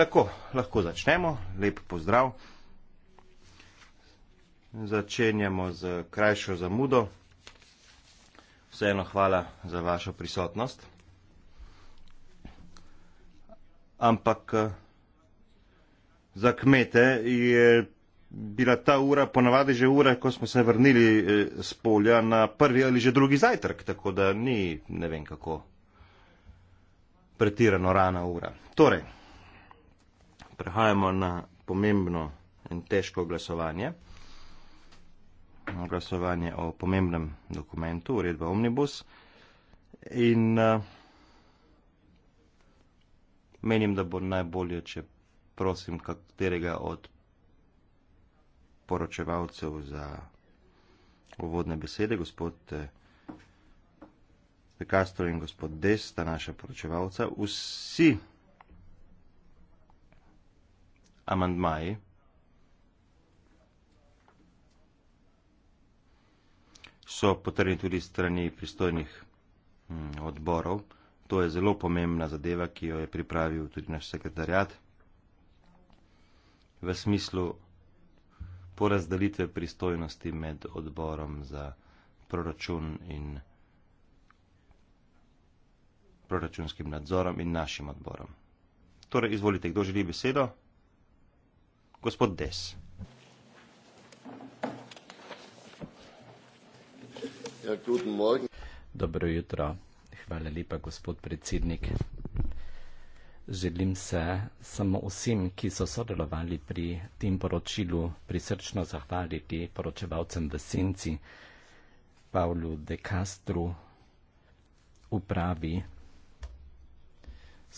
Tako, lahko začnemo. Lep pozdrav. Začenjamo z krajšo zamudo. Vseeno hvala za vašo prisotnost. Ampak eh, za kmete je bila ta ura ponavadi že ura, ko smo se vrnili z eh, polja na prvi ali že drugi zajtrk, tako da ni ne vem kako pretirano rana ura. Torej, prehajamo na pomembno in težko glasovanje. Glasovanje o pomembnem dokumentu, uredba Omnibus. In uh, menim, da bo najbolje, če prosim katerega od poročevalcev za uvodne besede, gospod eh, De Castro in gospod Des, ta naša poročevalca. Vsi amandmaji so potrjeni tudi strani pristojnih hm, odborov. To je zelo pomembna zadeva, ki jo je pripravil tudi naš sekretarjat v smislu porazdelitve pristojnosti med odborom za proračun in proračunskim nadzorom in našim odborom. Torej, izvolite, kdo želi besedo? Gospod Des. Ja, Dobro jutro. Hvala lepa, gospod predsednik. Želim se samo vsem, ki so sodelovali pri tem poročilu, prisrčno zahvaliti poročevalcem v Senci, Pavlu De Castru, upravi,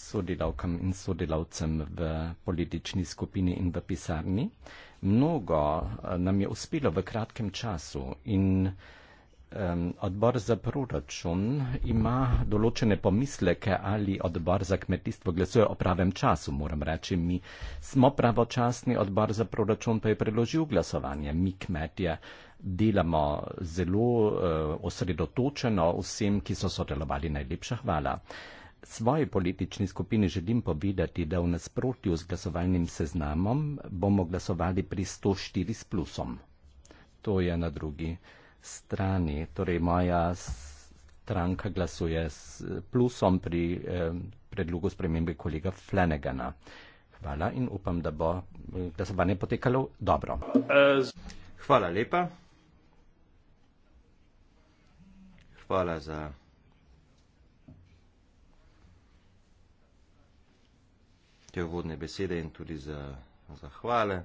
sodelavkam in sodelavcem v politični skupini in v pisarni. Mnogo eh, nam je uspelo v kratkem času in Odbor za proračun ima določene pomisleke, ali odbor za kmetijstvo glasuje o pravem času. Moram reči, mi smo pravočasni, odbor za proračun pa je preložil glasovanje. Mi kmetje delamo zelo uh, osredotočeno vsem, ki so sodelovali. Najlepša hvala. Svoji politični skupini želim povedati, da v nasprotju z glasovalnim seznamom bomo glasovali pri 104 s plusom. To je na drugi strani, torej moja stranka glasuje s plusom pri eh, predlogu spremembe kolega Flanagana. Hvala in upam, da, bo, da se bo ne potekalo dobro. Hvala lepa. Hvala za. Te uvodne besede in tudi za zahvale.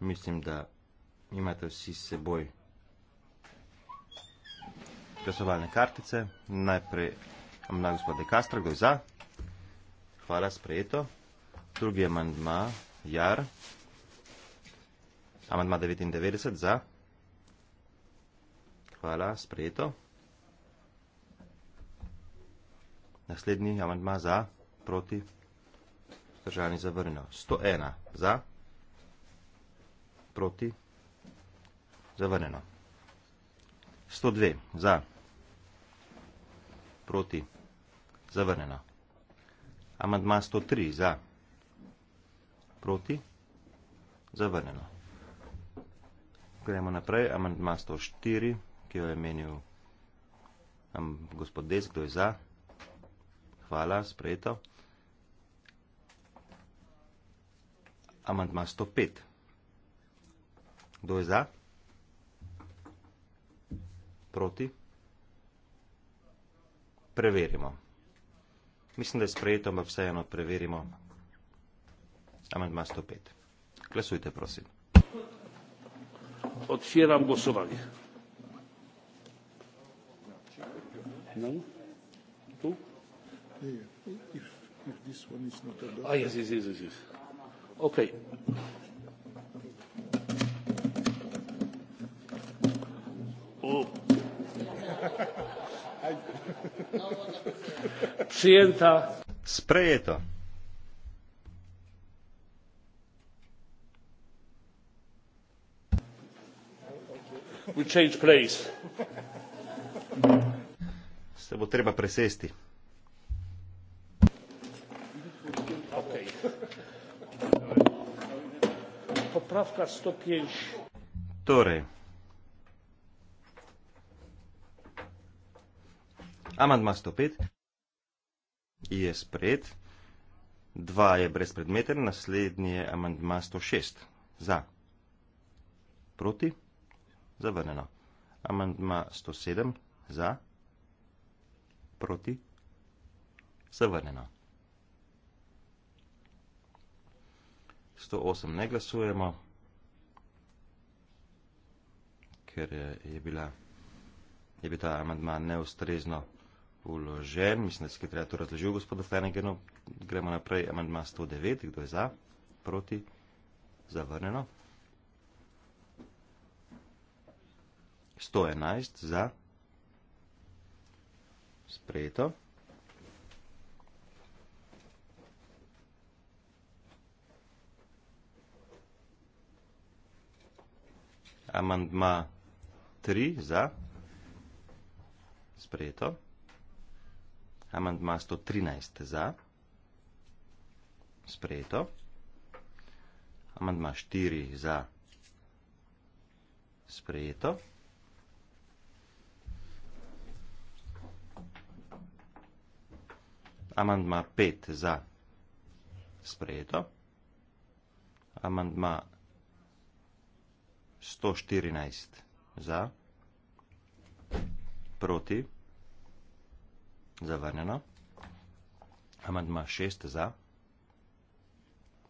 Mislim, da imate vsi s seboj glasovalne kartice. Najprej amandma gospoda Kastra, kdo je za? Hvala, sprejeto. Drugi amandma, Jar. Amandma 99, za? Hvala, sprejeto. Naslednji amandma za, proti, državni zavrnjeno. 101 za, proti, zavrnjeno. 102 za, proti proti, zavrnjena. Amandma 103 za, proti, zavrnjeno. Gremo naprej, amandma 104, ki jo je menil um, gospod Desk, kdo je za. Hvala, sprejeto. Amandma 105. Kdo je za? Proti preverimo. Mislim, da je sprejeto, ampak vseeno preverimo. Amendma 105. Glasujte, prosim. Odpiram glasovanje. No? Oh pacienta. sprejeto. We change place. Se bo treba presesti. Okay. Popravka 105. Torej. Amandma 105 je sprejet, dva je brezpredmeten, naslednji je amandma 106. Za. Proti. Zavrneno. Amandma 107. Za. Proti. Zavrneno. 108 ne glasujemo, ker je bila je bi ta amandma neustrezno vsega vložen. Mislim, da se je treba to razložil gospodu Flanaganu. Gremo naprej. Amandma 109. Kdo je za? Proti? Zavrneno. 111 za. Sprejeto. Amandma 3 za. Sprejeto amandma 113 za, sprejeto, amandma 4 za, sprejeto. Amandma 5 za sprejeto. Amandma 114 za proti. Zavrnjeno. Amandma 6 za.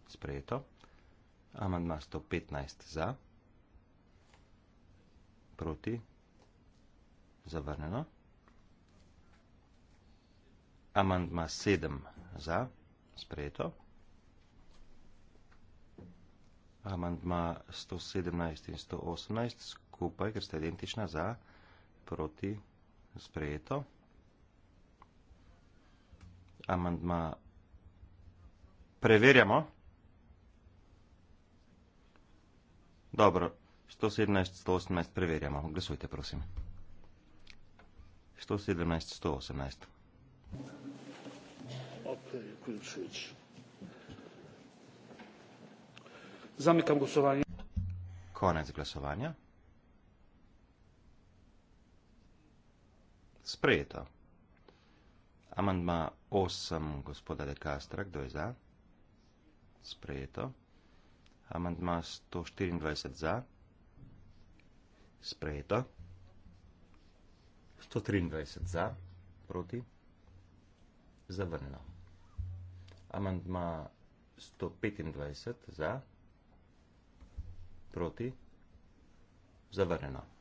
Sprejeto. Amandma 115 za. Proti. Zavrnjeno. Amandma 7 za. Sprejeto. Amandma 117 in 118 skupaj, ker sta identična za, proti, sprejeto amandma preverjamo. Dobro, 117, 118 preverjamo. Glasujte, prosim. 117, 118. Zamekam glasovanje. Konec glasovanja. Sprejeto. Amandma 8 gospoda De Castra, kdo je za? Sprejeto. Amandma 124 za? Sprejeto. 123 za, proti? Zavrnjeno. Amandma 125 za? Proti? Zavrnjeno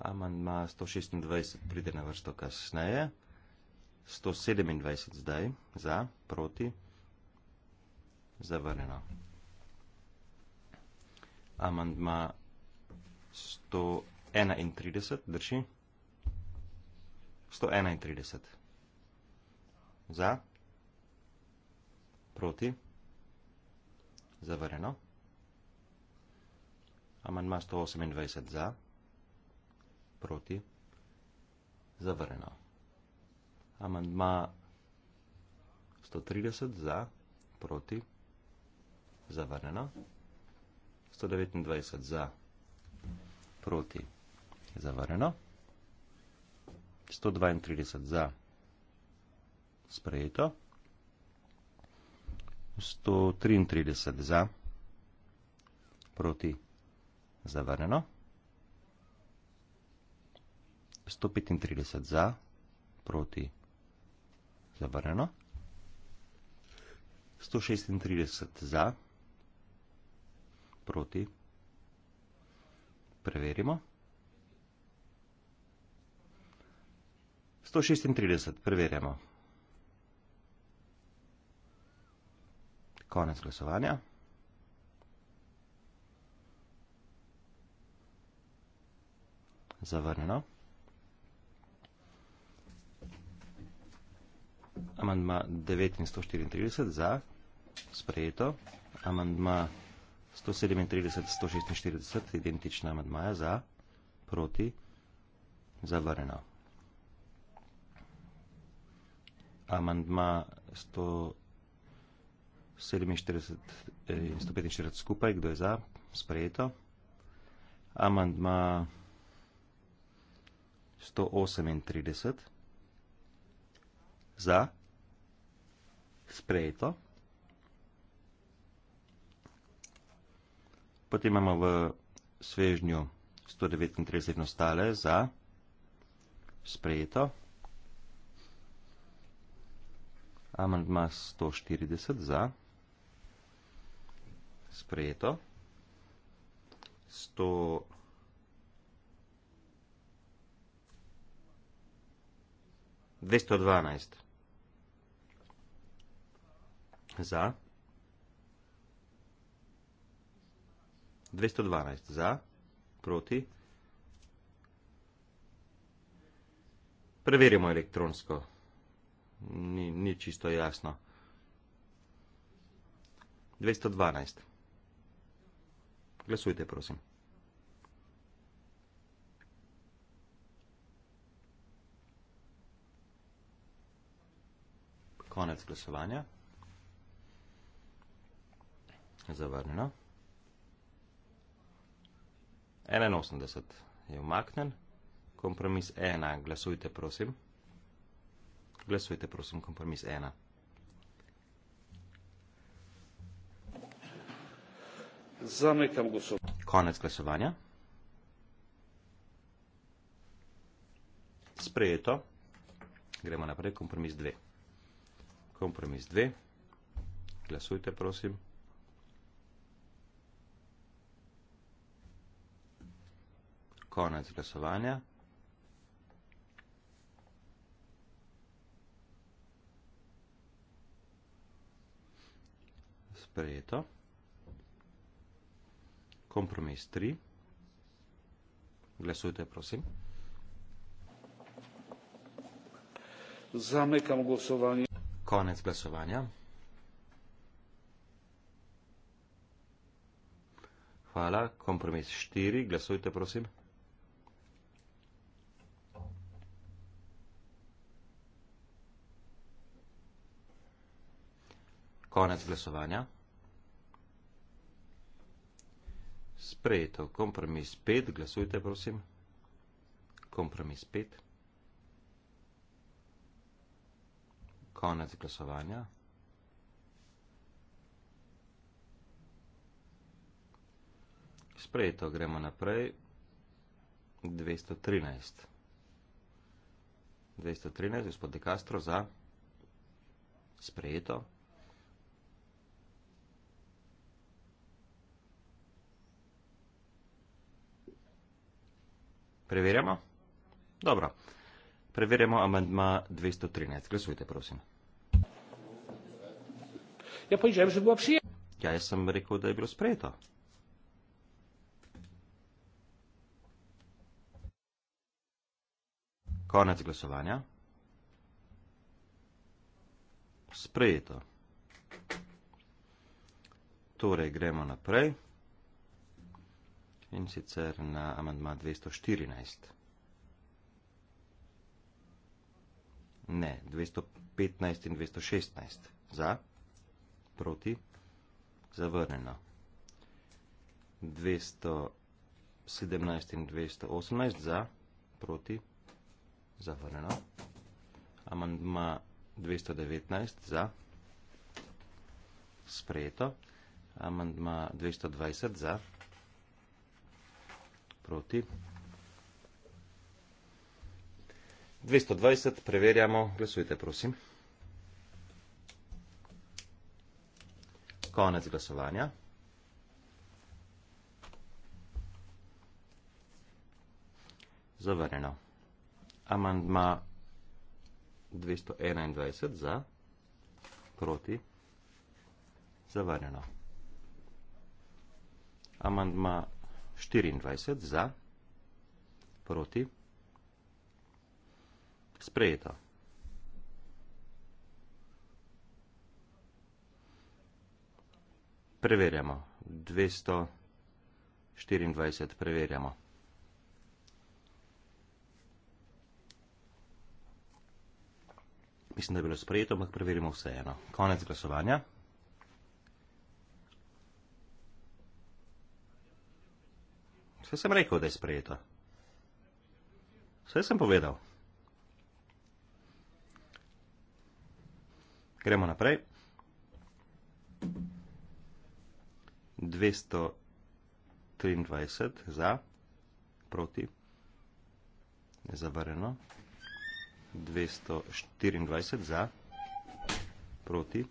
amandma 126 pride na vrsto kasneje, 127 zdaj, za, proti, zavrneno. Amandma 131 drži, 131 za, proti, zavrneno. Amandma 128 za, proti, zavrneno proti. Zavrnjeno. Amandma 130 za, proti, zavrnjeno. 129 za, proti, zavrnjeno. 132 za, sprejeto. 133 za, proti, zavrnjeno. 135 za, proti zabrneno. 136 za, proti preverimo. 136, preverjamo. Konec glasovanja. Zavrneno. Amandma 9 in 134 za sprejeto. Amandma 137 in 146 identična amandmaja za proti zavrena. Amandma 147 eh, in 145 skupaj, kdo je za, sprejeto. Amandma 138 in 136 za sprejeto. Potem imamo v svežnju 139 nastale za sprejeto. Amandma 140 za sprejeto. 112 za sprejeto za. 212 za, proti. Preverimo elektronsko. Ni, ni čisto jasno. 212. Glasujte, prosim. Konec glasovanja zavrnjeno. 81 je umaknen, kompromis 1, glasujte prosim. Glasujte prosim, kompromis 1. Zamekam glasovanje. Konec glasovanja. Sprejeto. Gremo naprej, kompromis 2. Kompromis 2. Glasujte, prosim. konec glasovanja. Sprejeto. Kompromis 3. Glasujte, prosim. Zamekam glasovanje. Konec glasovanja. Hvala. Kompromis 4. Glasujte, prosim. Konec glasovanja. Sprejeto. Kompromis 5. Glasujte, prosim. Kompromis 5. Konec glasovanja. Sprejeto. Gremo naprej. 213. 213. Gospod De Castro za. Sprejeto. Sprejeto. Preverjamo? Dobro. Preverjamo amendma 213. Glasujte, prosim. Ja, povedžem, že bo obšije. Ja, jaz sem rekel, da je bilo sprejeto. Konec glasovanja. Sprejeto. Torej, gremo naprej in sicer na amantma 214. Ne, 215 in 216. Za, proti, zavrneno. 217 in 218 za, proti, zavrneno. Amandma 219 za, sprejeto. Amandma 220 za proti. 220 preverjamo, glasujte prosim. Konec glasovanja. Zavrnjeno. Amandma 221 za, proti, zavrnjeno. Amandma 222. 24 za, proti, sprejeto. Preverjamo. 224 preverjamo. Mislim, da je bilo sprejeto, ampak preverimo vseeno. Konec glasovanja. Vse sem rekel, da je sprejeto. Vse sem povedal. Gremo naprej. 223 za, proti, zavarjeno. 224 za, proti.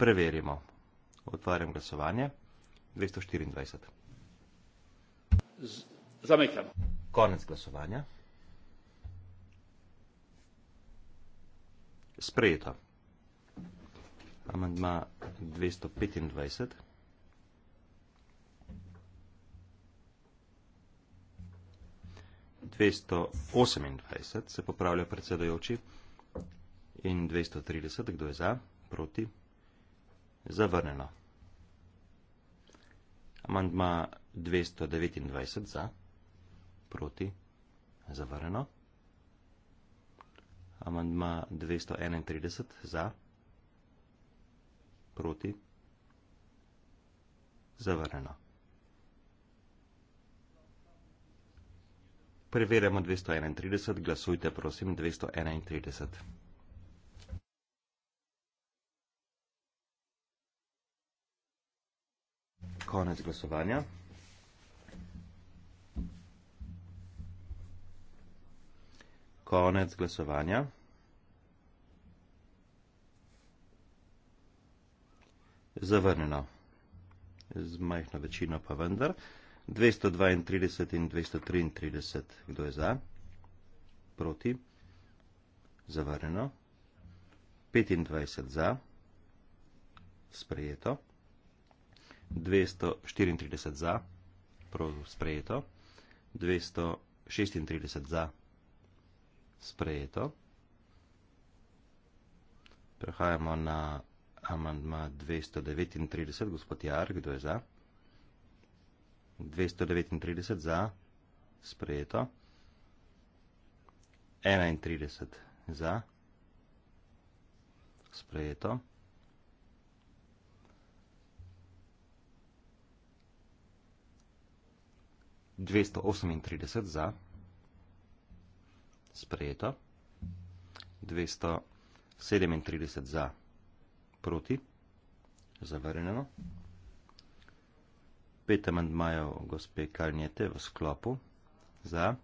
Preverimo. Otvarjam glasovanje. 223 dvesto štiriindvajset zamikam konec glasovanja sprejeto amandma dvesto petindvajset dvesto osemindvajset se popravlja predsedujoči in dvesto trideset kdo je za proti zavrnjeno Amandma 229 za, proti, zavrneno. Amandma 231 za, proti, zavrneno. Preverjamo 231, glasujte prosim 231. konec glasovanja. Konec glasovanja. Zavrnjeno. Z majhno večino pa vendar. 232 in 233. Kdo je za? Proti. Zavrnjeno. 25 za. Sprejeto. 234 za, prosim, sprejeto, 236 za, sprejeto. Prehajamo na amandma 239, gospod Jar, kdo je za? 239 za, sprejeto. 31 za, sprejeto. 238 za, sprejeto, 237 za, proti, zavrnjeno. Pet amandmajev gospe Kalnjete v sklopu za,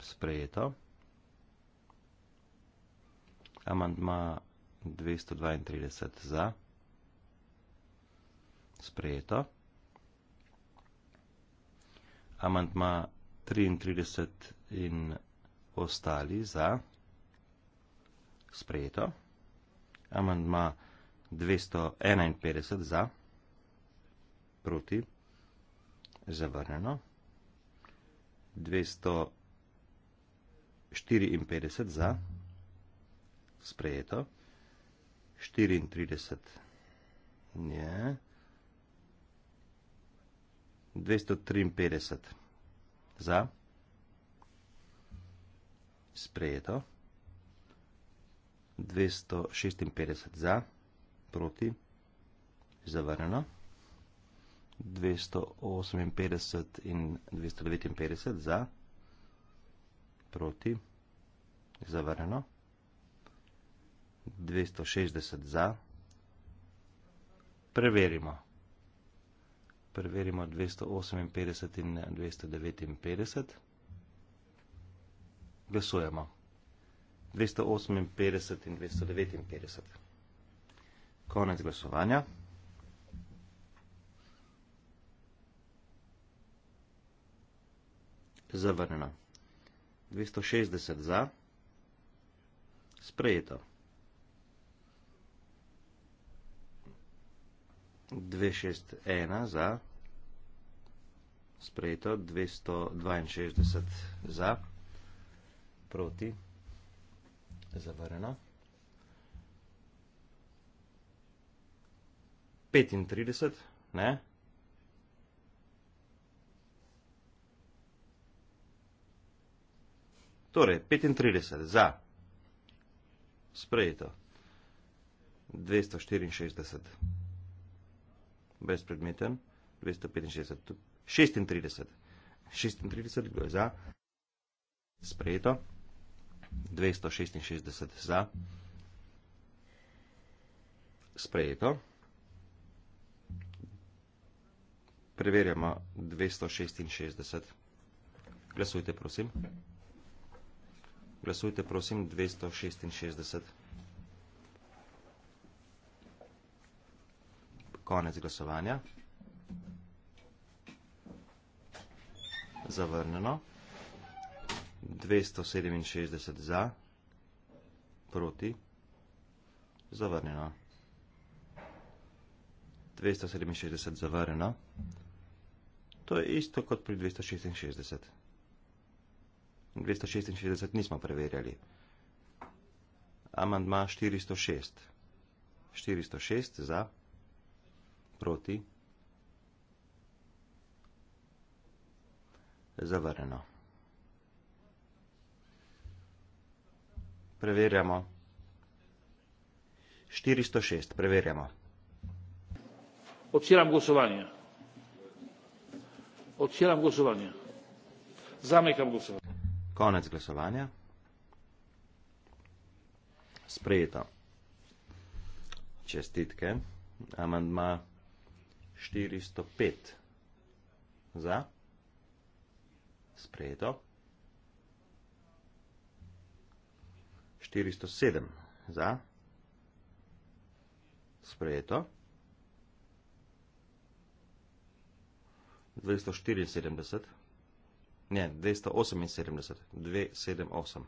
sprejeto. Amandma 232 za, sprejeto amantma 33 in ostali za sprejeto, amantma 251 za proti, zavrneno, 254 za sprejeto, 34 je. 253. Za. Sprejeto. 256 za, proti, zavrneno. 258 in 259 za, proti, zavrneno. 260 za. Preverimo preverimo 258 in 259. Glasujemo. 258 in 259. Konec glasovanja. Zavrnjeno. 260 za. Sprejeto. 261 za, sprejeto 262 za, proti, zavrjeno. 35, ne? Torej, 35 za, sprejeto, 264 za brezpredmeten, 236, 36, 36 za, sprejeto, 266 za, sprejeto, preverjamo 266, glasujte prosim, glasujte prosim 266. konec glasovanja. Zavrneno. 267 za, proti, zavrneno. 267 zavrneno. To je isto kot pri 266. 266 nismo preverjali. Amandma 406. 406 za, proti proti? Zavrjeno. Preverjamo. 406, preverjamo. Odpiram glasovanje. Odpiram glasovanje. Zamekam glasovanje. Konec glasovanja. Sprejeto. Čestitke. Amandma 405. Za. Sprejeto. 407. Za. Sprejeto. 274. Ne, 278. 278.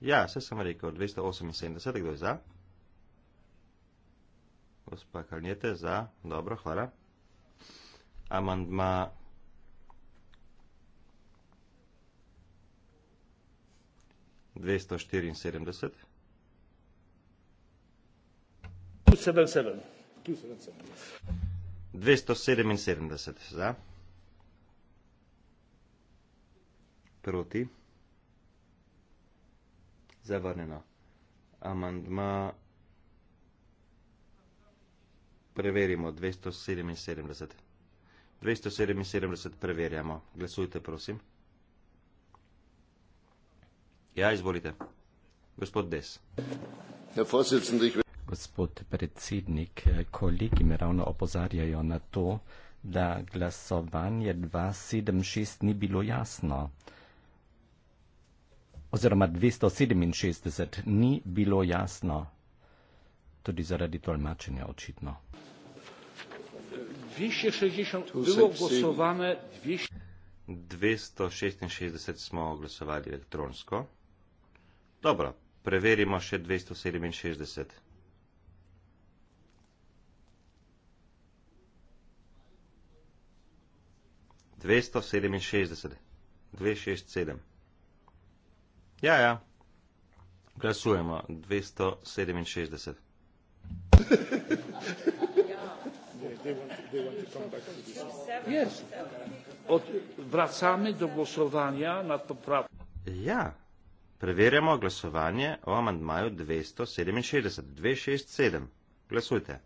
Ja, vse sem rekel. 278. Kdo je za? Gospa Kalnjete, za. Dobro, hvala. Amandma dvesto štiriinsedemdeset dvesto sedeminsedemdeset za proti zavrnjeno amandma dvesto Preverimo 277. 277 preverjamo. Glasujte, prosim. Ja, izvolite. Gospod Des. Gospod predsednik, kolegi me ravno opozarjajo na to, da glasovanje 276 ni bilo jasno. Oziroma 267 ni bilo jasno. Tudi zaradi tolmačenja očitno. 260 bilo glasovane 200. 266 smo glasovali elektronsko. Dobro, preverimo še 267. Dvesto sedeminšestdeset, dve šest sedem. Ja, ja, glasujemo, dvesto sedeminšestdeset. Jest. Od, wracamy do głosowania nad poprawką. Ja. Preverjamo glasovanje o amandmaju 267. 267. Glasujte.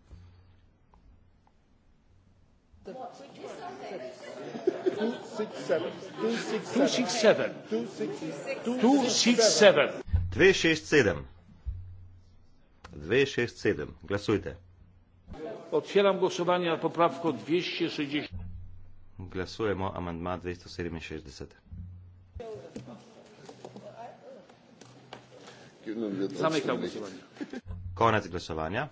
Dve šest sedem. Glasujte. Otwieram głosowanie nad poprawką 260. Głosujemy o amendment 260. Zamykam głosowanie. Koniec głosowania.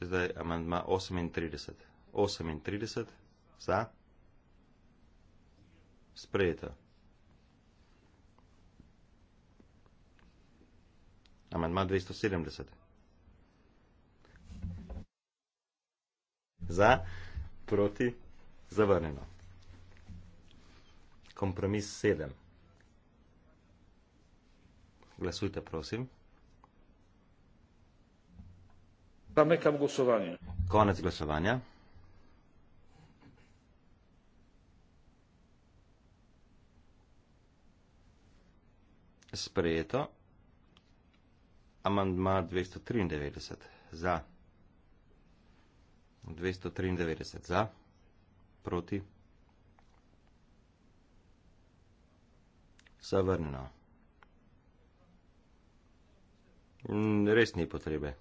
Zdaj amandma 38. 38 za sprejeta. Amendma 270. Za, proti, zavrnjeno. Kompromis 7. Glasujte, prosim. Zamekam glasovanje. Konec glasovanja. sprejeto. Amandma 293 za. 293 za. Proti. Zavrnjeno. Mm, res ni potrebe.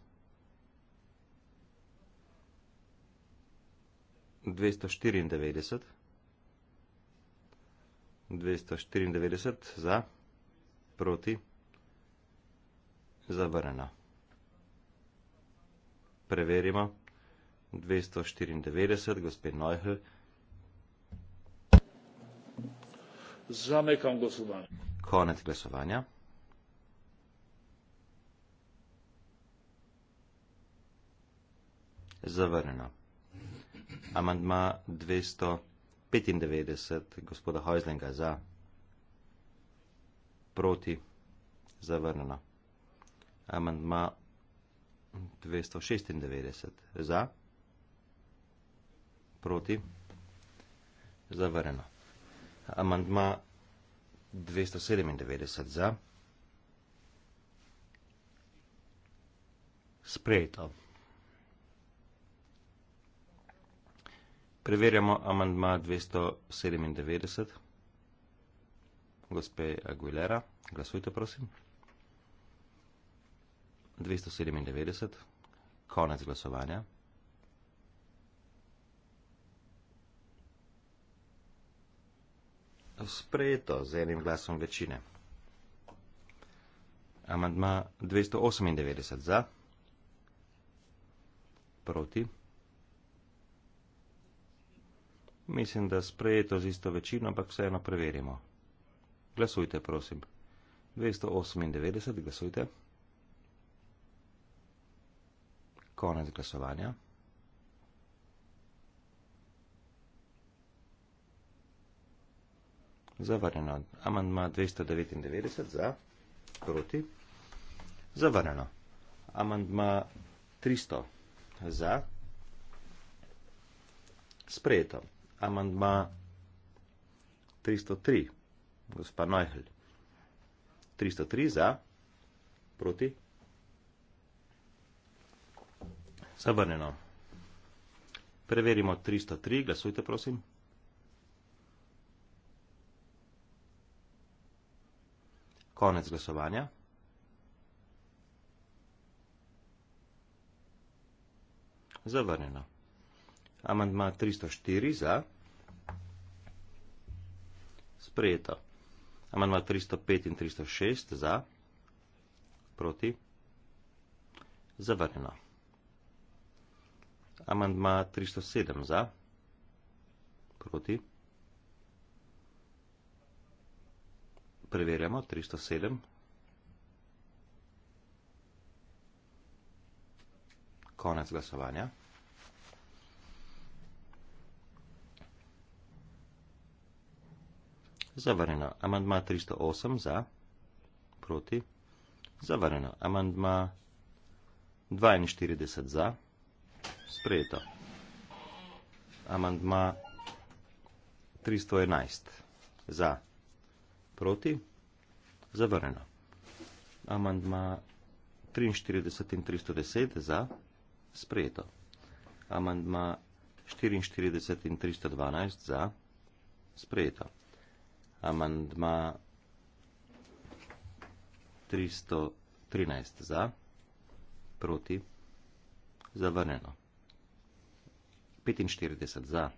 294. 294 za proti, zavrnjeno. Preverimo. 294, gospod Neuhl. Zamekam glasovanje. Konec glasovanja. Zavrnjeno. Amandma 295, gospoda Hojzlenga za proti zavrnjeno. Amandma 296 za, proti zavrnjeno. Amandma 297 za, sprejeto. Preverjamo amandma 297 gospe Aguilera. Glasujte, prosim. 297. Konec glasovanja. Sprejeto z enim glasom večine. Amandma 298 za, proti. Mislim, da sprejeto z isto večino, ampak vseeno preverimo. Glasujte, prosim. 298, glasujte. Konec glasovanja. Zavrneno. Amandma 299 za, proti. Zavrneno. Amandma 300 za, sprejeto. Amandma 303 za gospa Neuhl. 303 za, proti. Zabrneno. Preverimo 303, glasujte prosim. Konec glasovanja. Zavrnjeno. Amandma 304 za. Sprejeto. Amandma 305 in 306 za, proti, zavrnjeno. Amandma 307 za, proti, preverjamo, 307, konec glasovanja. zavrnjeno. Amandma 308 za, proti, zavrnjeno. Amandma 42 za, sprejeto. Amandma 311 za, proti, zavrnjeno. Amandma 43 in 310 za, sprejeto. Amandma 44 in 312 za, sprejeto amandma 313 za, proti, zavrneno. 45 za,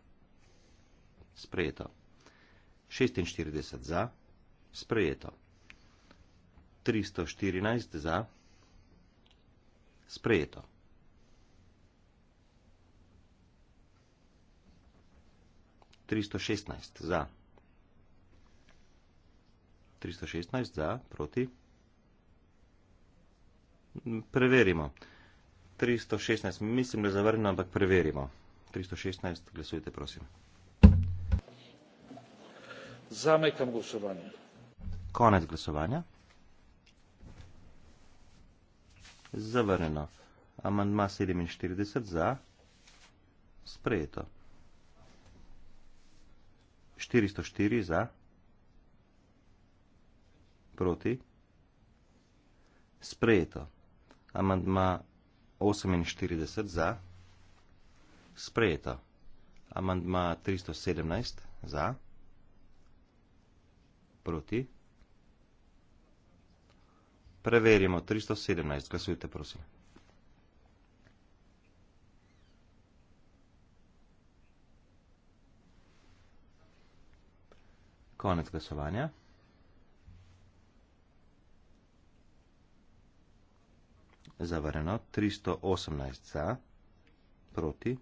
sprejeto. 46 za, sprejeto. 314 za, sprejeto. Tristo šestnajst za. 316 za, proti. Preverimo. 316, mislim, da je zavrnjeno, ampak preverimo. 316, glasujte, prosim. Zamekam glasovanje. Konec glasovanja. Zavrnjeno. Amandma 47 za, sprejeto. 404 za. Proti? Sprejeto. Amandma 48 za. Sprejeto. Amandma 317 za. Proti? Preverimo 317. Glasujte, prosim. Konec glasovanja. zavrneno, 318 za, proti,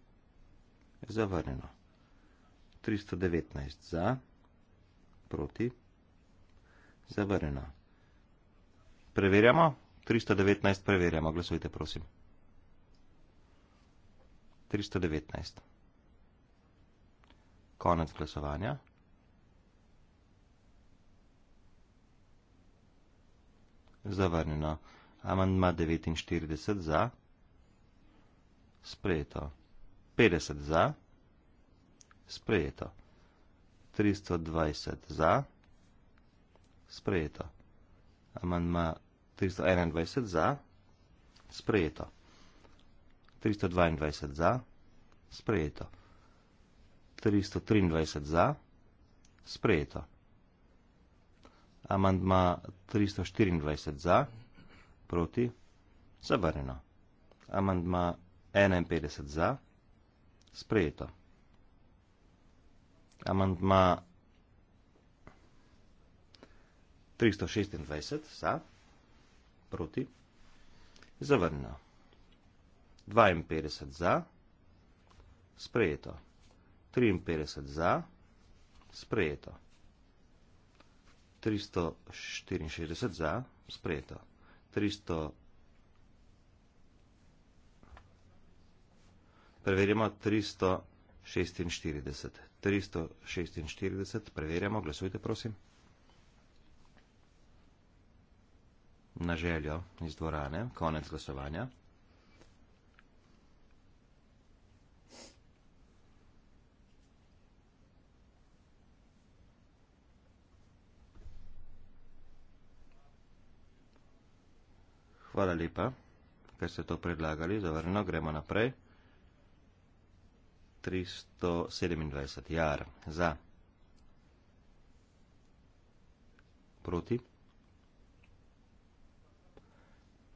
zavrneno, 319 za, proti, zavrneno. Preverjamo, 319 preverjamo, glasujte prosim. 319. Konec glasovanja. Zavrneno. Amandma 49 za. Sprejeto. 50 za. Sprejeto. 320 za. Sprejeto. Amandma 321 za. Sprejeto. 322 za. Sprejeto. 323 za. Sprejeto. Amandma 324 za. Sprejeto proti, zavrnjeno. Amandma 51 za, sprejeto. Amandma 326 za, proti, zavrnjeno. 52 za, sprejeto. 53 za, sprejeto. 364 za, sprejeto. 300. Preverimo 346. 346, preverjamo, glasujte, prosim. Na željo iz dvorane, konec glasovanja. hvala lepa, ker ste to predlagali, zavrno, gremo naprej. 327 jar za proti.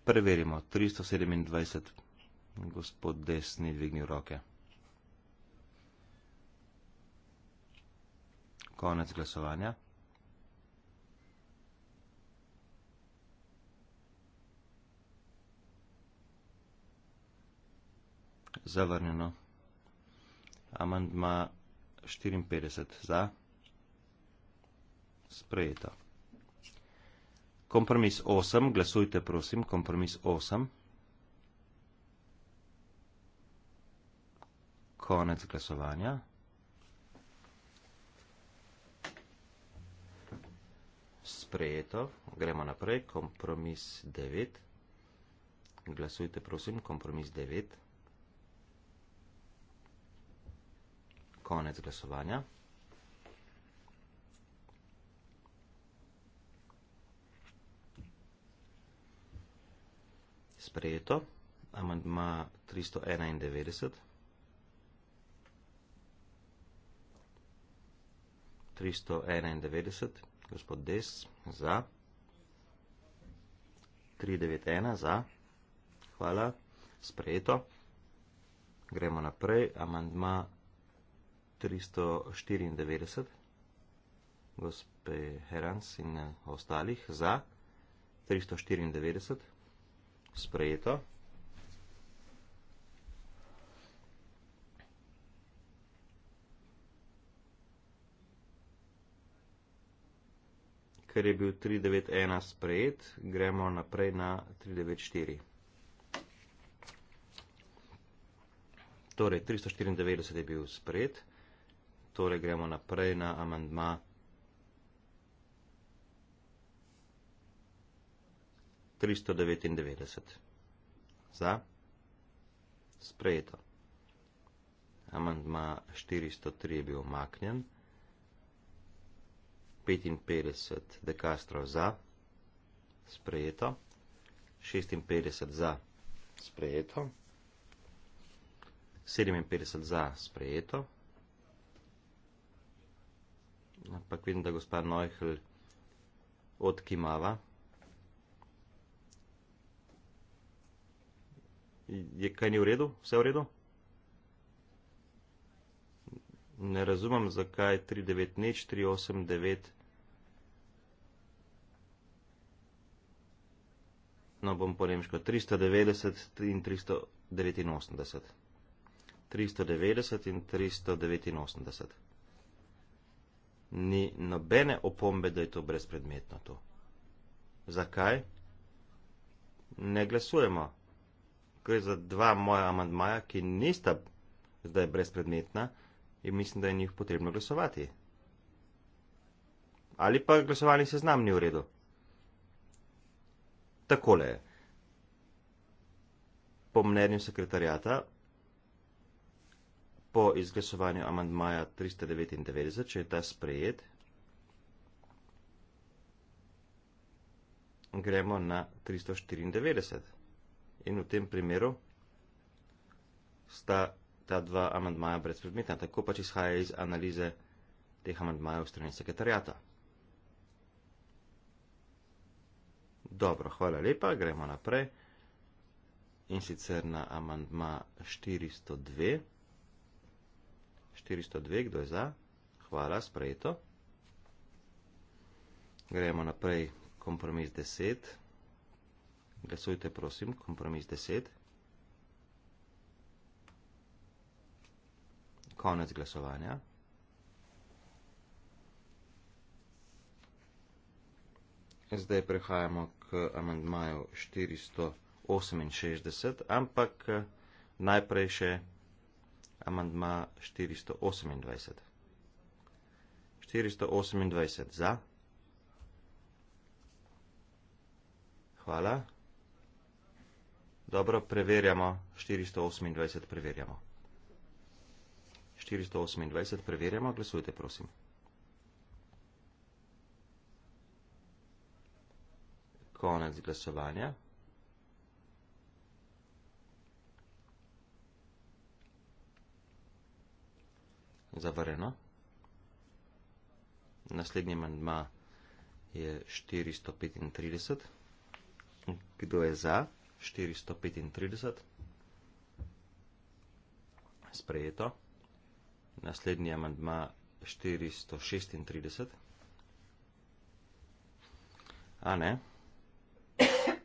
Preverimo, 327, gospod desni dvignil roke. Konec glasovanja. Zavrnjeno. Amandma 54 za. Sprejeto. Kompromis 8. Glasujte, prosim. Kompromis 8. Konec glasovanja. Sprejeto. Gremo naprej. Kompromis 9. Glasujte, prosim. Kompromis 9. Kompromis 9. konec glasovanja. Sprejeto. Amandma 391. 391, gospod Des, za. 391, za. Hvala. Sprejeto. Gremo naprej. Amandma 392. 394, gospe Herans in ostalih, za 394, sprejeto. Ker je bil 391 sprejet, gremo naprej na 394. Torej, 394 je bil sprejet, Torej gremo naprej na amandma. Tristo devetindevetdeset. Za? Sprejeto. Amandma štiristo tri je bil omaknjen. Petinpetdeset de Castro za. Sprejeto. Šestinpetdeset za. Sprejeto. Sedeminpetdeset za. Sprejeto ampak vidim, da gospa Neuhl odkimava. Je kaj ni v redu? Vse v redu? Ne razumem, zakaj 3-9 nič, 3-8-9. No, bom po nemško 390 in 389. 390 in 389 ni nobene opombe, da je to brezpredmetno to. Zakaj? Ne glasujemo. Gre za dva moja amandmaja, ki nista zdaj brezpredmetna in mislim, da je njih potrebno glasovati. Ali pa glasovalni seznam ni v redu. Takole je. Po mnenju sekretarjata po izglasovanju amandmaja 399, če je ta sprejet, gremo na 394. In v tem primeru sta ta dva amandmaja brezpredmetna, tako pač izhaja iz analize teh amandmajev strani sekretarjata. Dobro, hvala lepa, gremo naprej. In sicer na amandma 402. 402, kdo je za? Hvala, sprejeto. Gremo naprej, kompromis 10. Glasujte, prosim, kompromis 10. Konec glasovanja. Zdaj prehajamo k amendmaju 468, ampak eh, najprej še amandma 428. 428 za. Hvala. Dobro, preverjamo. 428 preverjamo. 428 preverjamo. Glasujte, prosim. Konec glasovanja. zavrjeno. Naslednji amandma je 435. Kdo je za 435? Sprejeto. Naslednji amandma 436. A ne?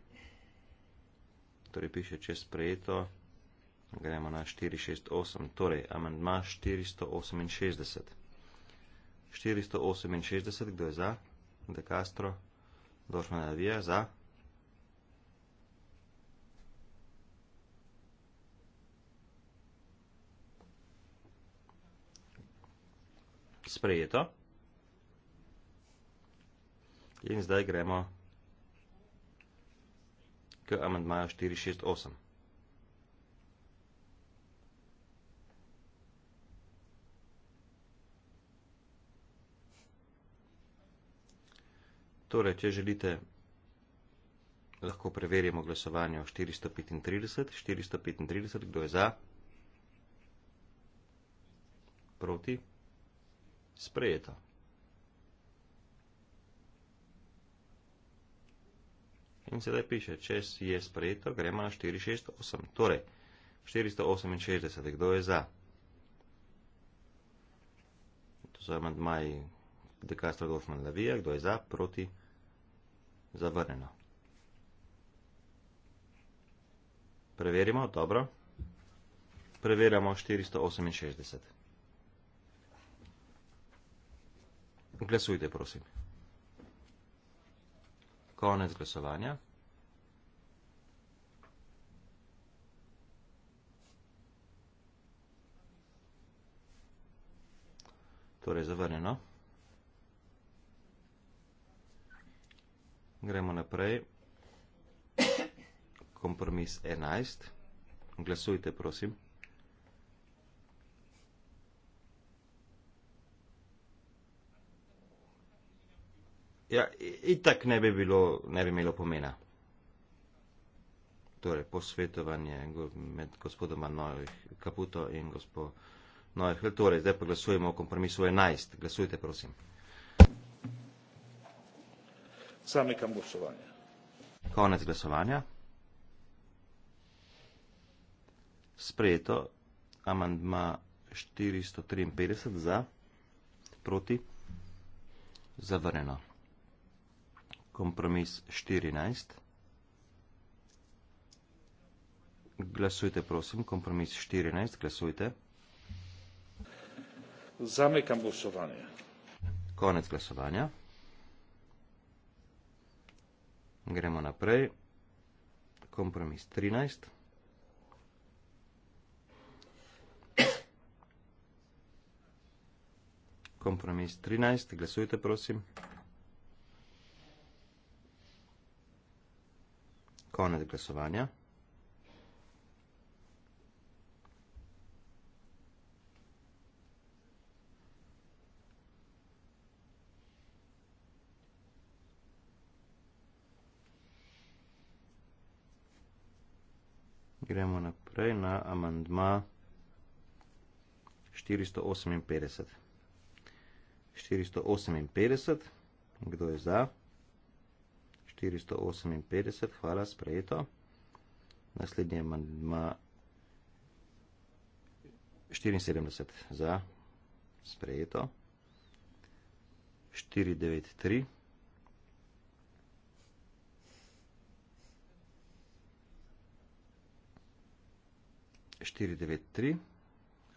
Torej piše, če je sprejeto 436. Gremo na 468, torej amendma 468. 468, kdo je za? De Castro, došmo na Avija, za? Sprejeto. In zdaj gremo k amendmaju 468. Torej, če želite, lahko preverimo glasovanje o 435. 435, kdo je za? Proti? Sprejeto. In sedaj piše, če je sprejeto, gremo na 468. Torej, 468, kdo je za? To so amandmaji. De Castro Dorfman Lavija, kdo je za, proti, zavrnjeno. Preverimo, dobro. Preverjamo 468. Glasujte, prosim. Konec glasovanja. Torej, zavrnjeno. Gremo naprej. Kompromis 11. Glasujte, prosim. Ja, itak ne bi bilo, ne bi imelo pomena. Torej, posvetovanje med gospodoma Nojih Kaputo in gospod Nojih. Torej, zdaj pa glasujemo o kompromisu 11. Glasujte, prosim. Zamykam głosowanie. Koniec głosowania. Sprejeto amandma 453 za, proti, zavrneno. Kompromis 14. Glasujte, prosim, kompromis 14, glasujte. Zamykam głosowanie. Konec głosowania. Gremo naprej. Kompromis 13. Kompromis 13. Glasujte, prosim. Konec glasovanja. gremo naprej na amandma 458. 458, kdo je za? 458, hvala, sprejeto. Naslednji amandma 74 za, sprejeto. 493. 493,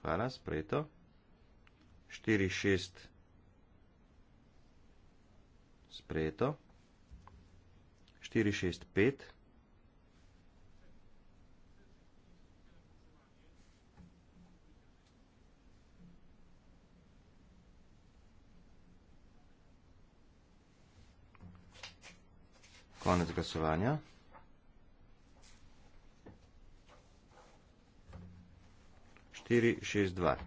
hvala, sprejeto. 46, sprejeto. 465. Konec glasovanja. 4, 6, 2.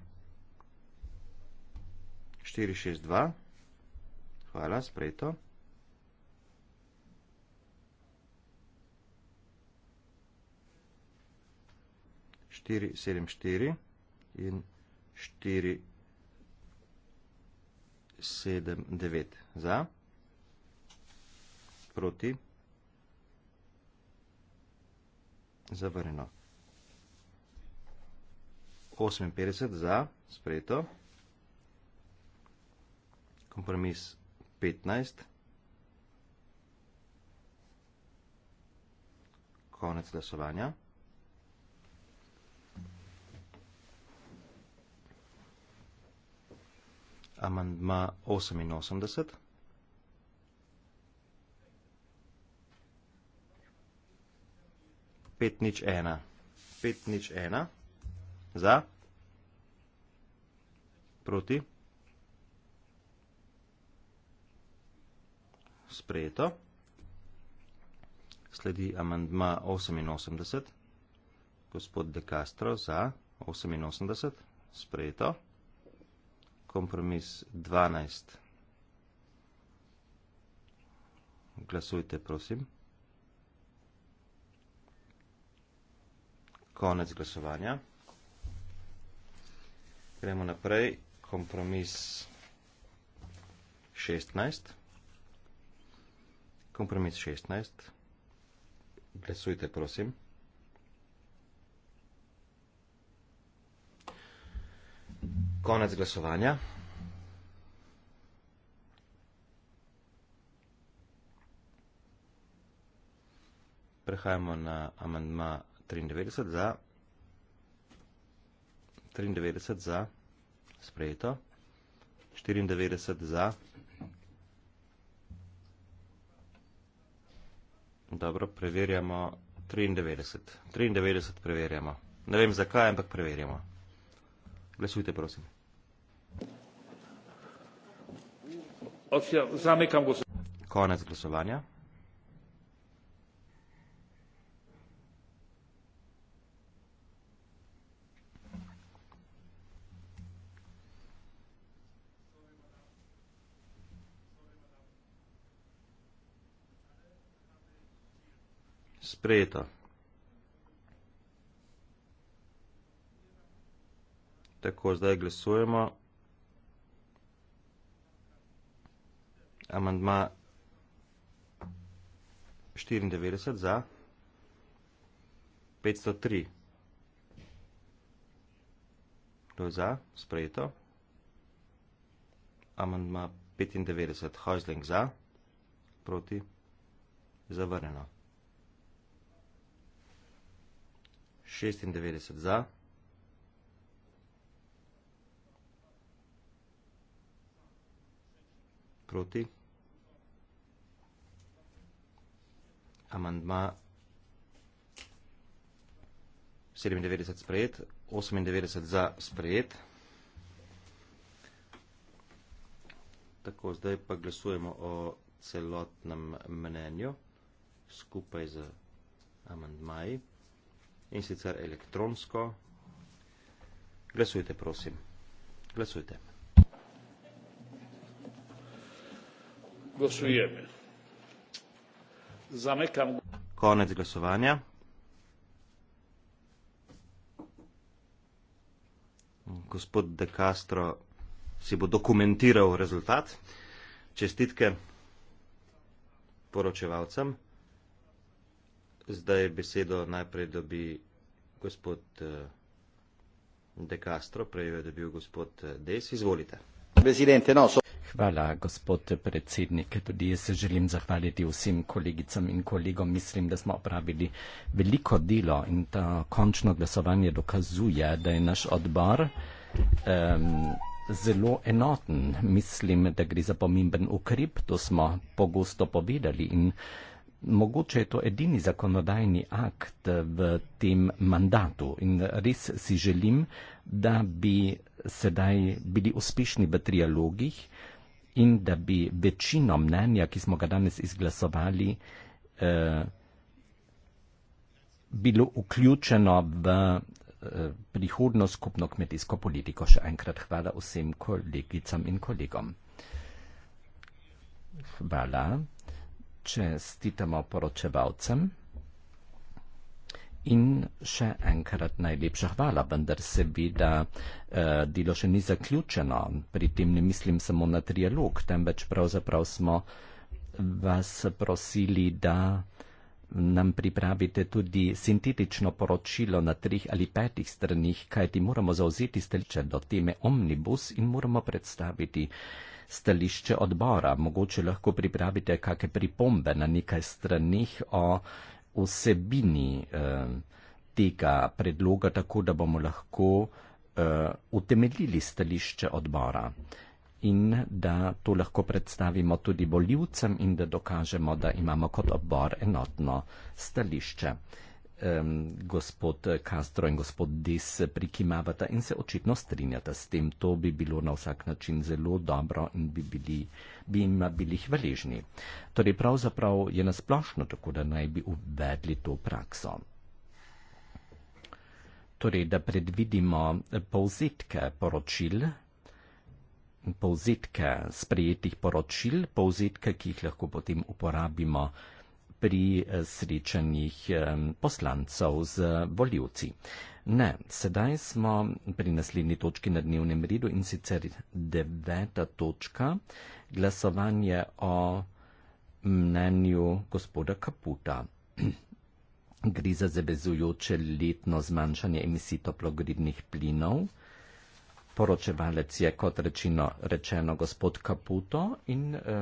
4, 6, 2. Hvala, sprejeto. Štiri, sedem, štiri in štiri, sedem, devet. Za, proti, zavrnjeno. 58 za, sprejeto. Kompromis 15. Konec glasovanja. Amandma 88. Pet nič ena. Pet nič ena. Za? Proti? Sprejeto. Sledi amandma 88. Gospod De Castro za 88. Sprejeto. Kompromis 12. Glasujte, prosim. Konec glasovanja. Gremo naprej. Kompromis 16. Kompromis 16. Glasujte, prosim. Konec glasovanja. Prehajamo na amandma 93 za. 93 za, sprejeto, 94 za, dobro, preverjamo 93, 93 preverjamo, ne vem zakaj, ampak preverjamo, glasujte prosim. Konec glasovanja. sprejeta. Tako, zdaj glasujemo. Amandma 94 za 503. To je za, sprejeto. Amandma 95, Hojzling za, proti, zavrneno. 96 za. Proti. Amandma 97 sprejet, 98 za sprejet. Tako, zdaj pa glasujemo o celotnem mnenju skupaj z amandmaji in sicer elektronsko. Glasujte, prosim. Glasujte. Glasujeme. Zamekam. Konec glasovanja. Gospod De Castro si bo dokumentiral rezultat. Čestitke poročevalcem. Zdaj besedo najprej dobi gospod eh, De Castro, prej jo je dobil gospod eh, Des. Izvolite. No, Hvala, gospod predsednik. Tudi jaz se želim zahvaliti vsem kolegicam in kolegom. Mislim, da smo opravili veliko delo in to končno glasovanje dokazuje, da je naš odbor um, zelo enoten. Mislim, da gre za pomemben ukrep, to smo pogosto povedali in uh, mogoče je to edini zakonodajni akt v tem mandatu in res si želim, da bi sedaj bili uspešni v trialogih in da bi večino mnenja, ki smo ga danes izglasovali, eh, bilo vključeno v eh, prihodno skupno kmetijsko politiko. Še enkrat hvala vsem kolegicam in kolegom. Hvala. Čestitamo poročevalcem in še enkrat najlepša hvala, vendar seveda eh, delo še ni zaključeno. Pri tem ne mislim samo na trialog, temveč pravzaprav smo vas prosili, da nam pripravite tudi sintetično poročilo na treh ali petih stranih, kajti moramo zauzeti stališče do teme omnibus in moramo predstaviti, stališče odbora. Mogoče lahko pripravite kakšne pripombe na nekaj stranih o vsebini eh, tega predloga, tako da bomo lahko eh, utemeljili stališče odbora in da to lahko predstavimo tudi boljivcem in da dokažemo, da imamo kot odbor enotno stališče um, gospod Castro in gospod Des prikimavata in se očitno strinjata s tem. To bi bilo na vsak način zelo dobro in bi, bili, bi jim bili hvaležni. Torej pravzaprav je nasplošno tako, da naj bi uvedli to prakso. Torej, da predvidimo povzetke poročil, povzetke sprejetih poročil, povzetke, ki jih lahko potem uporabimo pri eh, srečanjih eh, poslancev z voljivci. Ne, sedaj smo pri naslednji točki na dnevnem redu in sicer deveta točka glasovanje o mnenju gospoda Kaputa. Gre za zavezujoče letno zmanjšanje emisij toplogrednih plinov. Poročevalec je, kot rečeno, rečeno gospod Kaputo in eh,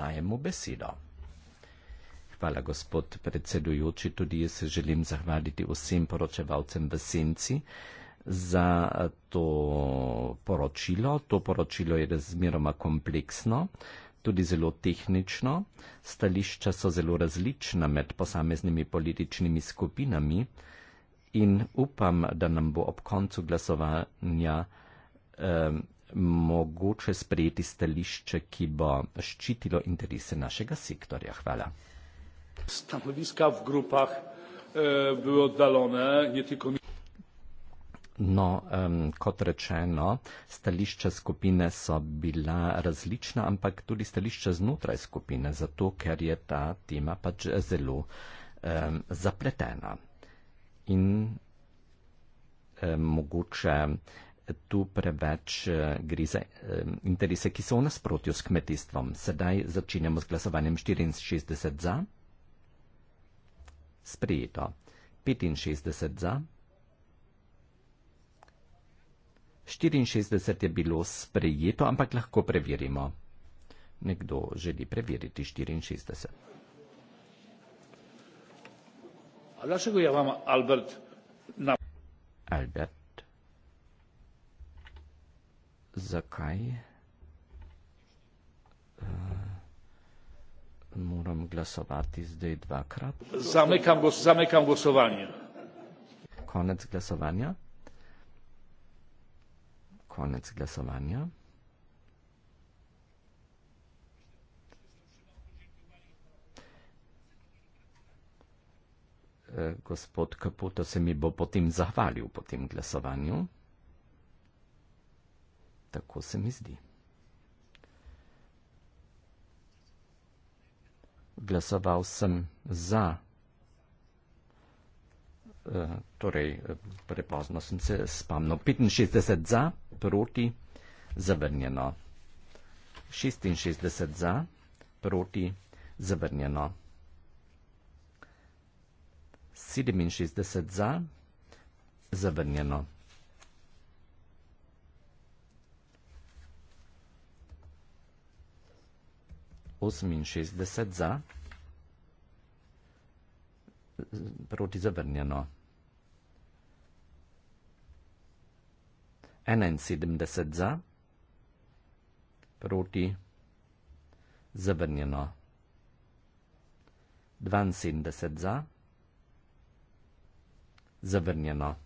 dajemo besedo. Hvala, gospod predsedujoči. Tudi jaz se želim zahvaliti vsem poročevalcem v Senci za eh, to poročilo. To poročilo je razmeroma kompleksno, tudi zelo tehnično. Stališča so zelo različna med posameznimi političnimi skupinami in upam, da nam bo ob koncu glasovanja eh, mogoče sprejeti stališče, ki bo ščitilo interese našega sektorja. Hvala stanowiska w grupach e, były oddalone, nie tylko. No, kot rečeno, stališča skupine so bila različna, ampak tudi stališča znotraj skupine, zato ker je ta tema pač zelo um, zapletena. In um, mogoče tu preveč e, gre za um, interese, ki so v nasprotju s kmetijstvom. Sedaj začenjamo z glasovanjem 64 za sprejeto. 65 za, 64 je bilo sprejeto, ampak lahko preverimo. Nekdo želi preveriti 64. Ja Albert. Albert. Zakaj? moram glasovati zdaj dvakrat. Zamekam, zamekam glasovanje. Konec glasovanja. Konec glasovanja. E, gospod Kaputo se mi bo potem zahvalil po tem glasovanju. Tako se mi zdi. glasoval sem za. E, torej, e, prepozno sem se spomnil. 65 za, proti, zavrnjeno. 66 za, proti, zavrnjeno. 67 za, zavrnjeno. 68 za, proti zavrnjeno. 71 za, proti zavrnjeno. 72 za, zavrnjeno.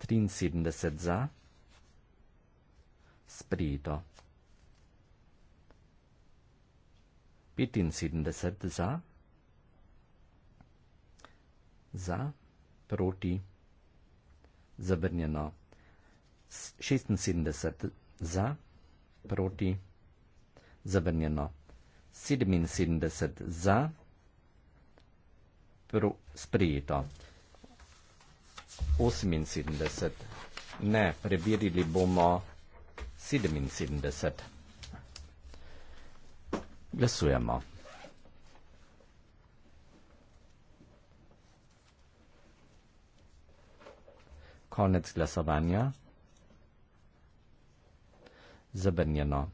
73 za, sprejeto. 75 za, za, proti, zabrnjeno, 76 za, proti, zabrnjeno, 77 za, pro, sprijeto, 78 ne, prebirili bomo 77. Glasujemo. Konec glasovanja. Zabrnjeno.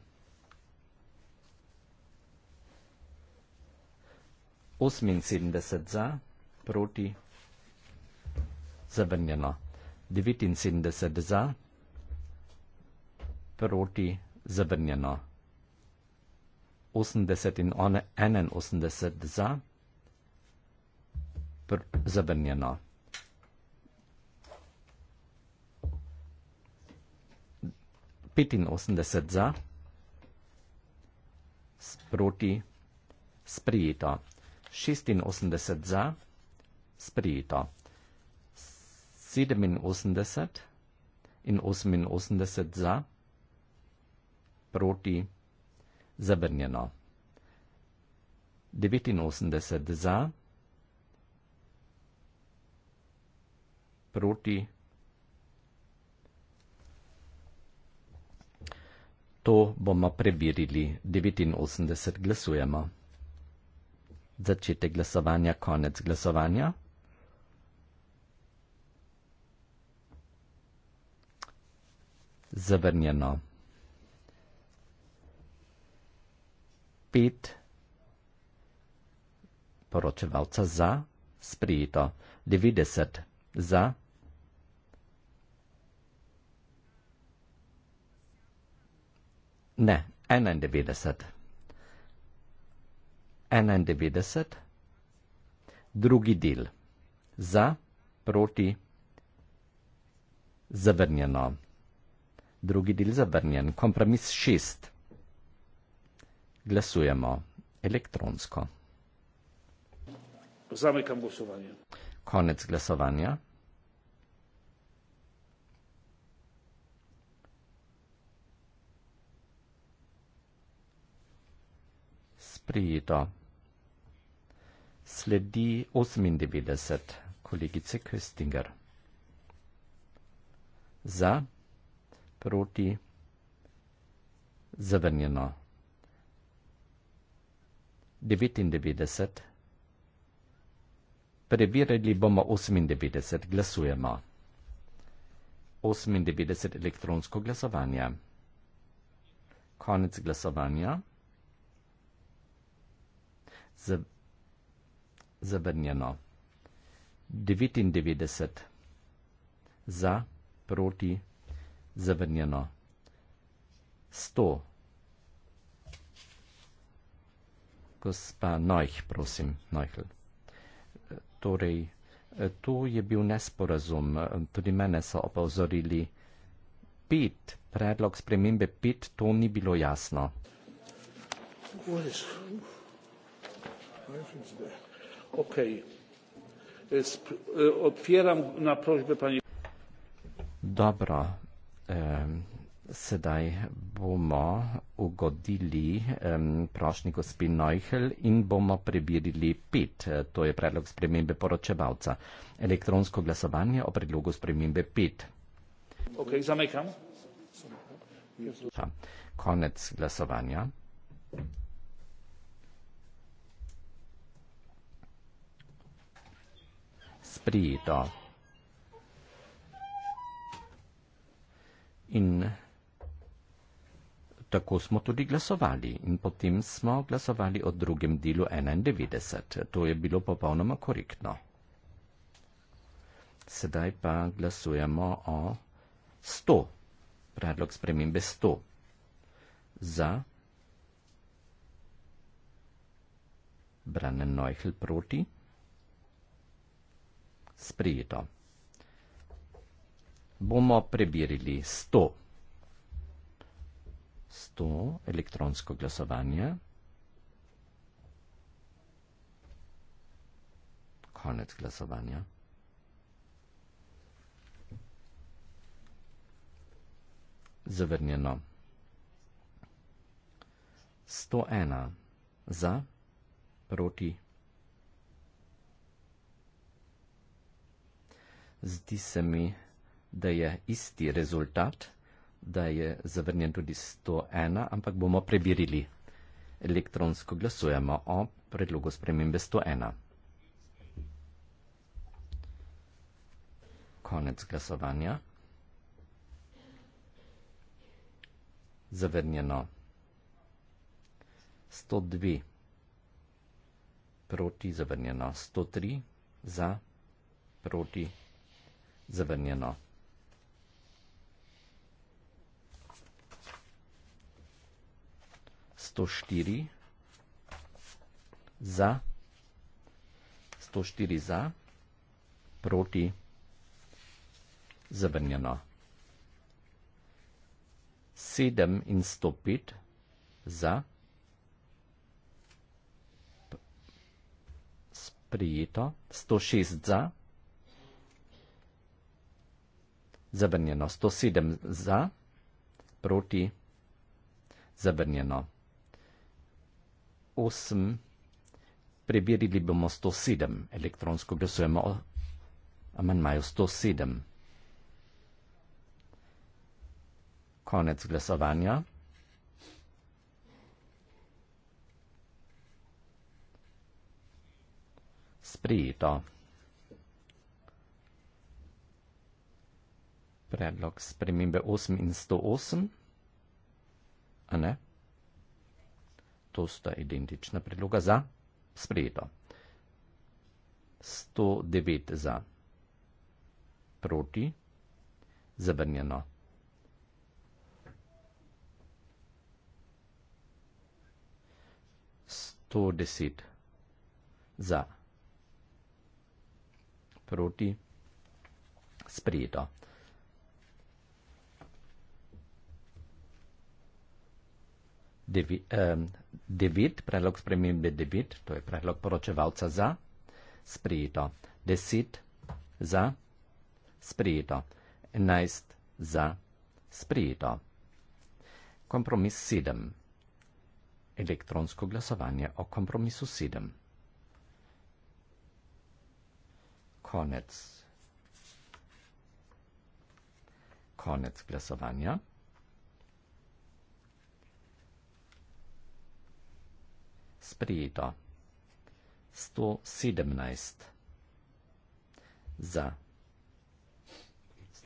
78 za, proti, zabrnjeno. 79 za, proti, zabrnjeno. 80 in 81 za, zabrnjeno. petinosemdeset za, proti, sprejeto. šestinosemdeset za, sprejeto. sedeminosemdeset in oseminosemdeset za, proti, sprejeto zabrnjeno. 89 za, proti. To bomo preverili. 89 glasujemo. Začetek glasovanja, konec glasovanja. Zavrnjeno. 5 poročevalca za sprijeto, 90 za ne, 91 91 drugi del za, proti zavrnjeno drugi del zavrnjen kompromis 6 Glasujemo elektronsko. Zamekam glasovanje. Konec glasovanja. Sprijeto. Sledi 98, kolegice Köstinger. Za, proti, zavrnjeno. 99. Prebirali bomo 98, glasujemo. 98 elektronsko glasovanje. Konec glasovanja. Zavrnjeno. 99. Za, proti, zavrnjeno. 100. gospa Neuch, prosim, Neuchl. Torej, tu je bil nesporazum, tudi mene so opozorili. Pit, predlog spremembe pit, to ni bilo jasno. E, Dobro. Um, sedaj bomo ugodili um, prošnji gospi Neuhel in bomo prebirili pet. To je predlog spremembe poročevalca. Elektronsko glasovanje o predlogu spremembe pet. Okay, zamekam. Konec glasovanja. Sprijeto. In tako smo tudi glasovali in potem smo glasovali o drugem delu 91. To je bilo popolnoma korektno. Sedaj pa glasujemo o 100. Predlog spremembe 100. Za. Branen Neuchel proti. Sprijeto. Bomo prebirili 100. 100 elektronsko glasovanje. Konec glasovanja. Zavrnjeno. 101 za, proti. Zdi se mi, da je isti rezultat da je zavrnjen tudi 101, ampak bomo preverili. Elektronsko glasujemo o predlogu spremembe 101. Konec glasovanja. Zavrnjeno 102, proti zavrnjeno 103, za, proti zavrnjeno 104 za, 104 za, proti, zavrnjeno. 7 in 105 za, sprijeto, 106 za, zavrnjeno, 107 za, proti, zavrnjeno. 8, preverili bomo 107, elektronsko glasujemo o amenmaju 107. Konec glasovanja. Sprijeto. Predlog spremembe 8 in 108. A ne? to sta identična predloga za, sprejeto. 109 za, proti, zabrnjeno. Sto deset za, proti, sprejeto. Devi, eh, devet, predlog spremembe devet, to je predlog poročevalca za, sprejeto. Deset za, sprejeto. Enajst za, sprejeto. Kompromis sedem. Elektronsko glasovanje o kompromisu sedem. Konec. Konec glasovanja. sprijeto. 117 za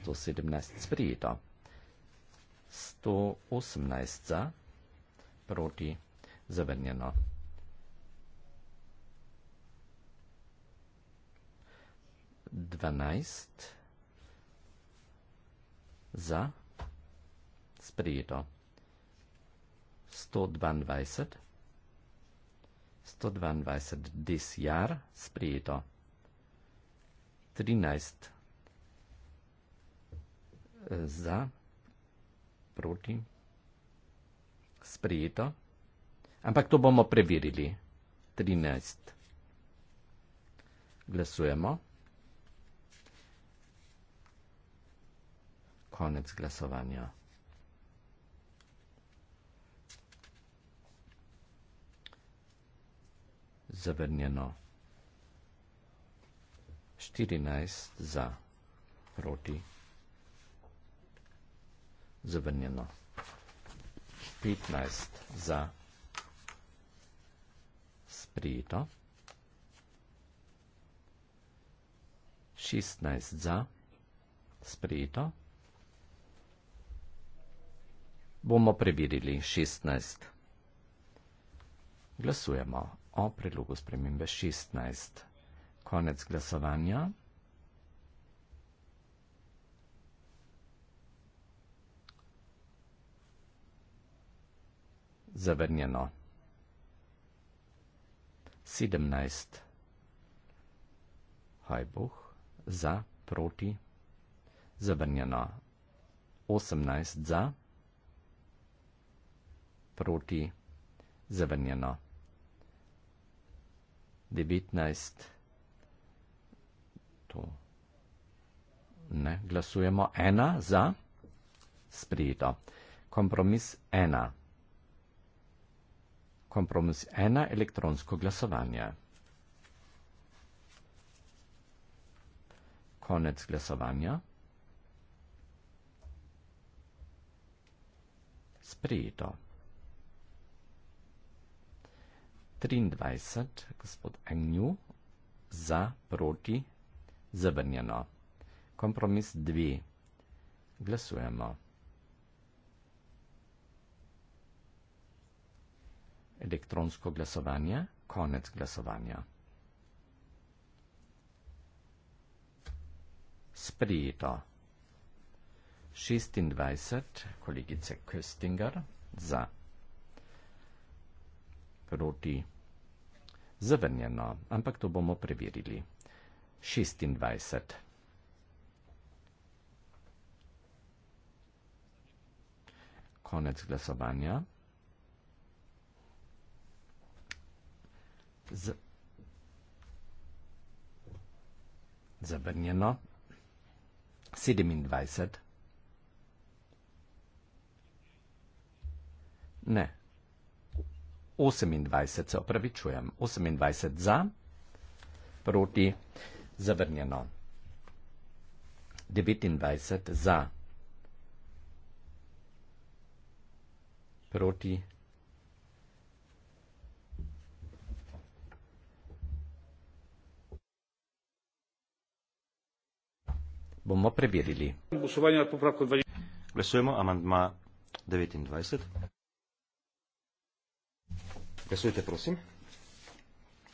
117 sprijeto. 118 za proti zavrnjeno. Dvanajst za sprijeto. Sto dvanjvajset za. 122 desjar sprejeto. 13 eh, za, proti, sprejeto. Ampak to bomo preverili. 13. Glasujemo. Konec glasovanja. zavrnjeno. 14 za, proti, zavrnjeno. 15 za, sprijeto. 16 za, sprijeto. Bomo preverili 16. Glasujemo o predlogu spremembe 16. Konec glasovanja. Zavrnjeno. 17. Hajbuh za, proti. Zavrnjeno. 18 za, proti. Zavrnjeno. 19. To. Ne, glasujemo ena za sprijeto. Kompromis ena. Kompromis ena, elektronsko glasovanje. Konec glasovanja. Sprijeto. 23, gospod Agnew, za, proti, zavrnjeno. Kompromis 2. Glasujemo. Elektronsko glasovanje, konec glasovanja. Sprijeto. 26, kolegice Köstinger, za, proti, zavrnjeno roti zavrnjeno, ampak to bomo preverili. 26. Konec glasovanja. Z zavrnjeno. 27. Ne, 28, se opravičujem, 28 za, proti zavrnjeno. 29 za, proti bomo preverili. Glasujemo amandma 29. Glasujte, prosim.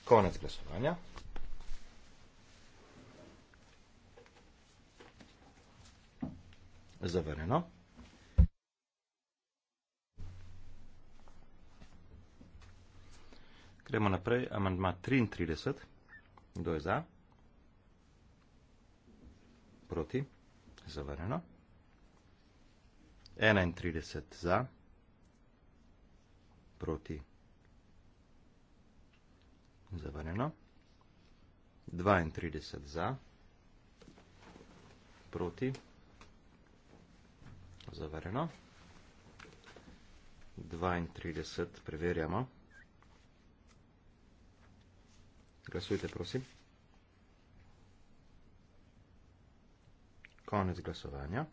Konec glasovanja. Zavrneno. Gremo naprej. Amandma 33. Kdo je za? Proti. Zavrneno. 31 za. Proti. Zavrnjeno. 32 za. Proti. Zavrnjeno. 32 preverjamo. Glasujte, prosim. Konec glasovanja.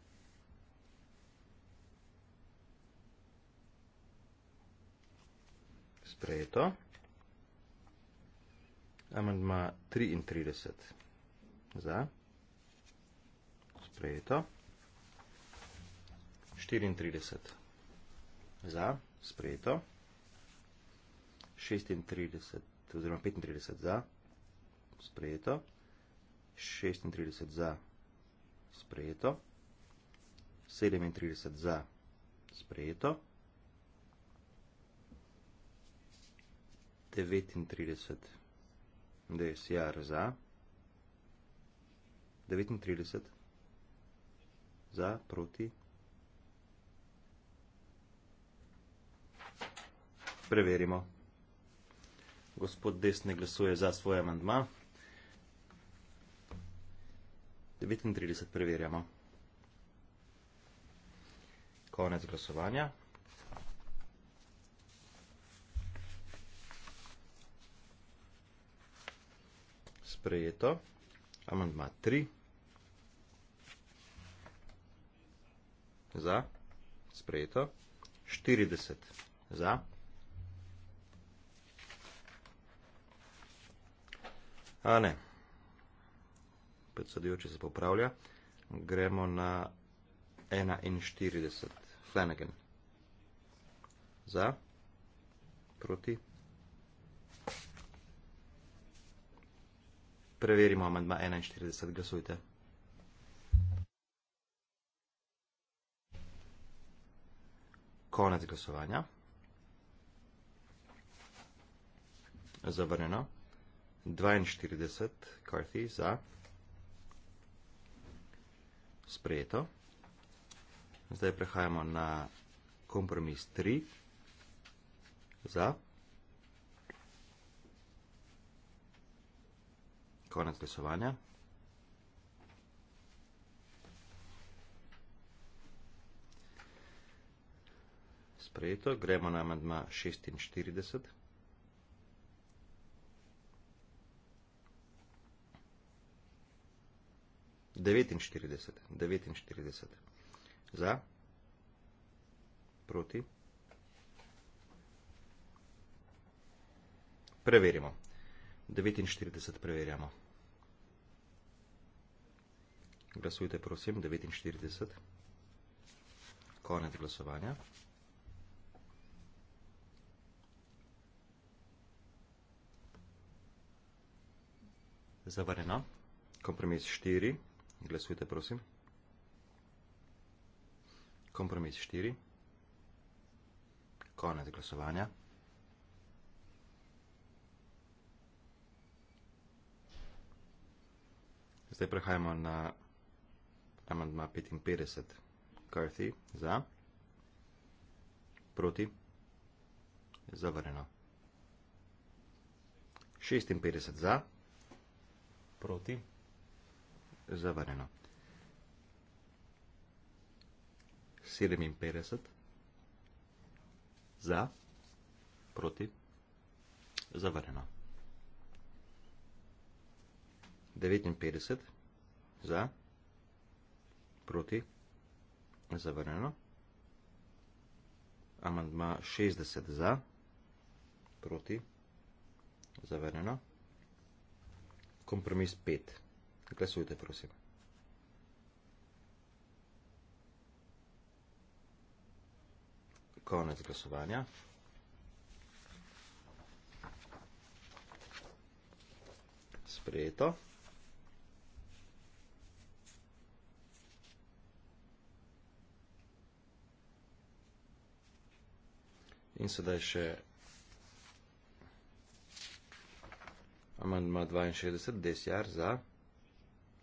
Sprejeto. Amandma 33. Za. Sprejeto. 34. Za. Sprejeto. 36 oziroma 35 za. Sprejeto. 36 za. Sprejeto. 37 za. Sprejeto. 39. Des jaar za. 39. Za, proti. Preverimo. Gospod desne glasuje za svoj amandma. 39 preverjamo. Konec glasovanja. sprejeto. Amandma 3. Za. Sprejeto. 40. Za. A ne. Predsedujoči se popravlja. Gremo na 41. Flanagan. Za. Proti. preverimo amandma 41, glasujte. Konec glasovanja. Zavrnjeno. 42, Carthy, za. Sprejeto. Zdaj prehajamo na kompromis 3. Za. konec glasovanja. Sprejeto, gremo na amandma 46. Devetinštirideset. Devetinštirideset. Za. Proti. Preverimo. Devetinštirideset preverjamo. Glasujte, prosim, 49. Konec glasovanja. Zavarjeno. Kompromis 4. Glasujte, prosim. Kompromis 4. Konec glasovanja. Zdaj prehajamo na amandma 55. Karthi, za. Proti. Zavrneno. 56 za. Proti. Zavrneno. 57. Za. Proti. Zavrneno. 59. Za proti. Zavrnjeno. Amandma 60 za, proti, zavrnjeno. Kompromis 5. Glasujte, prosim. Konec glasovanja. Sprejeto. In sedaj še amandma 62, desjar za,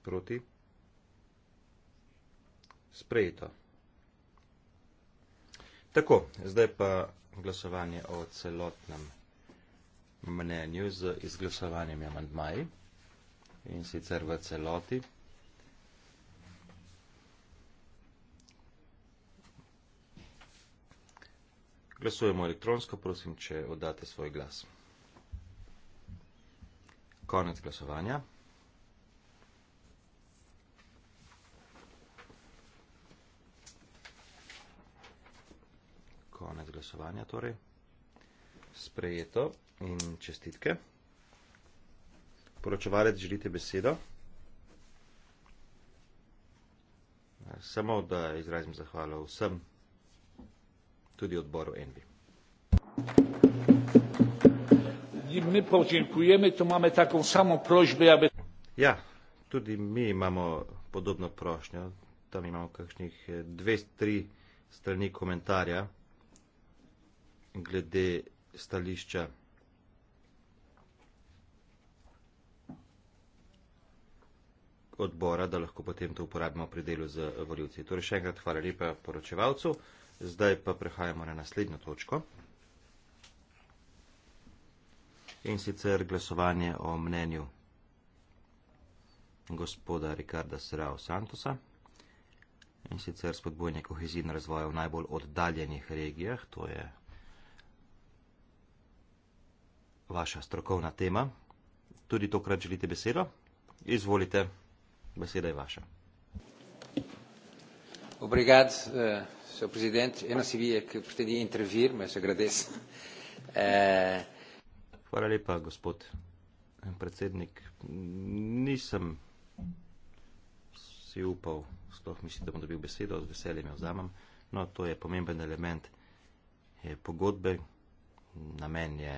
proti, sprejeto. Tako, zdaj pa glasovanje o celotnem mnenju z izglasovanjem amandmaji in sicer v celoti. Glasujemo elektronsko, prosim, če oddate svoj glas. Konec glasovanja. Konec glasovanja torej. Sprejeto in čestitke. Poročevalec, želite besedo? Samo, da izrazim zahvalo vsem tudi odboru Envi. Mi pa očinkujemo, tu imamo tako samo prožbe, aby... Ja, tudi mi imamo podobno prošnjo. Tam imamo kakšnih e, dve, tri strani komentarja glede stališča odbora, da lahko potem to uporabimo pri delu z voljivci. Torej še enkrat hvala lepa poročevalcu. Zdaj pa prehajamo na naslednjo točko. In sicer glasovanje o mnenju gospoda Ricarda Serrao Santosa. In sicer spodbojanje kohezijne razvoja v najbolj oddaljenih regijah, to je vaša strokovna tema. Tudi tokrat želite besedo? Izvolite, beseda je vaša. Obrigad. Eh. Sr. Presidente, eu não sabia que pretendia intervir, mas agradeço. Uh... Hvala lepa, gospod predsednik. Nisem si upal, sploh mislim, da bom dobil besedo, z veseljem jo vzamem. No, to je pomemben element je eh, pogodbe. Namen je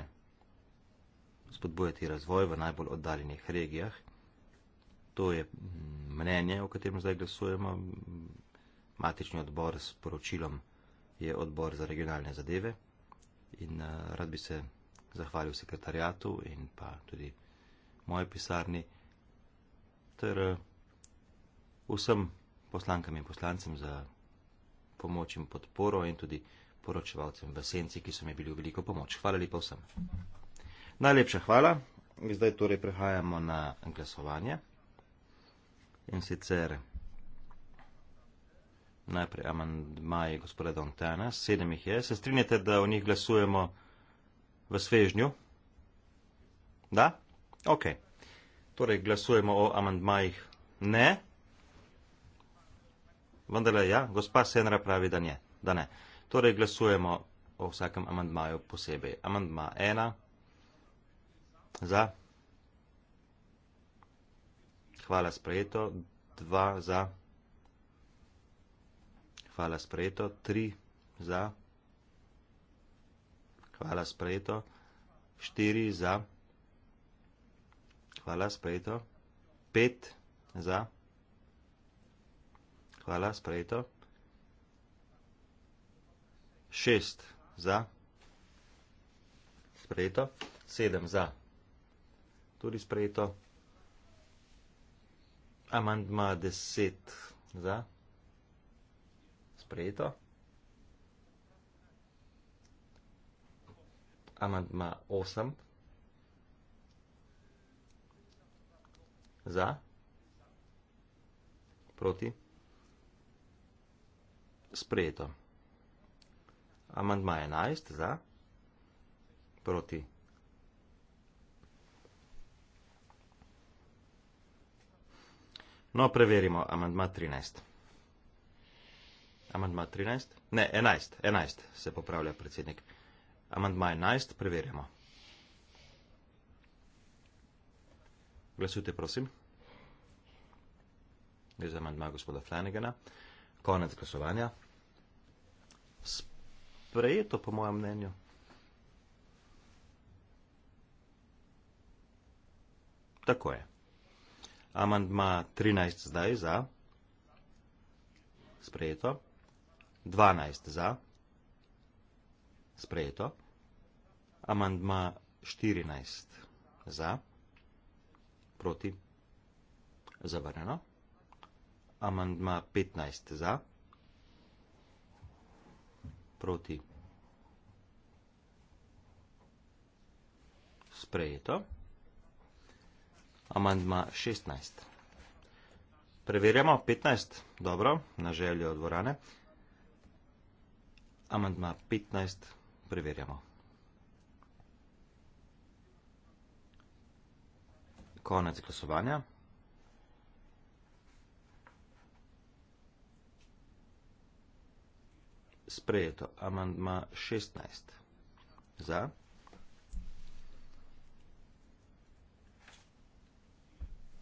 spodbujati razvoj v najbolj oddaljenih regijah. To je mm, mnenje, o katerem zdaj glasujemo matični odbor s poročilom je odbor za regionalne zadeve in eh, rad bi se zahvalil sekretarjatu in pa tudi moje pisarni ter eh, vsem poslankam in poslancem za pomoč in podporo in tudi poročevalcem v senci, ki so mi bili v veliko pomoč. Hvala lepa vsem. Najlepša hvala. Zdaj torej prehajamo na glasovanje. In sicer najprej amandmaje gospoda Dontana, sedem jih je. Se strinjate, da o njih glasujemo v svežnju? Da? Ok. Torej, glasujemo o amandmajih ne. Vendele, ja, gospa Senra pravi, da ne. Da ne. Torej, glasujemo o vsakem amandmaju posebej. Amandma ena. Za. Hvala, sprejeto. Dva za. Hvala sprejeto. Tri za. Hvala sprejeto. Štiri za. Hvala sprejeto. Pet za. Hvala sprejeto. Šest za. Sprejeto. Sedem za. Tudi sprejeto. Amandma deset za sprejeto. Amandma 8 za, proti, sprejeto. Amandma 11 za, proti. No, preverimo amandma 13. Amandma 13? Ne, 11. 11 se popravlja predsednik. Amandma 11 preverjamo. Glasujte, prosim. Gre za amandma gospoda Flanagana. Konec glasovanja. Sprejeto, po mojem mnenju. Tako je. Amandma 13 zdaj za. Sprejeto. Sprejeto. 12 za, sprejeto. Amandma 14 za, proti, zavrneno. Amandma 15 za, proti, sprejeto. Amandma 16. Preverjamo 15, dobro, na željo dvorane. Amandma 15 preverjamo. Konec glasovanja. Sprejeto. Amandma 16. Za.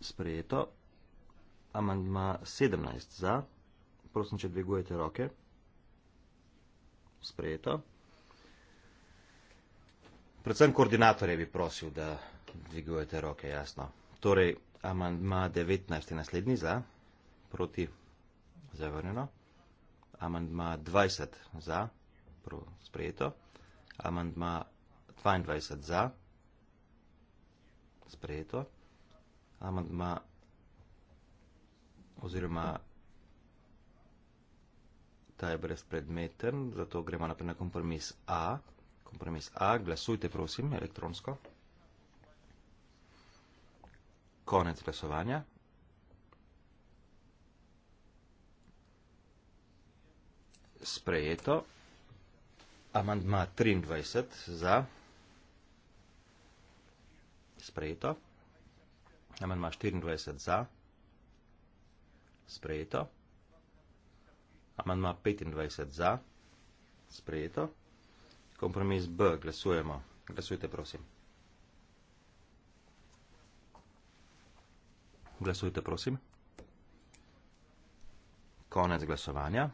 Sprejeto. Amandma 17. Za. Prosim, če dvigujete roke. Za sprejeta. Predvsem koordinatorje bi prosil, da dvigujete roke, jasno. Torej, amandma 19 je naslednji za, proti zavrnjeno. Amandma 20 za, sprejeto. Amandma 22 za, sprejeto. Amandma oziroma ta je brezpredmeten, zato gremo naprej na kompromis A. Kompromis A, glasujte prosim elektronsko. Konec glasovanja. Sprejeto. Amandma 23 za. Sprejeto. Amandma 24 za. Sprejeto. Amandma 25 za, sprejeto. Kompromis B, glasujemo. Glasujte, prosim. Glasujte, prosim. Konec glasovanja.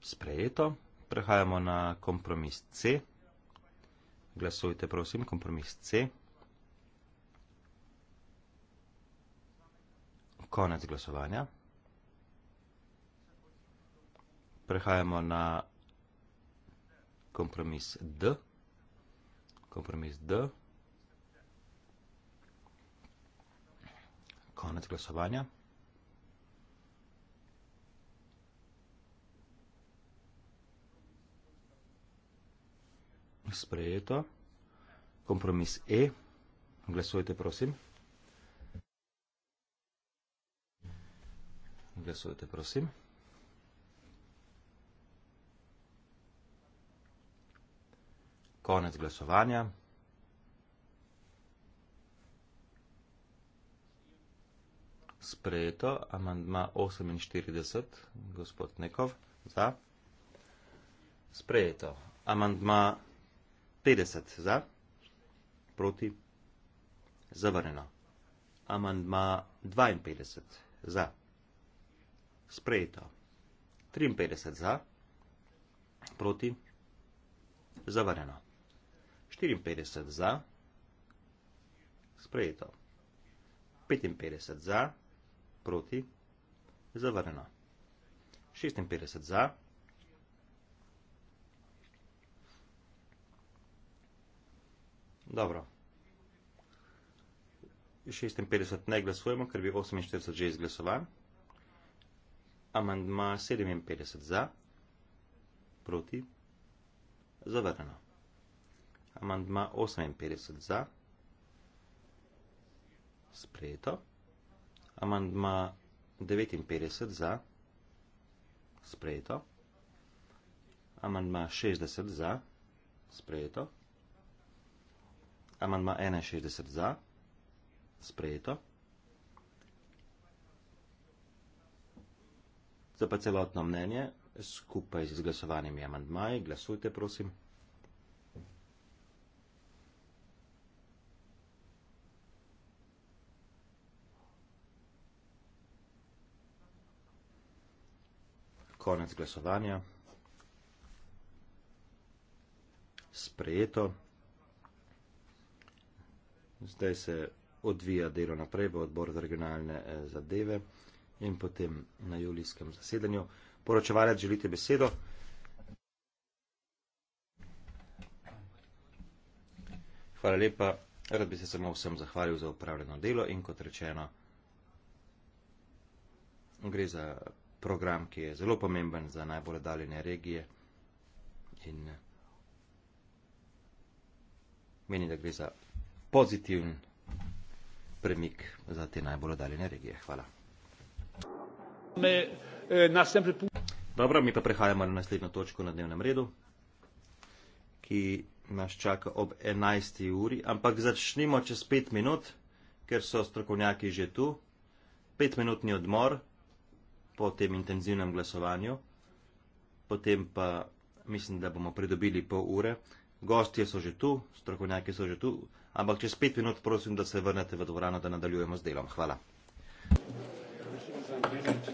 Sprejeto. Prehajamo na kompromis C. Glasujte, prosim, kompromis C. Glasujte, prosim. konec glasovanja. Prehajamo na kompromis D. Kompromis D. Konec glasovanja. Sprejeto. Kompromis E. Glasujte, prosim. Glasujte, prosim. Konec glasovanja. Sprejeto, amandma 48, gospod Nekov, za. Sprejeto, amandma 50, za. Proti, zavrneno. Amandma 52, za sprejeta. 53 za, proti, zavarjena. 54 za, sprejeta. 55 za, proti, zavarjena. 56 za, dobro. 56 ne glasujemo, ker bi 48 že izglasovan amandma 57 za, proti, zavrnjeno. Amandma 58 za, sprejeto. Amandma 59 za, sprejeto. Amandma 60 za, sprejeto. Amandma 61 za, sprejeto. Za pa celotno mnenje, skupaj z izglasovanimi amantmaji, glasujte prosim. Konec glasovanja. Sprejeto. Zdaj se odvija delo naprej v odbor za regionalne eh, zadeve in potem na julijskem zasedanju. Poročevalec, želite besedo? Hvala lepa. Rad bi se samo vsem zahvalil za upravljeno delo in kot rečeno, gre za program, ki je zelo pomemben za najbolj daljene regije in meni, da gre za pozitivn premik za te najbolj daljene regije. Hvala. Eh, Dobro, mi pa prehajamo na naslednjo točko na dnevnem redu, ki nas čaka ob 11. uri, ampak začnimo čez 5 minut, ker so strokovnjaki že tu. 5-minutni odmor po tem intenzivnem glasovanju, potem pa mislim, da bomo pridobili pol ure. Gostje so že tu, strokovnjaki so že tu, ampak čez 5 minut prosim, da se vrnete v dvorano, da nadaljujemo z delom. Hvala. Hvala.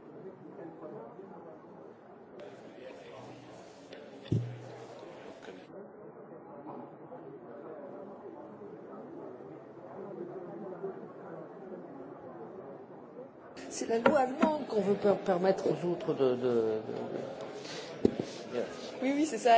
c'est la loi allemande qu'on veut permettre aux autres de. de, de... Oui, oui, c'est ça.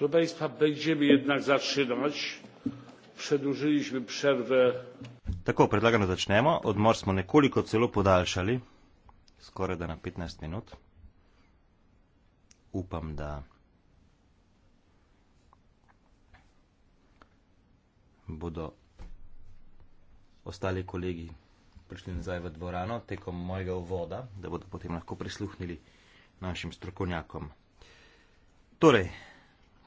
proszę państwa będziemy jednak zatrzymać przedłużyliśmy przerwę Tako, predlagano začnemo. Odmor smo nekoliko celo podaljšali, skoraj da na 15 minut. Upam, da bodo ostali kolegi prišli nazaj v dvorano tekom mojega uvoda, da bodo potem lahko prisluhnili našim strokovnjakom. Torej,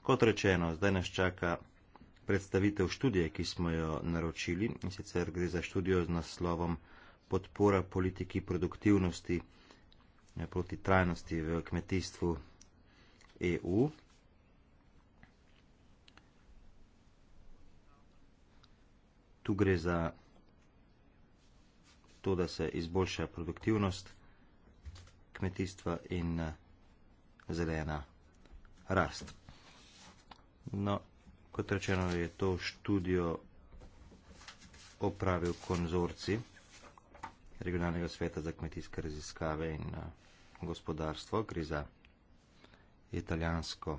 Kot rečeno, zdaj nas čaka predstavitev študije, ki smo jo naročili in sicer gre za študijo z naslovom Podpora politiki produktivnosti eh, proti trajnosti v kmetijstvu EU. Tu gre za to, da se izboljša produktivnost kmetijstva in eh, zelena rast. No, kot rečeno, je to študijo opravil konzorci regionalnega sveta za kmetijske raziskave in uh, gospodarstvo. Gre za italijansko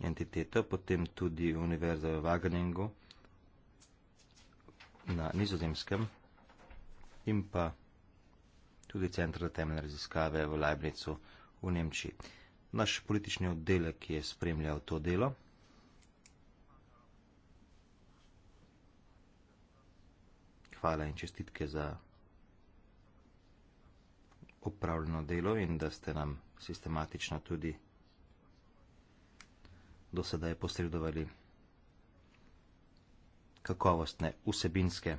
entiteto, potem tudi univerza v Wageningu na nizozemskem in pa tudi centr za temeljne raziskave v Leibnicu v Nemčiji. Naš politični oddelek je spremljal to delo. Hvala in čestitke za upravljeno delo in da ste nam sistematično tudi do sedaj posredovali kakovostne vsebinske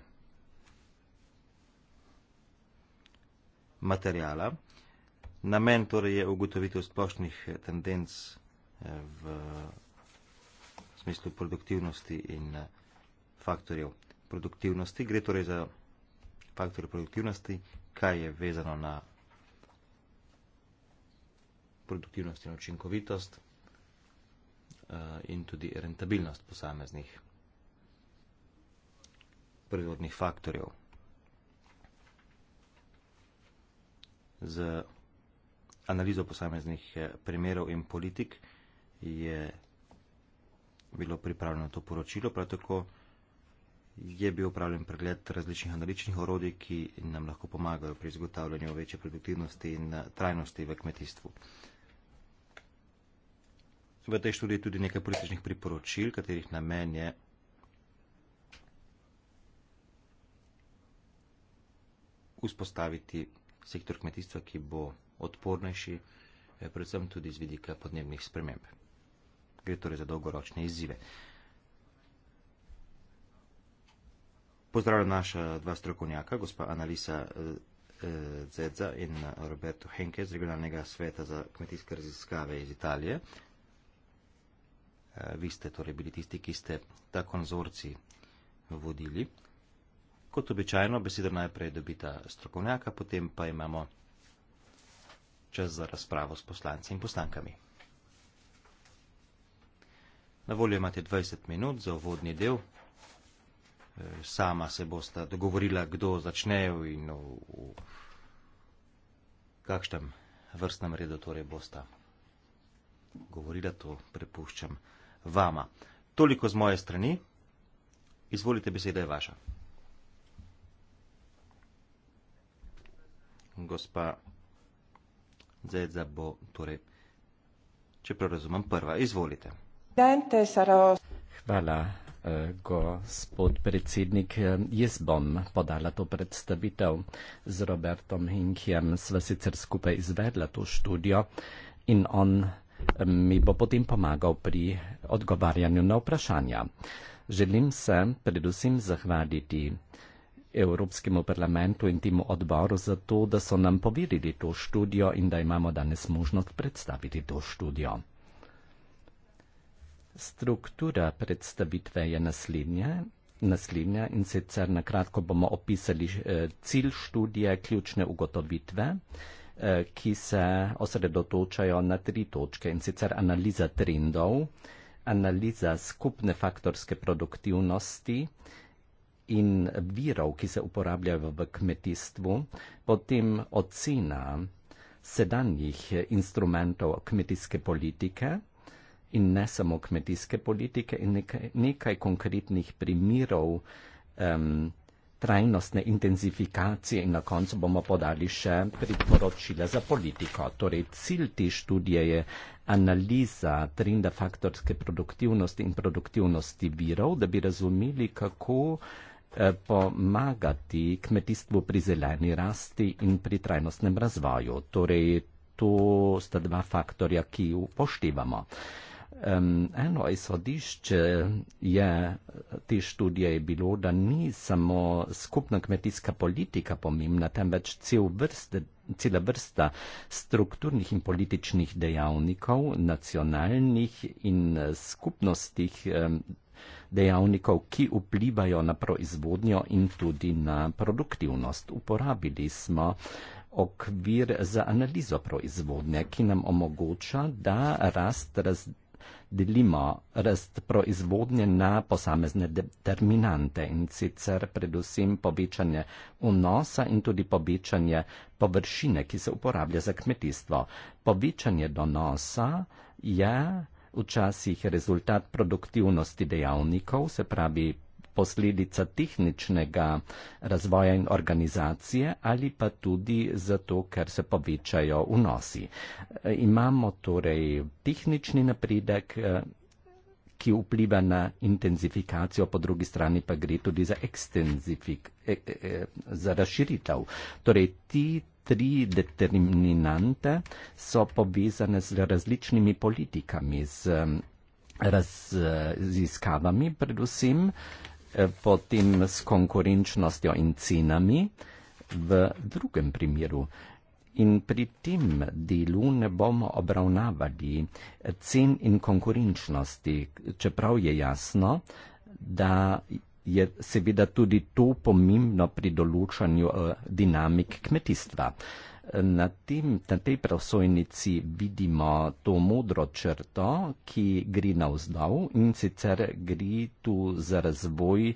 materijala. Namen torej je ugotovitev splošnih eh, tendenc eh, v smislu produktivnosti in eh, faktorjev produktivnosti. Gre torej za faktor produktivnosti, kaj je vezano na produktivnost in učinkovitost in tudi rentabilnost posameznih proizvodnih faktorjev. Z analizo posameznih eh, primerov in politik je bilo pripravljeno to poročilo, prav tako je bil upravljen pregled različnih analitičnih orodij, ki nam lahko pomagajo pri zagotavljanju večje produktivnosti in eh, trajnosti v kmetijstvu. V tej študiji je tudi nekaj političnih priporočil, katerih namen je vzpostaviti sektor kmetijstva, ki bo odpornejši, eh, predvsem tudi z vidika podnebnih sprememb. Gre torej za dolgoročne izzive. Pozdravljam naša dva strokovnjaka, gospa Analisa eh, eh, Zedza in Roberto Henke z Regionalnega sveta za kmetijske raziskave iz Italije. Vi ste torej bili tisti, ki ste ta konzorci vodili. Kot običajno, besedo najprej dobita strokovnjaka, potem pa imamo čas za razpravo s poslanci in poslankami. Na voljo imate 20 minut za uvodni del. E, sama se boste dogovorila, kdo začne in v, v kakšnem vrstnem redu torej boste govorila, to prepuščam vama. Toliko z moje strani. Izvolite, beseda je vaša. Gospa Zdaj za bo, torej, če prav razumem, prva. Izvolite. Dente, Hvala, eh, gospod predsednik. Eh, jaz bom podala to predstavitev z Robertom Hinkjem. Sva sicer skupaj izvedla to študijo in on eh, mi bo potem pomagal pri odgovarjanju na vprašanja. Želim se predvsem zahvaliti Evropskemu parlamentu in temu odboru za to, da so nam poverili to študijo in da imamo danes možnost predstaviti to študijo. Struktura predstavitve je naslednja. Naslednja in sicer na kratko bomo opisali eh, cilj študije, ključne ugotovitve, eh, ki se osredotočajo na tri točke in sicer analiza trendov, analiza skupne faktorske produktivnosti, in virov, ki se uporabljajo v kmetijstvu, potem ocena sedanjih instrumentov kmetijske politike in ne samo kmetijske politike in nekaj, nekaj konkretnih primirov um, trajnostne intenzifikacije in na koncu bomo podali še priporočila za politiko. Torej, cilj te študije je analiza trenda faktorske produktivnosti in produktivnosti virov, da bi razumeli, kako Eh, pomagati kmetijstvu pri zeleni rasti in pri trajnostnem razvoju. Torej, to sta dva faktorja, ki ju poštivamo. Um, eno izhodišče je, te študije je bilo, da ni samo skupna kmetijska politika pomembna, temveč cel vrste, cela vrsta strukturnih in političnih dejavnikov, nacionalnih in skupnostih. Um, dejavnikov, ki vplivajo na proizvodnjo in tudi na produktivnost. Uporabili smo okvir za analizo proizvodnje, ki nam omogoča, da rast razdelitev delimo rast proizvodnje na posamezne determinante in sicer predvsem povečanje vnosa in tudi povečanje površine, ki se uporablja za kmetijstvo. Povečanje donosa je včasih rezultat produktivnosti dejavnikov, se pravi posledica tehničnega razvoja in organizacije ali pa tudi zato, ker se povečajo vnosi. Imamo torej tehnični napredek, eh, ki vpliva na intenzifikacijo, po drugi strani pa gre tudi za, e, e, e, za razširitev. Torej, ti tri determinante so povezane z različnimi politikami, z um, raziskavami predvsem, eh, potem s konkurenčnostjo in cenami v drugem primeru. In pri tem delu ne bomo obravnavali cen in konkurenčnosti, čeprav je jasno, da je seveda tudi to pomembno pri določanju eh, dinamik kmetijstva. Na, tem, na tej pravsojnici vidimo to modro črto, ki gre navzdol in sicer gre tu za razvoj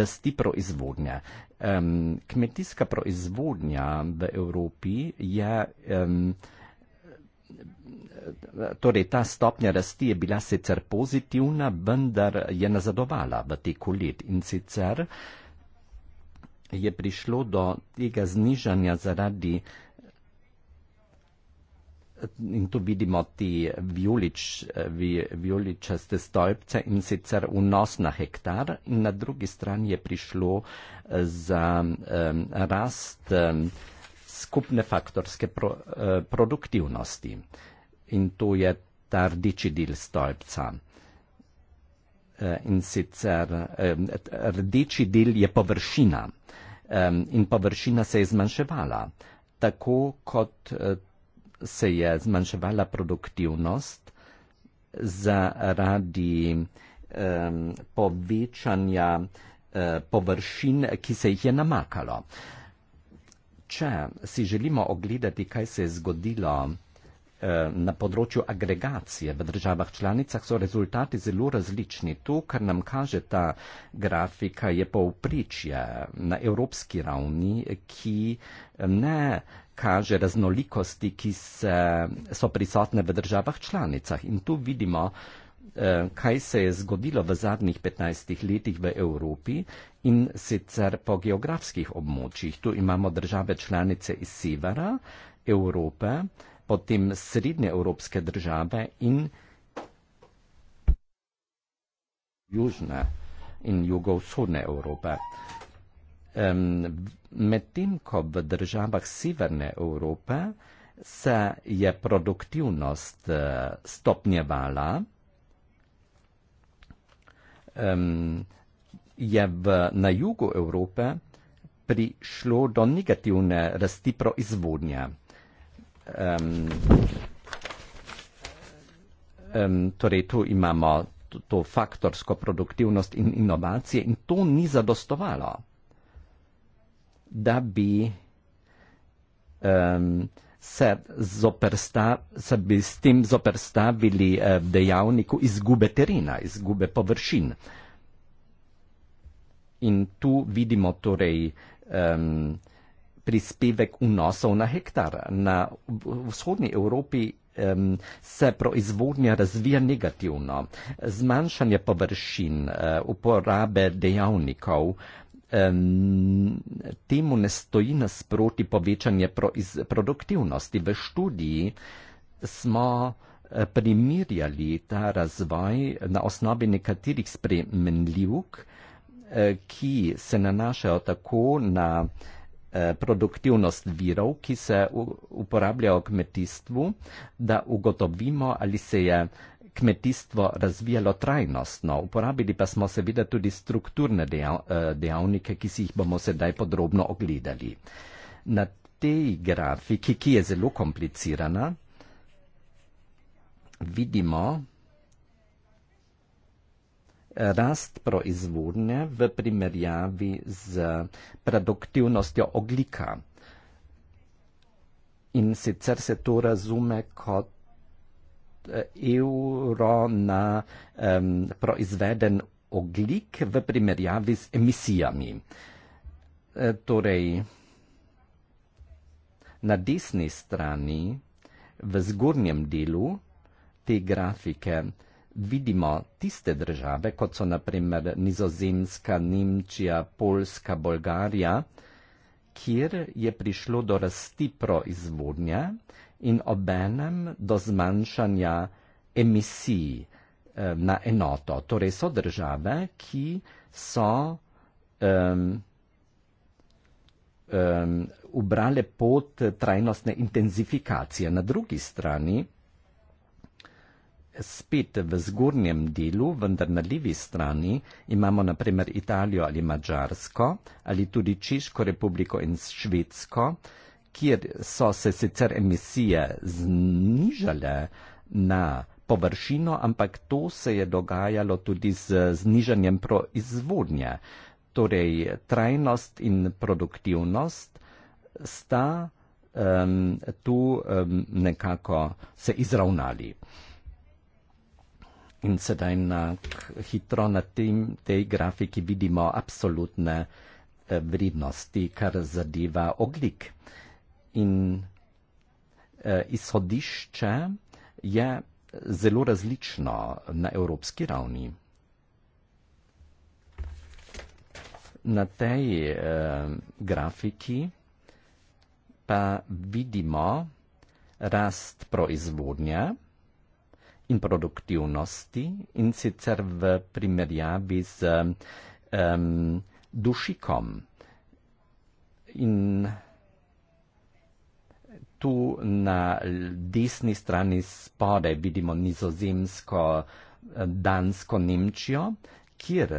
rasti proizvodnja. Um, kmetijska proizvodnja v Evropi je um, Torej, ta stopnja rasti je bila sicer pozitivna, vendar je nazadovala v teku let in sicer je prišlo do tega znižanja zaradi in tu vidimo ti vjolič, vjoličaste stolpce in sicer vnos na hektar in na drugi strani je prišlo eh, za um, rast um, skupne faktorske pro, eh, produktivnosti. In tu je ta rdiči del stolpca. Eh, in sicer eh, rdiči del je površina eh, in površina se je zmanjševala. Tako kot eh, se je zmanjševala produktivnost zaradi eh, povečanja eh, površin, ki se jih je namakalo. Eh, če si želimo ogledati, kaj se je zgodilo eh, na področju agregacije v državah članicah, so rezultati zelo različni. To, kar nam kaže ta grafika, je povpričje na evropski ravni, ki ne kaže raznolikosti, ki se, so prisotne v državah članicah. In tu vidimo, Eh, kaj se je zgodilo v zadnjih 15 letih v Evropi in sicer po geografskih območjih. Tu imamo države članice iz severa Evrope, potem srednje evropske države in južne in jugovzhodne Evrope. Medtem ko v državah severne Evrope se je produktivnost eh, stopnjevala, um, je v, na jugu Evrope prišlo do negativne rasti proizvodnje. Um, um, torej tu imamo to, to faktorsko produktivnost in inovacije in to ni zadostovalo, da bi um, se, zopersta, se bi s tem zoprstavili eh, dejavniku izgube terena, izgube površin. In tu vidimo torej um, prispevek vnosov na hektar. Na vzhodnji Evropi um, se proizvodnja razvija negativno. Zmanjšanje površin, uh, uporabe dejavnikov, uh, temu ne stoji nasproti povečanje produktivnosti. V študiji smo eh, primerjali ta razvoj na osnovi nekaterih spremenljivk, eh, ki se nanašajo tako na eh, produktivnost virov, ki se uporabljajo v kmetijstvu, da ugotovimo, ali se je kmetijstvo razvijalo trajnostno. Uporabili pa smo seveda tudi strukturne dejav, eh, dejavnike, ki si jih bomo sedaj podrobno ogledali. Na tej grafiki, ki je zelo komplicirana, vidimo eh, rast proizvodnje v primerjavi z produktivnostjo oglika. In sicer se to razume kot evro na um, proizveden oglik v primerjavi z emisijami. E, torej, na desni strani, v zgornjem delu te grafike, vidimo tiste države, kot so naprimer Nizozemska, Nemčija, Poljska, Bolgarija, kjer je prišlo do rasti proizvodnja, in obenem do zmanjšanja emisij eh, na enoto. Torej so države, ki so um, um, ubrale pot trajnostne intenzifikacije. Na drugi strani, spet v zgornjem delu, vendar na levi strani, imamo naprimer Italijo ali Mačarsko ali tudi Češko republiko in Švedsko, kjer so se sicer emisije znižale na površino, ampak to se je dogajalo tudi z znižanjem proizvodnje. Torej, trajnost in produktivnost sta um, tu um, nekako se izravnali. In sedaj na, hitro na tem, tej grafiki vidimo absolutne eh, vrednosti, kar zadeva oglik in eh, izhodišče je zelo različno na evropski ravni. Na tej eh, grafiki pa vidimo rast proizvodnje in produktivnosti in sicer v primerjavi z eh, dušikom. In tu na desni strani spode vidimo nizozemsko, dansko Nemčijo, kjer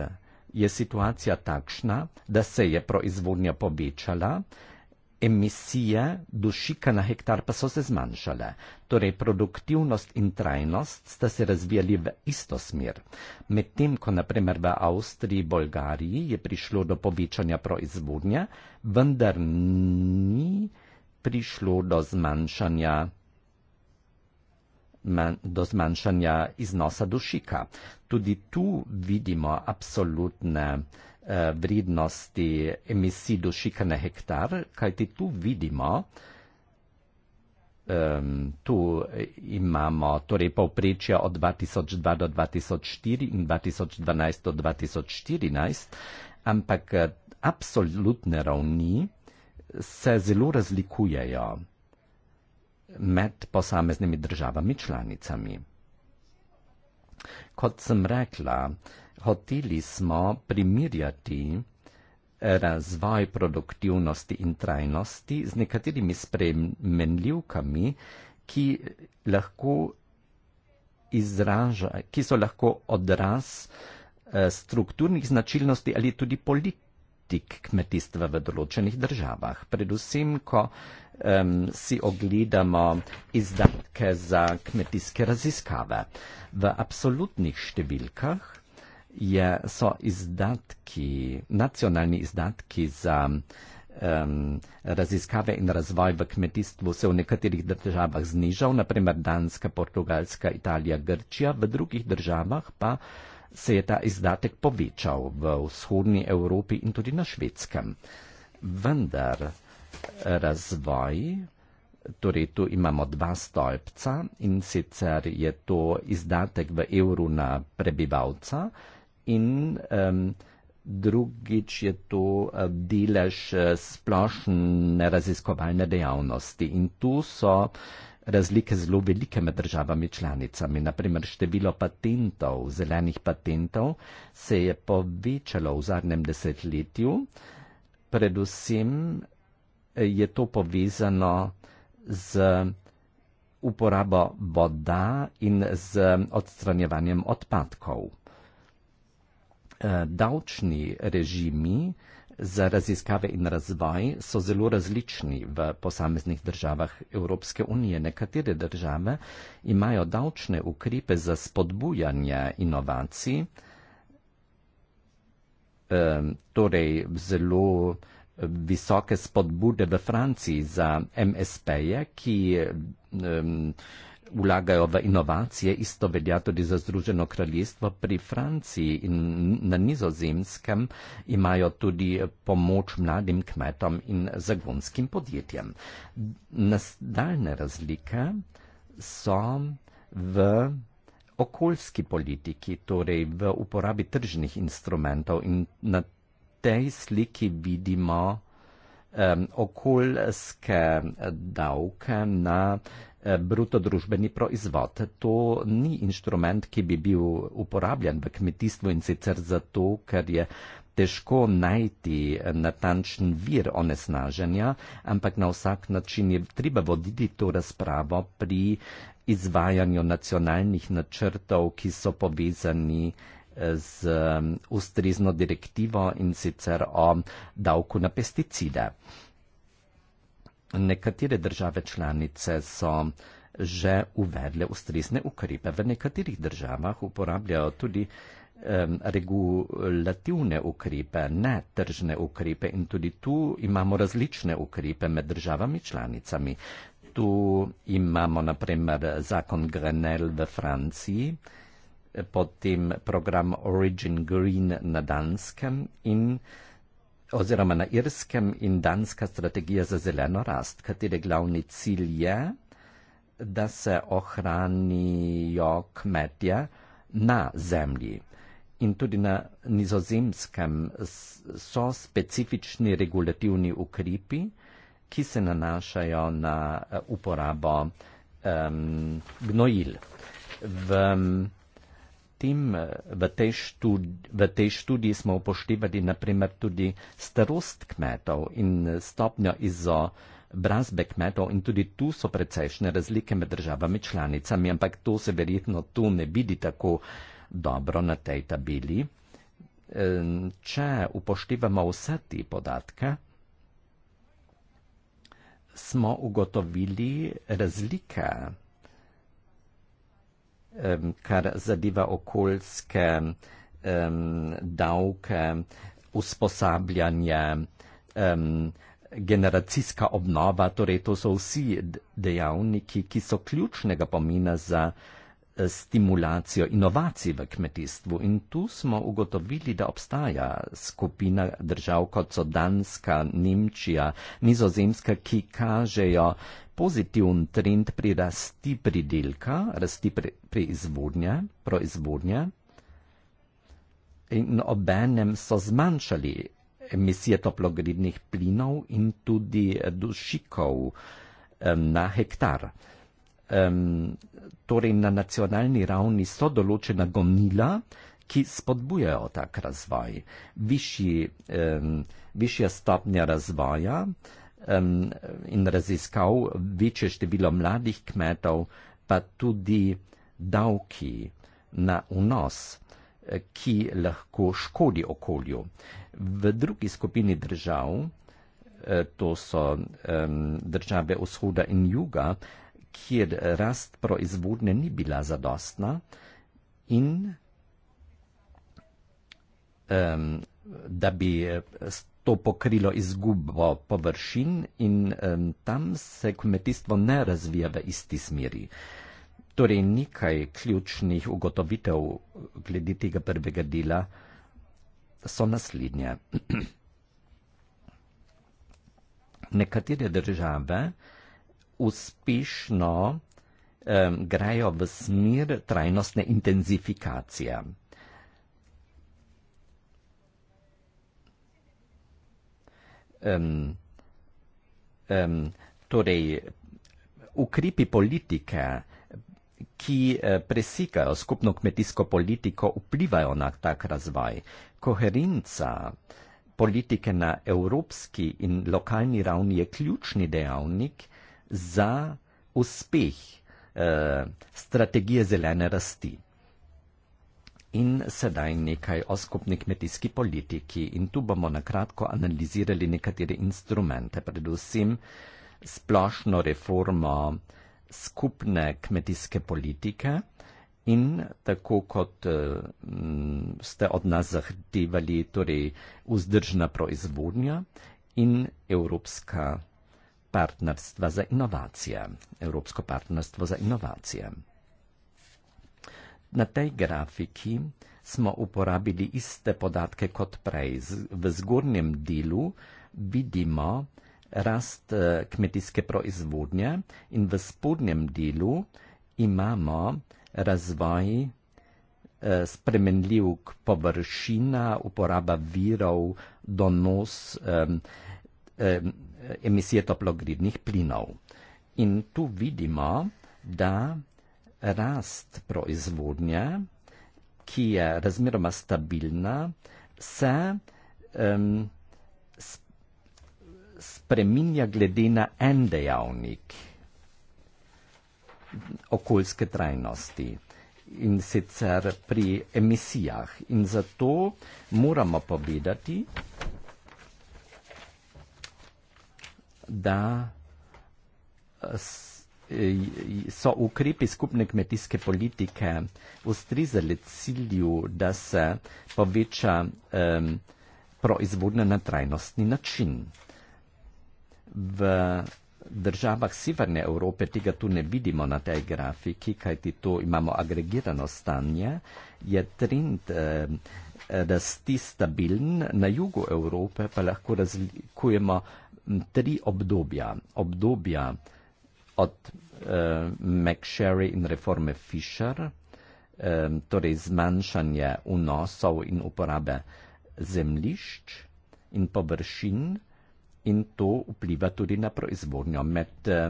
je situacija takšna, da se je proizvodnja povečala, emisije dušika na hektar pa so se zmanjšale. Torej produktivnost in trajnost sta se razvijali v isto smer. Medtem ko naprimer v Avstriji, Bolgariji je prišlo do povečanja proizvodnje, vendar ni prišlo do zmanjšanja do zmanjšanja iznosa dušika. Tudi tu vidimo absolutne eh, vrednosti emisij dušika na hektar, kajti tu vidimo, um, tu imamo torej povprečje od 2002 do 2004 in 2012 do 2014, ampak absolutne ravni se zelo razlikujejo med posameznimi državami članicami. Kot sem rekla, hoteli smo primirjati eh, razvoj produktivnosti in trajnosti z nekaterimi spremenljivkami, ki, lahko izraža, ki so lahko odraz eh, strukturnih značilnosti ali tudi politik politik kmetijstva v določenih državah. Predvsem, ko um, si ogledamo izdatke za kmetijske raziskave. V absolutnih številkah je, so izdatki, nacionalni izdatki za um, raziskave in razvoj v kmetijstvu se v nekaterih državah znižal, naprimer Danska, Portugalska, Italija, Grčija, v drugih državah pa se je ta izdatek povečal v vzhodni Evropi in tudi na švedskem. Vendar razvoj, torej tu imamo dva stolpca in sicer je to izdatek v evru na prebivalca in um, drugič je to eh, delež eh, splošne raziskovalne dejavnosti in tu so uh, razlike zelo velike med državami članicami. Naprimer, število patentov, zelenih patentov se je povečalo v zadnjem desetletju. Predvsem eh, je to povezano z uporabo voda in z odstranjevanjem odpadkov. Eh, davčni režimi za raziskave in razvoj so zelo različni v posameznih državah Evropske unije. Nekatere države imajo davčne ukrepe za spodbujanje inovacij, eh, torej zelo eh, visoke spodbude v Franciji za MSP-je, ki eh, vlagajo v inovacije, isto velja tudi za Združeno kraljestvo. Pri Franciji in na nizozemskem imajo tudi pomoč mladim kmetom in zagonskim podjetjem. Nasdaljne razlike so v okoljski politiki, torej v uporabi tržnih instrumentov in na tej sliki vidimo um, okoljske davke na Eh, bruto družbeni proizvod. To ni inštrument, ki bi bil uporabljen v kmetijstvu in sicer zato, ker je težko najti eh, natančen vir onesnaženja, ampak na vsak način je treba voditi to razpravo pri izvajanju nacionalnih načrtov, ki so povezani eh, z um, ustrezno direktivo in sicer o davku na pesticide nekatere države članice so že uvedle ustrezne ukrepe. V nekaterih državah uporabljajo tudi um, regulativne ukrepe, ne tržne ukrepe in tudi tu imamo različne ukrepe med državami članicami. Tu imamo naprimer zakon Grenel v Franciji, potem program Origin Green na Danskem in oziroma na irskem in danska strategija za zeleno rast, katere glavni cilj je, da se ohranijo kmetje na zemlji. In tudi na nizozemskem so specifični regulativni ukrepi, ki se nanašajo na uporabo um, gnojil. V um, tem, eh, v tej, študi, v tej študiji smo upoštevali naprimer tudi starost kmetov in eh, stopnjo izo brazbe kmetov in tudi tu so precejšne razlike med državami članicami, ampak to se verjetno tu ne vidi tako dobro na tej tabeli. Če upoštevamo vse te podatke, smo ugotovili razlike kar zadeva okoljske um, davke, usposabljanje, um, generacijska obnova, torej to so vsi dejavniki, ki so ključnega pomena za uh, stimulacijo inovacij v kmetijstvu in tu smo ugotovili, da obstaja skupina držav kot so Danska, Nemčija, Nizozemska, ki kažejo pozitiven trend pri rasti pridelka, rasti pri, pri izvodnje, proizvodnje in obenem so zmanjšali emisije toplogrednih plinov in tudi dušikov na hektar um, torej na nacionalni ravni so določena gonila, ki spodbujajo tak razvoj. Višji, um, višja stopnja razvoja um, in raziskav, večje število mladih kmetov, pa tudi davki na unos eh, ki lahko škodi okolju. V drugi skupini držav, eh, to so um, države vzhoda in juga, kjer rast proizvodne ni bila zadostna in um, da bi to pokrilo izgubo površin in um, tam se kmetijstvo ne razvija v isti smeri. Torej nekaj ključnih ugotovitev glede tega prvega dela so naslednje. Nekatere države uspešno um, grejo v smer trajnostne intenzifikacije. Um, um, torej, ukrepi politike, ki eh, presikajo skupno kmetijsko politiko, vplivajo na tak razvoj. Koherenca politike na evropski in lokalni ravni je ključni dejavnik, za uspeh eh, strategije zelene rasti. In sedaj nekaj o skupni kmetijski politiki. In tu bomo na kratko analizirali nekatere instrumente, predvsem splošno reformo skupne kmetijske politike. In tako kot uh, ste od nas zahtevali, torej vzdržna proizvodnja in evropska partnerstva za inovacije, Evropsko partnerstvo za inovacije. Na tej grafiki smo uporabili iste podatke kot prej. V zgornjem delu vidimo rast eh, kmetijske proizvodnje in v spodnjem delu imamo razvoj eh, spremenljivk površina, uporaba virov, donos emisije toplogrednih plinov. In tu vidimo, da rast proizvodnje, ki je razmeroma stabilna, se um, spreminja glede na en dejavnik okoljske trajnosti in sicer pri emisijah. In zato moramo povedati, da eh, eh, so ukrepi skupne kmetijske politike ustrizali cilju, da se poveča um, proizvodnja na trajnostni način. V državah Severne Evrope tega tu ne vidimo na tej grafiki, kajti tu imamo agregirano stanje, je trend um, rasti stabilen, na jugu Evrope pa lahko razlikujemo tri obdobja. Obdobja od eh, McSherry in reforme Fisher, eh, torej zmanjšanje vnosov in uporabe zemlišč in površin in to vpliva tudi na proizvodnjo. Med eh,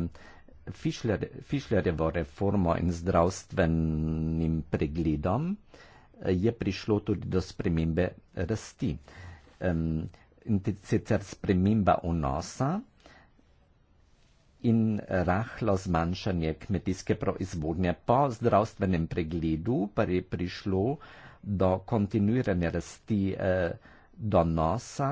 Fischler, Fischlerjevo reformo in zdravstvenim pregledom eh, je prišlo tudi do spremembe rasti. Eh, sicer sprememba vnosa in rahlo zmanjšanje kmetijske proizvodnje. Po zdravstvenem pregledu pa je prišlo do kontinuirane rasti eh, donosa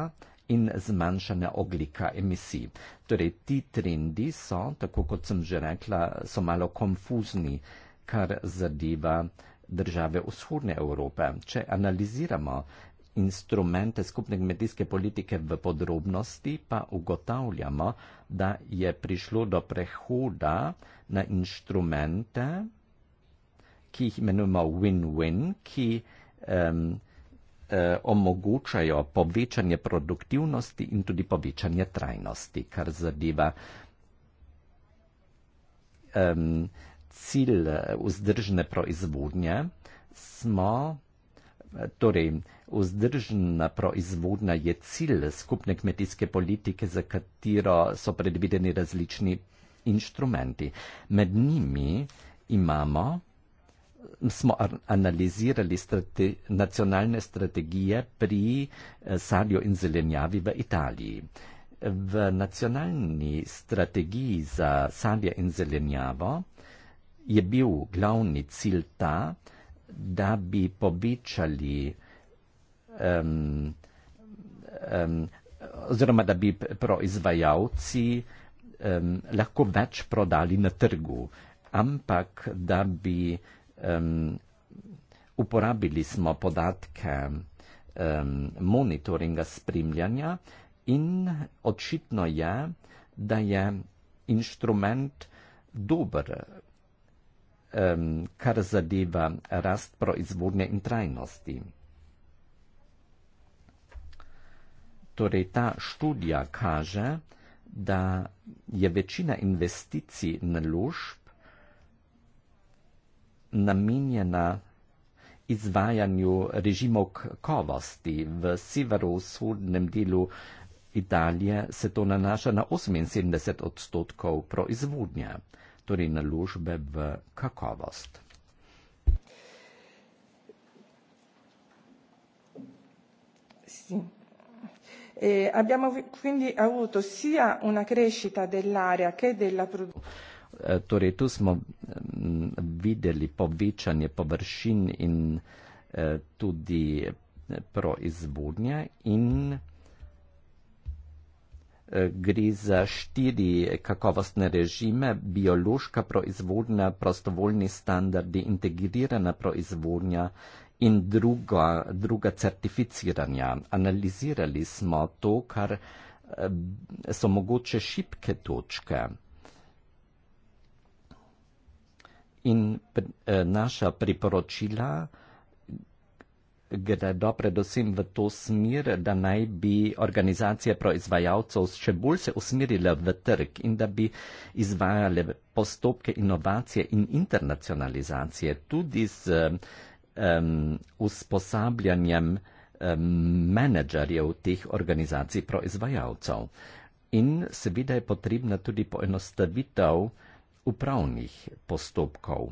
in zmanjšanja oglika emisij. Torej, ti trendi so, tako kot sem že rekla, so malo konfuzni, kar zadeva države vzhodne Evrope. Če analiziramo instrumente skupne kmetijske politike v podrobnosti, pa ugotavljamo, da je prišlo do prehoda na instrumente, ki jih imenujemo win-win, ki um, omogočajo povečanje produktivnosti in tudi povečanje trajnosti, kar zadeva um, cilj e, vzdržne proizvodnje. Smo Torej, vzdržna proizvodna je cilj skupne kmetijske politike, za katero so predvideni različni inštrumenti. Med njimi imamo, smo analizirali strate, nacionalne strategije pri eh, sadju in zelenjavi v Italiji. V nacionalni strategiji za sadje in zelenjavo je bil glavni cilj ta, da bi povečali um, um, oziroma da bi proizvajalci um, lahko več prodali na trgu, ampak da bi um, uporabili smo podatke um, monitoringa spremljanja in očitno je, da je inštrument dober, um, kar zadeva rast proizvodnje in trajnosti. Torej, ta študija kaže, da je večina investicij naložb namenjena izvajanju režimov kakovosti v severovzhodnem delu Italije, se to nanaša na 78 odstotkov proizvodnje torej naložbe v kakovost. Sì. Eh, abbiamo quindi avuto sia una crescita dell'area che della produzione. Eh, torej, tu smo mm, videli povečanje površin in eh, tudi eh, proizvodnja in gre za štiri kakovostne režime, biološka proizvodnja, prostovoljni standardi, integrirana proizvodnja in druga, druga certificiranja. Analizirali smo to, kar eh, so mogoče šipke točke. In eh, naša priporočila gredo predvsem v to smer, da naj bi organizacije proizvajalcev še bolj se usmerile v trg in da bi izvajale postopke inovacije in internacionalizacije tudi z um, usposabljanjem um, menedžerjev teh organizacij proizvajalcev. In seveda je potrebna tudi poenostavitev upravnih postopkov.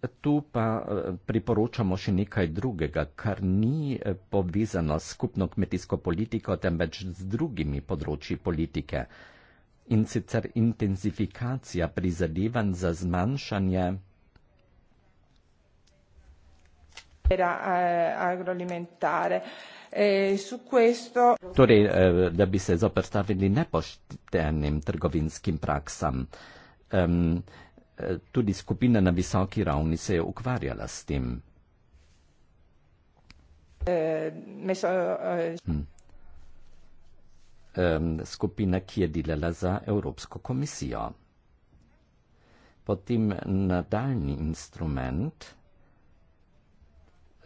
Tu pa eh, priporočamo še nekaj drugega, kar ni eh, povezano s skupno kmetijsko politiko, temveč z drugimi področji politike. In sicer intenzifikacija prizadevanj za zmanjšanje eh, agroalimentare. Torej, da bi se zoprstavili nepoštenim trgovinskim praksam. Ehm, tudi skupina na visoki ravni se je ukvarjala s tem. Meso, uh, hm. um, skupina, ki je delala za Evropsko komisijo. Potem nadaljni instrument,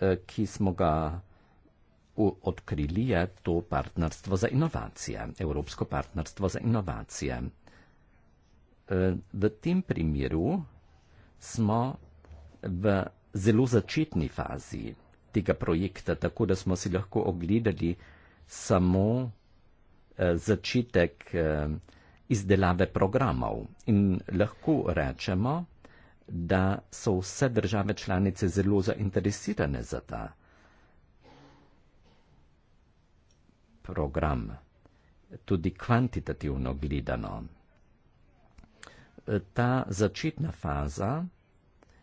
eh, ki smo ga odkrili, je to partnerstvo za inovacije, Evropsko partnerstvo za inovacije. Eh, v tem primeru smo v zelo začetni fazi tega projekta, tako da smo si lahko ogledali samo eh, začetek eh, izdelave programov. In lahko rečemo, da so vse države članice zelo zainteresirane za ta program, tudi kvantitativno gledano ta začetna faza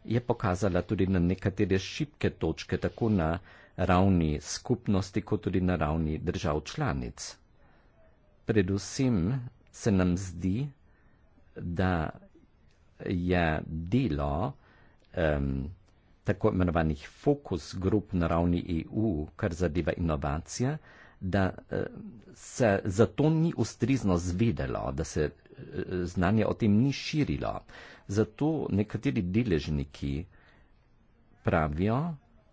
je pokazala tudi na nekatere šibke točke, tako na ravni skupnosti, kot tudi na ravni držav članic. Predvsem se nam zdi, da je delo um, tako imenovanih fokus grup na ravni EU, kar zadeva inovacije, da uh, se zato ni ustrizno zvedelo, da se znanje o tem ni širilo. Zato nekateri deležniki pravijo,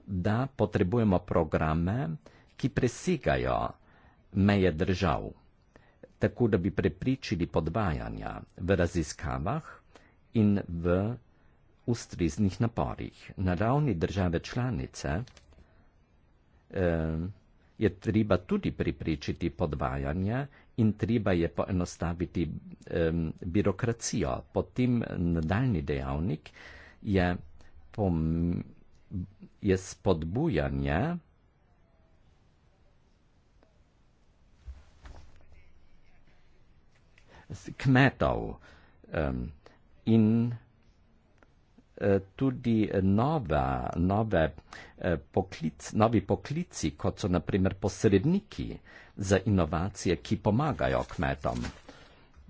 da potrebujemo programe, ki presegajo meje držav, tako da bi prepričili podvajanja v raziskavah in v ustreznih naporih. Na ravni države članice eh, je treba tudi prepričiti podvajanje in treba je poenostaviti um, birokracijo. Potem nadaljni dejavnik je, pom, je spodbujanje kmetov um, in e, tudi nove, nove poklic, novi poklici, kot so naprimer posredniki, za inovacije, ki pomagajo kmetom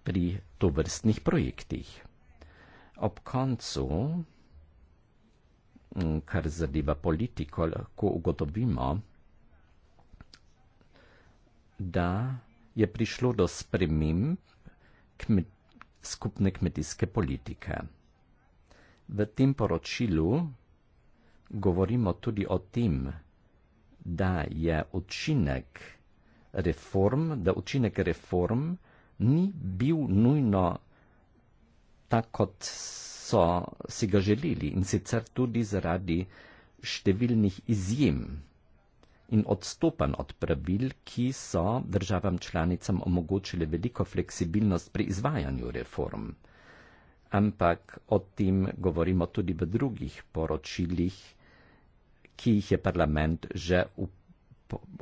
pri tovrstnih projektih. Ob koncu, kar zadeva politiko, lahko ugotovimo, da je prišlo do sprememb kmet, skupne kmetijske politike. V tem poročilu govorimo tudi o tem, da je učinek reform, da učinek reform ni bil nujno tako, kot so si ga želeli in sicer tudi zaradi številnih izjem in odstopan od pravil, ki so državam članicam omogočile veliko fleksibilnost pri izvajanju reform. Ampak o tem govorimo tudi v drugih poročilih, ki jih je parlament že v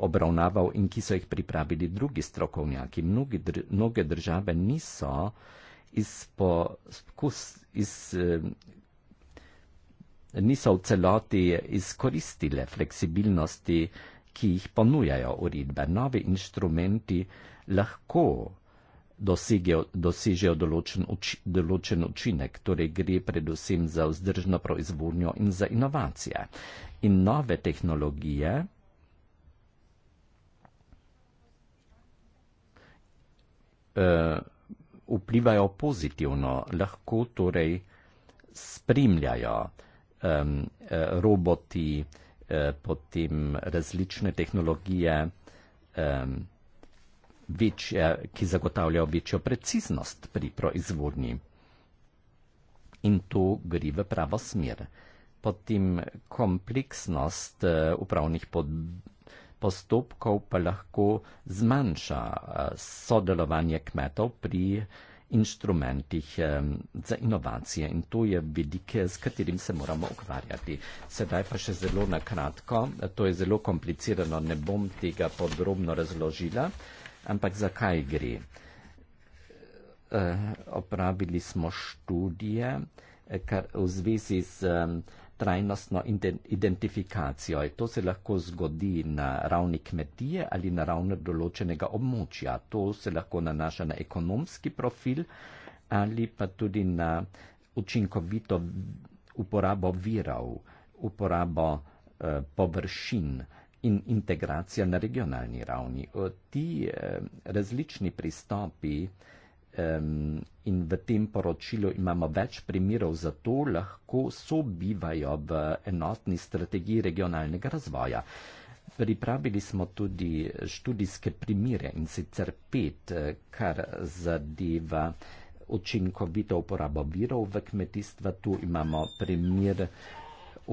obravnaval in ki so jih pripravili drugi strokovnjaki. Mnogi, dr, mnoge države niso iz po, skus, iz, eh, niso v celoti izkoristile fleksibilnosti, ki jih ponujajo uredbe. Novi inštrumenti lahko dosežejo določen, uč, določen učinek, torej gre predvsem za vzdržno proizvodnjo in za inovacije. In nove tehnologije, uh, vplivajo pozitivno, lahko torej spremljajo um, roboti, uh, potem različne tehnologije, um, večje, ki zagotavljajo večjo preciznost pri proizvodnji. In to gre v pravo smer. Potem kompleksnost uh, upravnih podbojev postopkov pa lahko zmanjša eh, sodelovanje kmetov pri inštrumentih eh, za inovacije in to je vidike, s katerim se moramo ukvarjati. Sedaj pa še zelo nakratko, to je zelo komplicirano, ne bom tega podrobno razložila, ampak zakaj gre? Eh, opravili smo študije kar v zvezi z trajnostno identifikacijo. To se lahko zgodi na ravni kmetije ali na ravni določenega območja. To se lahko nanaša na ekonomski profil ali pa tudi na učinkovito uporabo virov, uporabo eh, površin in integracijo na regionalni ravni. O, ti eh, različni pristopi eh, um, in v tem poročilu imamo več primerov za to, lahko sobivajo v enotni strategiji regionalnega razvoja. Pripravili smo tudi študijske primere in sicer pet, eh, kar zadeva učinkovito uporabo virov v kmetijstva. Tu imamo primer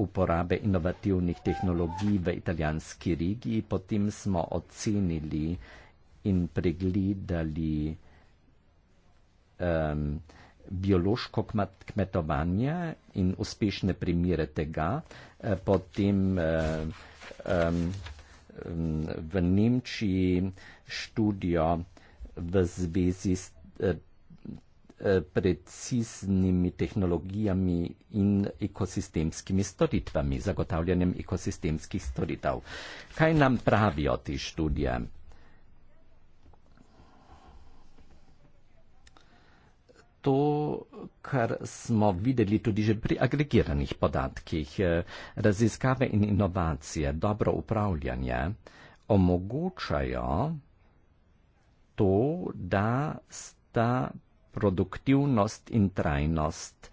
uporabe inovativnih tehnologij v italijanski regiji, potem smo ocenili in pregledali um, biološko kmetovanje in uspešne primere tega. Eh, potem um, v Nemčiji študijo v zvezi s eh, preciznimi tehnologijami in ekosistemskimi storitvami, zagotavljanjem ekosistemskih storitev. Kaj nam pravijo te študije? to, kar smo videli tudi že pri agregiranih podatkih. E, raziskave in inovacije, dobro upravljanje omogočajo to, da sta produktivnost in trajnost,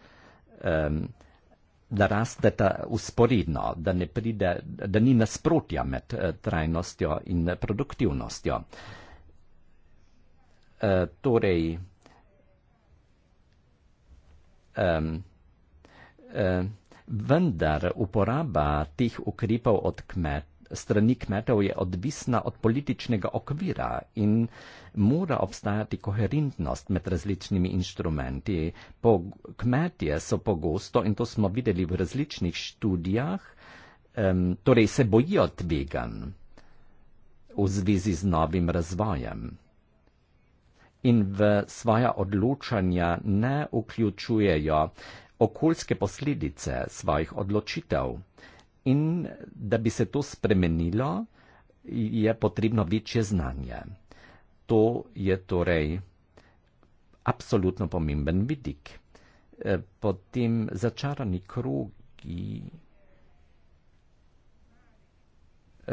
da raste ta usporedno, da, ne pride, da ni nasprotja med e, trajnostjo in produktivnostjo. E, torej, um, um, vendar uporaba teh ukrepov od kmet, strani kmetov je odvisna od političnega okvira in mora obstajati koherentnost med različnimi inštrumenti. Po, kmetje so pogosto, in to smo videli v različnih študijah, um, torej se bojijo tvegan v zvezi z novim razvojem in v svoja odločanja ne vključujejo okoljske posledice svojih odločitev. In da bi se to spremenilo, je potrebno večje znanje. To je torej absolutno pomemben vidik. E, potem začarani krogi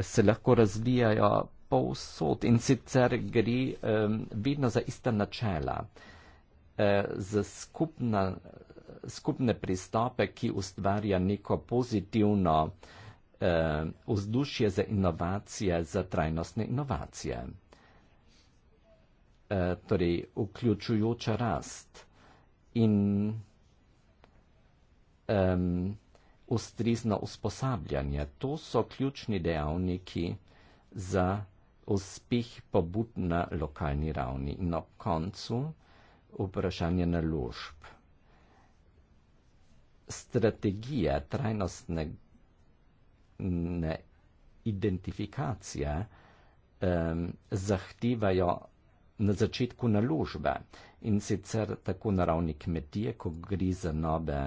se lahko razvijajo povsod in sicer gre um, vedno za ista načela, uh, za skupna, skupne pristope, ki ustvarja neko pozitivno uh, vzdušje za inovacije, za trajnostne inovacije. Uh, torej, vključujoča rast in um, ustrezno usposabljanje. To so ključni dejavniki za uspeh pobud na lokalni ravni in ob koncu vprašanje naložb. Strategija trajnostne ne, identifikacije um, zahtevajo na začetku naložbe in sicer tako na ravni kmetije, ko gre za nove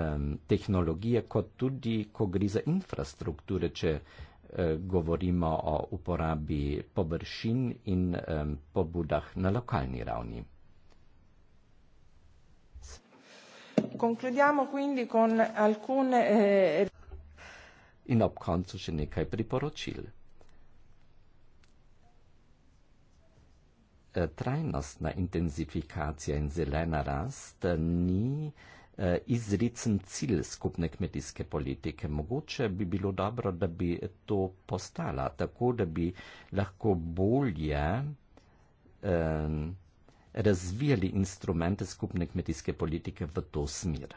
um, tehnologije, kot tudi, ko gre za infrastrukture, če Eh, govorimo o uporabi površin in um, pobudah na lokalni ravni. Eh, in ob koncu še nekaj priporočil. Eh, trajnostna intenzifikacija in zelena rast ni Eh, izrecen cilj skupne kmetijske politike. Mogoče bi bilo dobro, da bi to postala tako, da bi lahko bolje razvijali instrumente skupne kmetijske politike v to smer.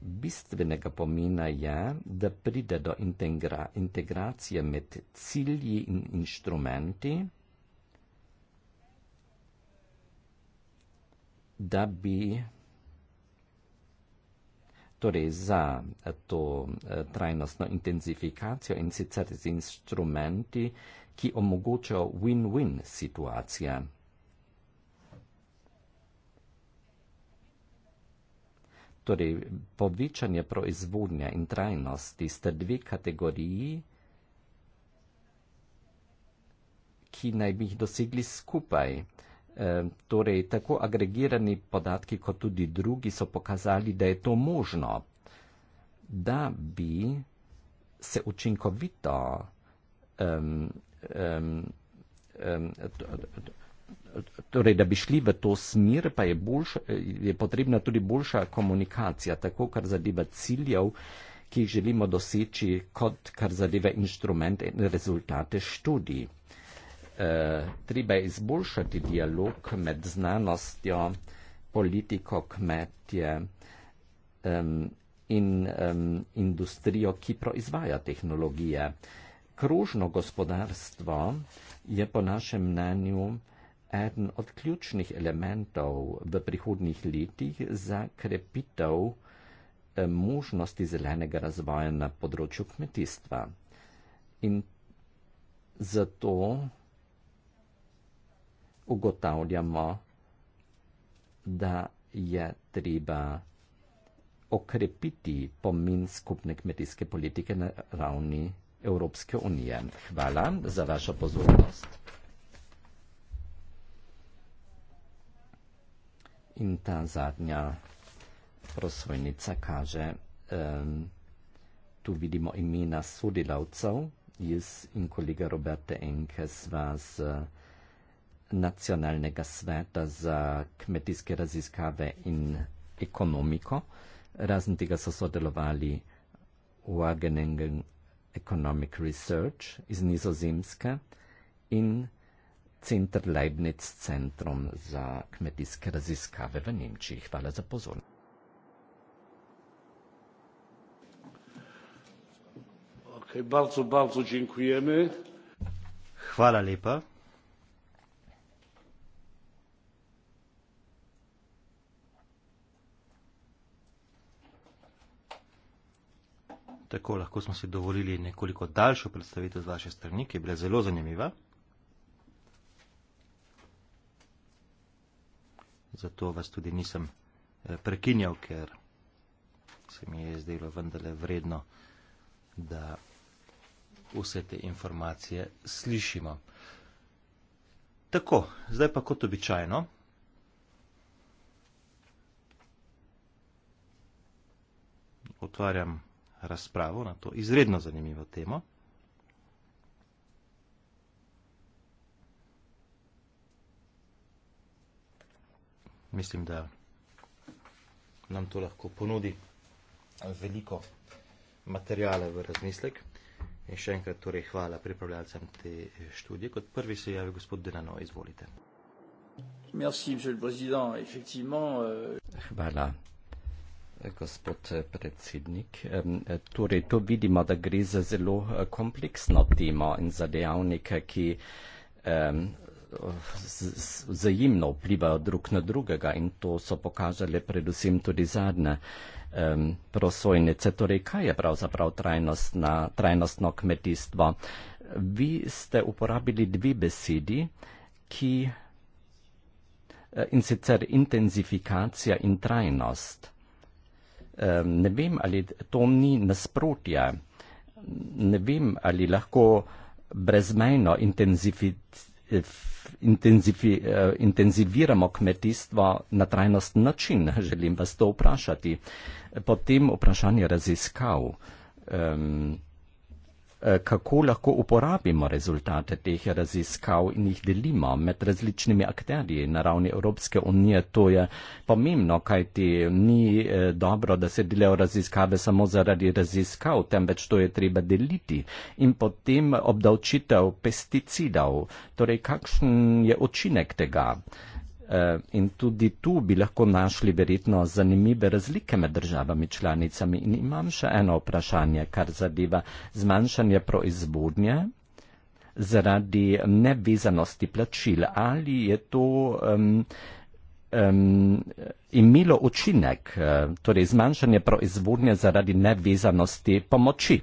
Bistvenega pomena je, da pride do integra integracije med cilji in inštrumenti, da bi torej za to eh, trajnostno intenzifikacijo in sicer z instrumenti, ki omogočajo win-win situacije. Torej, povečanje proizvodnja in trajnosti sta dve kategoriji, ki naj bi jih dosegli skupaj torej tako agregirani podatki kot tudi drugi so pokazali, da je to možno, da bi se učinkovito um, um, um, torej, da bi šli v to smer, pa je, boljš, je potrebna tudi boljša komunikacija, tako kar zadeva ciljev, ki jih želimo doseči, kot kar zadeva inštrument in rezultate študij. Eh, treba izboljšati dialog med znanostjo, politiko, kmetje um, in um, industrijo, ki proizvaja tehnologije. Krožno gospodarstvo je po našem mnenju eden od ključnih elementov v prihodnih letih za krepitev eh, možnosti zelenega razvoja na področju kmetijstva. In zato ugotavljamo, da je treba okrepiti pomen skupne kmetijske politike na ravni Evropske unije. Hvala za vašo pozornost. In ta zadnja prosvojnica kaže, um, tu vidimo imena sodelavcev, jaz in kolega Roberta Enke sva z uh, nacionalnega sveta za kmetijske raziskave in ekonomiko. Razen tega so sodelovali Wageningen Economic Research iz Nizozemske in Center Leibniz Centrum za kmetijske raziskave v Nemčiji. Hvala za pozornost. Okay, bardzo, bardzo Hvala lepa. Tako lahko smo si dovolili nekoliko daljšo predstavitev z vaše strani, ki je bila zelo zanimiva. Zato vas tudi nisem eh, prekinjal, ker se mi je zdelo vendarle vredno, da vse te informacije slišimo. Tako, zdaj pa kot običajno. Otvarjam razpravo na to izredno zanimivo temo. Mislim, da nam to lahko ponudi veliko materijale v razmislek. In še enkrat torej hvala pripravljalcem te študije. Kot prvi se javi gospod Denano, izvolite. Merci, monsieur le président. Effectivement, euh... voilà gospod eh, predsednik. Eh, torej, to vidimo, da gre za zelo eh, kompleksno temo in za dejavnike, ki vzajemno vplivajo drug na drugega in to so pokazali predvsem tudi zadnje prosojnice. Torej, kaj je pravzaprav trajnost na, trajnostno kmetijstvo? Vi ste uporabili dve besedi, ki in sicer intenzifikacija in trajnost ne vem, ali to ni nasprotje. Ne vem, ali lahko brezmejno eh, intenziviramo kmetijstvo na trajnost način. Želim vas to vprašati. Potem vprašanje raziskav. Um, Eh, kako lahko uporabimo rezultate teh raziskav in jih delimo med različnimi akterji na ravni Evropske unije. To je pomembno, kaj ti ni eh, dobro, da se delajo raziskave samo zaradi raziskav, temveč to je treba deliti. In potem obdavčitev pesticidov, torej kakšen je učinek tega. Eh, in tudi tu bi lahko našli verjetno zanimive razlike med državami članicami. In imam še eno vprašanje, kar zadeva zmanjšanje proizvodnje zaradi nevezanosti plačil. Ali je to um, um, imelo učinek, eh, torej zmanjšanje proizvodnje zaradi nevezanosti pomoči,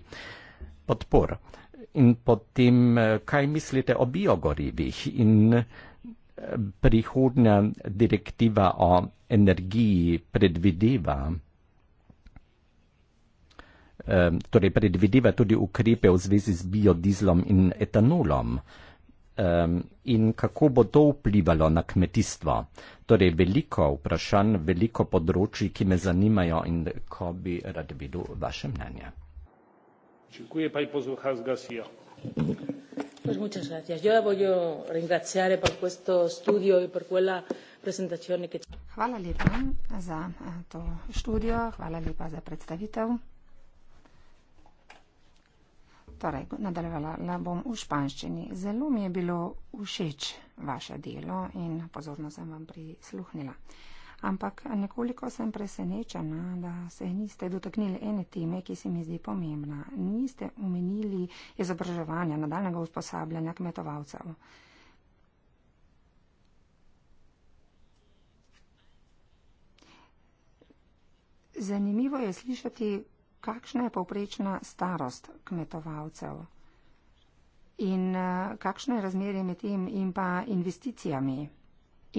podpor? In potem, eh, kaj mislite o biogorivih? In, prihodnja direktiva o energiji predvideva, eh, torej predvideva tudi ukrepe v zvezi z biodizlom in etanolom eh, in kako bo to vplivalo na kmetijstvo. Torej veliko vprašanj, veliko področji, ki me zanimajo in ko bi rad videl vaše mnenje. Dziękuję Pani Poseł Hans Garcia. Pues muchas gracias. Yo eh, la voglio ringraziare per questo studio e per quella presentazione che Hvala lepa eh, za eh, to študijo, hvala lepa za predstavitev. Torej, nadaljevala bom v španščini. Zelo mi je bilo všeč vaše delo in pozorno sem vam prisluhnila ampak nekoliko sem presenečena, da se niste dotaknili ene teme, ki se mi zdi pomembna. Niste omenili izobraževanja, nadaljnega usposabljanja kmetovalcev. Zanimivo je slišati, kakšna je povprečna starost kmetovalcev in eh, kakšno je razmerje med tem in pa investicijami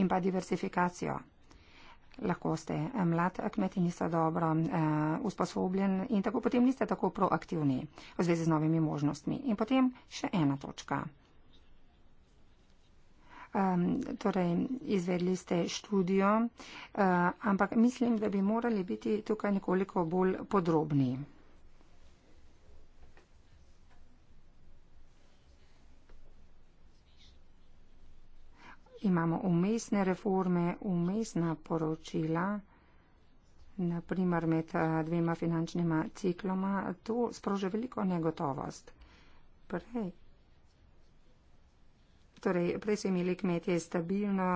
in pa diversifikacijo lahko ste eh, mlad eh, kmet in niste dobro uh, usposobljen in tako potem niste tako proaktivni v zvezi z novimi možnostmi. In potem še ena točka. Um, torej, izvedli ste študijo, uh, ampak mislim, da bi morali biti tukaj nekoliko bolj podrobni. imamo umestne reforme, umestna poročila, naprimer med eh, dvema finančnima cikloma, to sproža veliko negotovost. Prej. Torej, prej so imeli kmetje stabilno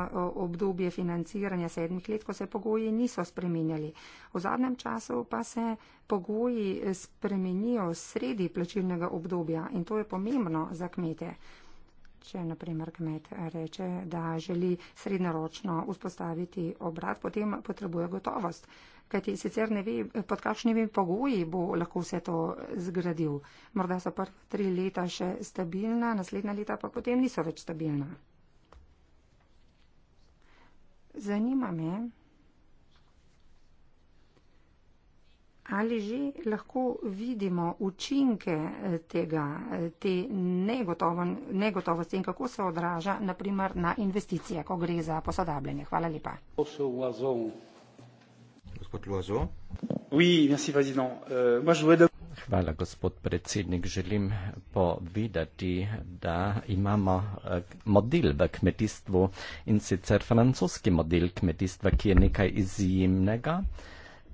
obdobje financiranja sedmih let, ko se pogoji niso spreminjali. V zadnjem času pa se pogoji eh, spremenijo sredi plačilnega obdobja in to je pomembno za kmete če naprimer kmet reče, da želi srednjeročno vzpostaviti obrat, potem potrebuje gotovost. Kajti sicer ne ve, pod kakšnimi pogoji bo lahko vse to zgradil. Morda so prva tri leta še stabilna, naslednja leta pa potem niso več stabilna. Zanima me, Ali že lahko vidimo učinke eh, tega, eh, te negotovo, negotovosti in kako se odraža naprimer na investicije, ko gre za posodabljanje? Hvala lepa. Gospod Loazo. Euh, Hvala, gospod predsednik. Želim povedati, da imamo eh, model v kmetijstvu in sicer francoski model kmetijstva, ki je nekaj izjemnega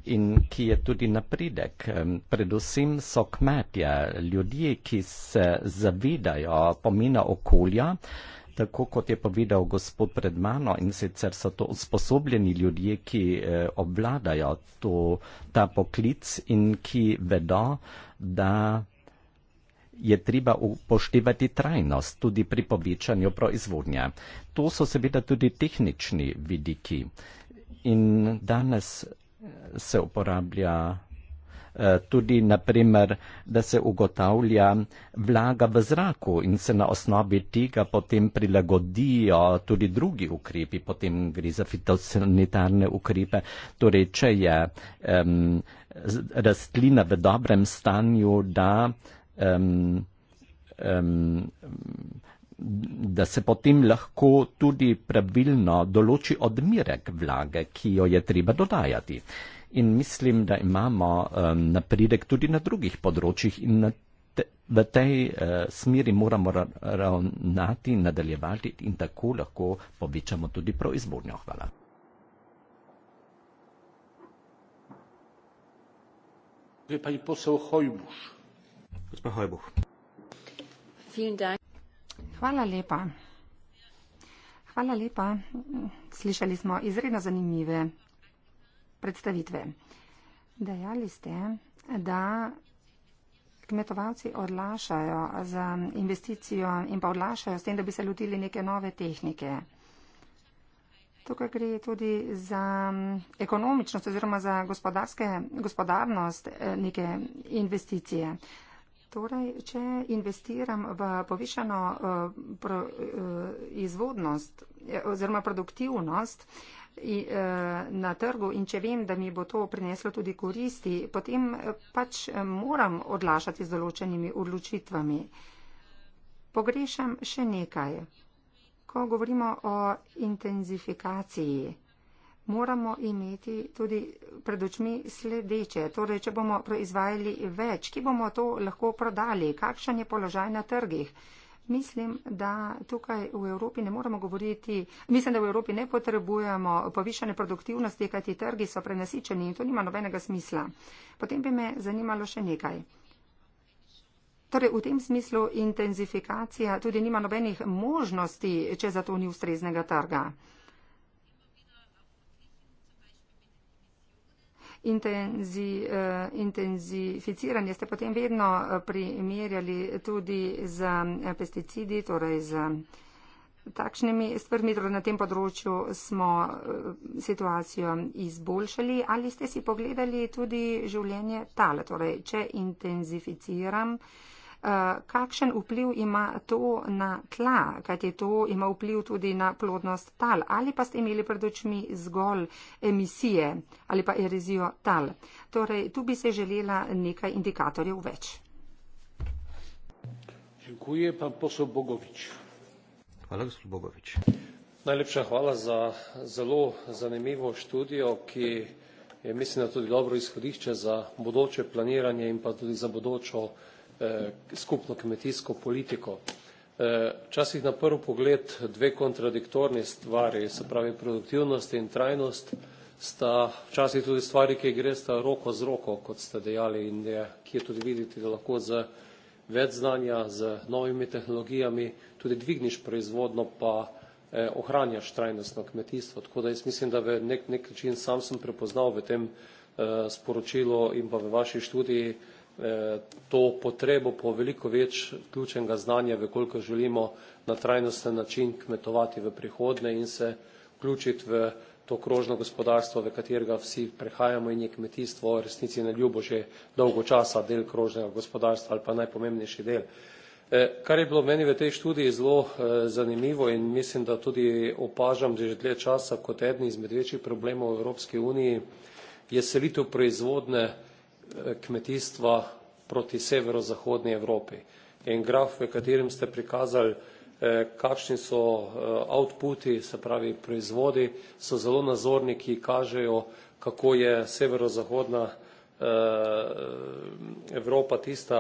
in ki je tudi napredek. Predvsem so kmetje, ljudje, ki se zavedajo pomena okolja, tako kot je povedal gospod pred mano in sicer so to usposobljeni ljudje, ki e, obvladajo to, ta poklic in ki vedo, da je treba upoštevati trajnost tudi pri povečanju proizvodnje. To so seveda tudi tehnični vidiki. In danes se uporablja eh, tudi naprimer, da se ugotavlja vlaga v zraku in se na osnovi tega potem prilagodijo tudi drugi ukrepi, potem gre za fitosanitarne ukrepe. Torej, če je um, rastlina v dobrem stanju, da um, um, da se potem lahko tudi pravilno določi odmerek vlage, ki jo je treba dodajati. In mislim, da imamo um, napredek tudi na drugih področjih in te, v tej uh, smeri moramo ra ravnati, nadaljevati in tako lahko povečamo tudi proizvodnjo. Hvala. Gospod Hojbuh. Hvala lepa. Hvala lepa. Slišali smo izredno zanimive predstavitve. Dejali ste, da kmetovalci odlašajo z investicijo in pa odlašajo s tem, da bi se lotili neke nove tehnike. Tukaj gre tudi za ekonomičnost oziroma za gospodarske gospodarnost eh, neke investicije. Torej, če investiram v povišano uh, pro, uh, izvodnost eh, oziroma produktivnost i, uh, na trgu in če vem, da mi bo to prineslo tudi koristi, potem pač moram odlašati z določenimi odločitvami. Pogrešam še nekaj. Ko govorimo o intenzifikaciji moramo imeti tudi pred očmi sledeče. Torej, če bomo proizvajali več, ki bomo to lahko prodali, kakšen je položaj na trgih. Mislim, da tukaj v Evropi ne moramo govoriti, mislim, da v Evropi ne potrebujemo povišene produktivnosti, kajti trgi so prenasičeni in to nima nobenega smisla. Potem bi me zanimalo še nekaj. Torej, v tem smislu intenzifikacija tudi nima nobenih možnosti, če za to ni ustreznega trga. intenzi, eh, intenzificiranje. Ste potem vedno eh, primerjali tudi z eh, pesticidi, torej z takšnimi stvarmi, torej na tem področju smo situacijo izboljšali. Ali ste si pogledali tudi življenje tale, torej če intenzificiram? kakšen vpliv ima to na tla, kajti to ima vpliv tudi na plodnost tal. Ali pa ste imeli pred očmi zgolj emisije ali pa erezijo tal. Torej, tu bi se želela nekaj indikatorjev več. Dziękuję, pan poseł Bogowicz. Hvala, gospod Bogovič. Najlepša hvala za zelo zanimivo študijo, ki je mislim, da tudi dobro izhodišče za bodoče planiranje in pa tudi za bodočo uh, Eh, skupno kmetijsko politiko. Eh, včasih na prvi pogled dve kontradiktorni stvari, se pravi produktivnost in trajnost, sta včasih tudi stvari, ki gre sta roko z roko, kot ste dejali, in je, ki je tudi videti, da lahko z več znanja, z novimi tehnologijami tudi dvigniš proizvodno, pa eh, ohranjaš trajnostno kmetijstvo. Tako da jaz mislim, da v nek, nek način sam sem prepoznal v tem eh, sporočilu in pa v vaši študiji eh, to potrebo po veliko več ključnega znanja, koliko želimo na trajnosten način kmetovati v prihodne in se vključiti v to krožno gospodarstvo, v katerega vsi prehajamo in je kmetijstvo v resnici na ljubo že dolgo časa del krožnega gospodarstva ali pa najpomembnejši del. E, kar je bilo meni v tej študiji zelo e, zanimivo in mislim, da tudi opažam že dlje časa kot eden izmed večjih problemov v Evropski uniji, je selitev proizvodne Eh, kmetijstva proti severozahodni Evropi. In graf, v katerem ste prikazali, eh, kakšni so eh, outputi, se pravi proizvodi, so zelo nazorni, ki kažejo, kako je severozahodna Evropa tista,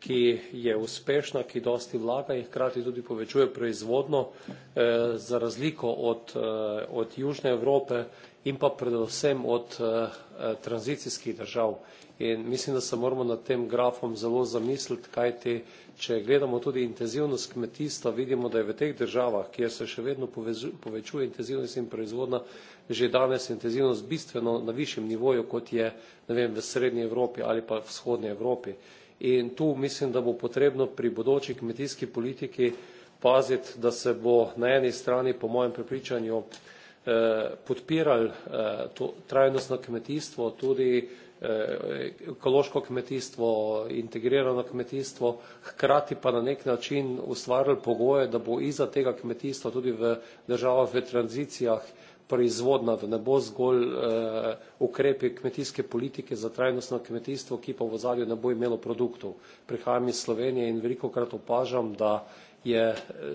ki je uspešna, ki dosti vlaga in hkrati tudi povečuje proizvodno za razliko od južne Evrope in pa predvsem od eh, eh, tranzicijskih držav. In mislim, da se moramo nad tem grafom zelo zamisliti, kaj te, če gledamo tudi intenzivnost kmetijstva, vidimo, da je v teh državah, kjer se še vedno povečuje intenzivnost in proizvodna, že danes intenzivnost bistveno na višjem nivoju, kot je, ne vem, v srednji Evropi ali pa v vzhodnji Evropi. In tu mislim, da bo potrebno pri bodoči kmetijski politiki paziti, da se bo na eni strani, po mojem prepričanju, Eh, podpirali eh, to trajnostno kmetijstvo, tudi eh, ekološko kmetijstvo, integrirano kmetijstvo, hkrati pa na nek način ustvarjali pogoje, da bo iza tega kmetijstva tudi v državah v tranzicijah proizvodna, da ne bo zgolj ukrepi kmetijske politike za trajnostno kmetijstvo, ki pa v ozadju ne bo imelo produktov. Prihajam iz Slovenije in veliko krat opažam, da je eh,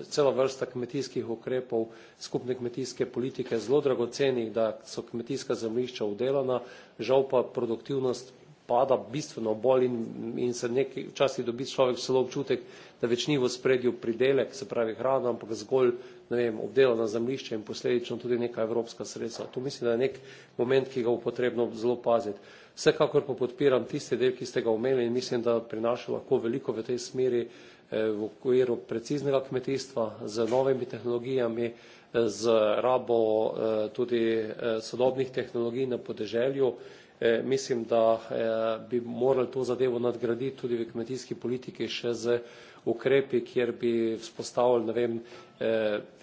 cela vrsta kmetijskih ukrepov skupne kmetijske politike zelo dragocenih, da so kmetijska zemljišča udelana, žal pa produktivnost pada bistveno bolj in, in se nekaj časih dobi človek celo občutek, da več ni v spredju pridelek, se pravi hrana, ampak zgolj ne vem, obdelana zemljišča in posledično tudi neka evropska sredstva. Tu mislim, da je nek moment, ki ga bo potrebno zelo paziti. Vsekakor pa podpiram tiste del, ki ste ga omenili in mislim, da prinaša lahko veliko v tej smeri, Eh, v okviru preciznega kmetijstva z novimi tehnologijami, eh, z rabo eh, tudi sodobnih tehnologij na podeželju. Mislim, da bi morali to zadevo nadgraditi tudi v kmetijski politiki še z ukrepi, kjer bi vzpostavili ne vem,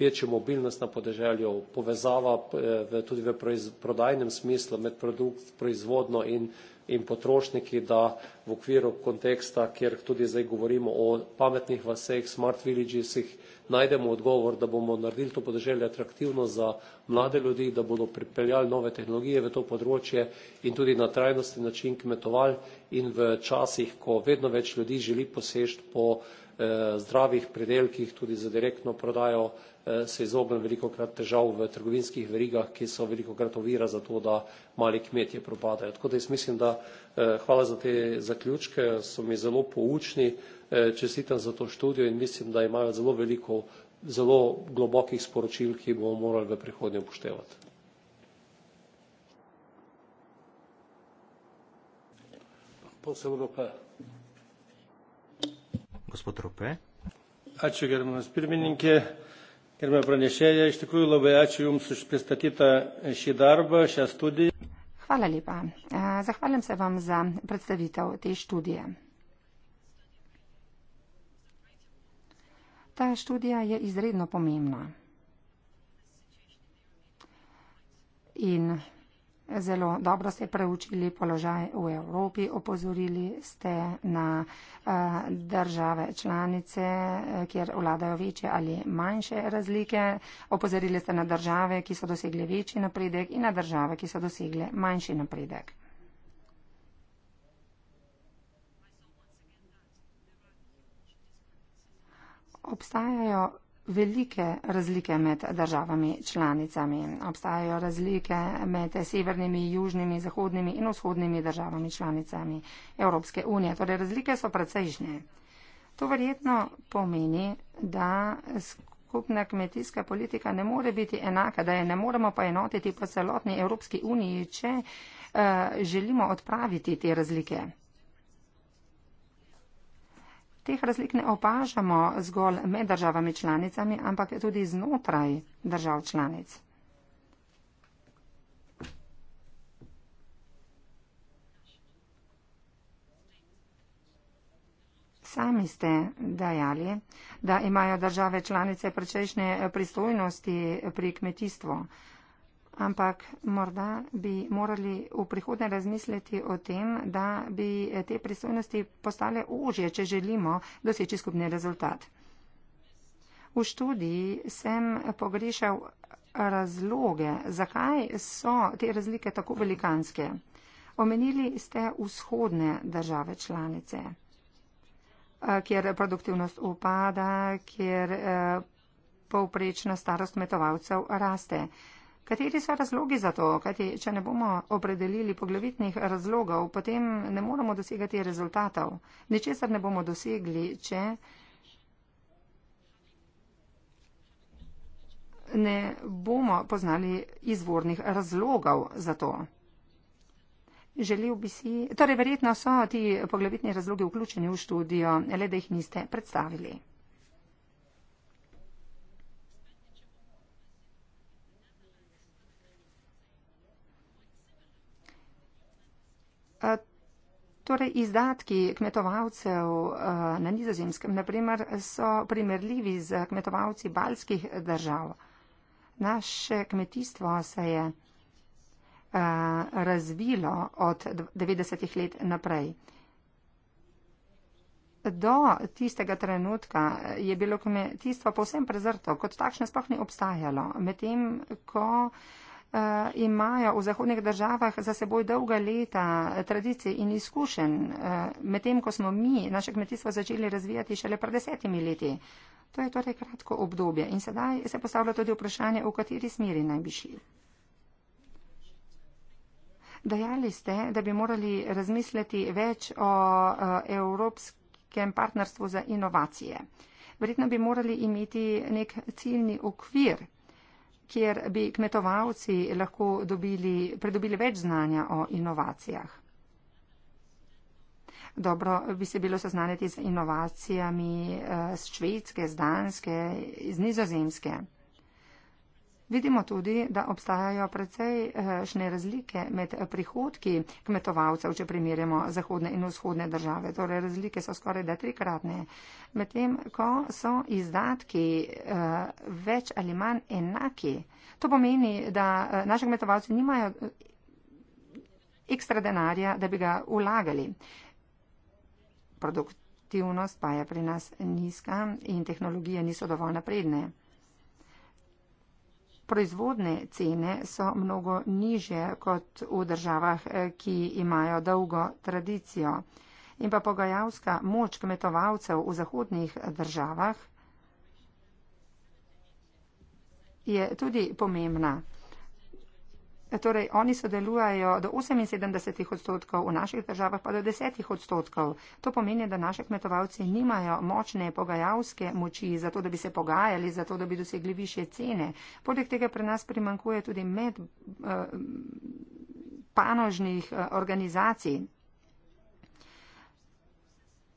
večjo mobilnost na podeželju, povezava tudi v prodajnem smislu med produkt, proizvodno in in potrošniki, da v okviru konteksta, kjer tudi zdaj govorimo o pametnih vaseh, smart villagesih, najdemo odgovor, da bomo naredili to podeželje atraktivno za mlade ljudi, da bodo pripeljali nove tehnologije v to področje in tudi na trajnostni način kmetoval in v časih, ko vedno več ljudi želi posešt po eh, zdravih predelkih, tudi za direktno prodajo se izognili velikokrat težav v trgovinskih verigah, ki so velikokrat ovira za to, da mali kmetje propadajo. Tako da jaz mislim, da eh, hvala za te zaključke, so mi zelo poučni, eh, čestitam za to študijo in mislim, da imajo zelo veliko, zelo globokih sporočil, ki bomo morali v prihodnje upoštevati. Gospod Rope. Ačiū gerbiamas pirmininkė. Gerbė pranešėja, iš tikrųjų labai ačiū Jums už pristatytą šį darbą, šią studiją. Hvala lepa. Zahvaljam se vam za predstavitev te študije. Ta študija je izredno pomembna. In Zelo dobro ste preučili položaj v Evropi, opozorili ste na eh, države članice, eh, kjer vladajo večje ali manjše razlike, opozorili ste na države, ki so dosegli večji napredek in na države, ki so dosegli manjši napredek. Obstajajo velike razlike med državami članicami. Obstajajo razlike med severnimi, južnimi, zahodnimi in vzhodnimi državami članicami Evropske unije. Torej, razlike so precejšnje. To verjetno pomeni, da skupna kmetijska politika ne more biti enaka, da je ne moremo pa enotiti po celotni Evropski uniji, če uh, želimo odpraviti te razlike. Teh razlik ne opažamo zgolj med državami članicami, ampak tudi znotraj držav članic. Sami ste dejali, da imajo države članice precejšnje pristojnosti pri kmetijstvu ampak morda bi morali v prihodnje razmisliti o tem, da bi te pristojnosti postale ožje, če želimo doseči skupni rezultat. V študiji sem pogrešal razloge, zakaj so te razlike tako velikanske. Omenili ste vzhodne države članice, kjer produktivnost upada, kjer eh, povprečna starost metovalcev raste. Kateri so razlogi za to? Kajti, če ne bomo opredelili poglavitnih razlogov, potem ne moremo dosegati rezultatov. Ničesar ne bomo dosegli, če ne bomo poznali izvornih razlogov za to. Želel bi si, torej verjetno so ti poglavitni razlogi vključeni v študijo, le da jih niste predstavili. Torej, izdatki kmetovalcev na nizozemskem, naprimer, so primerljivi z kmetovalci balskih držav. Naše kmetijstvo se je razvilo od 90-ih let naprej. Do tistega trenutka je bilo kmetijstvo povsem prezrto, kot takšne sploh ni obstajalo. Medtem, ko uh, uh, imajo v zahodnih državah za seboj dolga leta tradicij in izkušenj, uh, medtem ko smo mi naše kmetijstvo začeli razvijati šele pred desetimi leti. To je torej kratko obdobje in sedaj se postavlja tudi vprašanje, v kateri smeri naj bi šli. Dajali ste, da bi morali razmisliti več o uh, evropskem partnerstvu za inovacije. Verjetno bi morali imeti nek ciljni okvir kjer bi kmetovalci lahko dobili, predobili več znanja o inovacijah. Dobro bi se bilo seznaniti z inovacijami z eh, Švedske, z Danske, z Nizozemske. Vidimo tudi, da obstajajo precejšne eh, razlike med prihodki kmetovalcev, če primerjamo zahodne in vzhodne države. Torej, razlike so skoraj da trikratne. Medtem, ko so izdatki eh, več ali manj enaki, to pomeni, da eh, naši kmetovalci nimajo ekstra denarja, da bi ga ulagali. Produktivnost pa je pri nas nizka in tehnologije niso dovolj napredne. Proizvodne cene so mnogo niže kot v državah, eh, ki imajo dolgo tradicijo. In pa pogajalska moč kmetovalcev v zahodnih državah je tudi pomembna. Torej, oni sodelujejo do 78 odstotkov, v naših državah pa do 10 odstotkov. To pomeni, da naši kmetovalci nimajo močne pogajalske moči za to, da bi se pogajali, za to, da bi dosegli više cene. Poleg tega pri nas primankuje tudi med uh, panožnih uh, organizacij.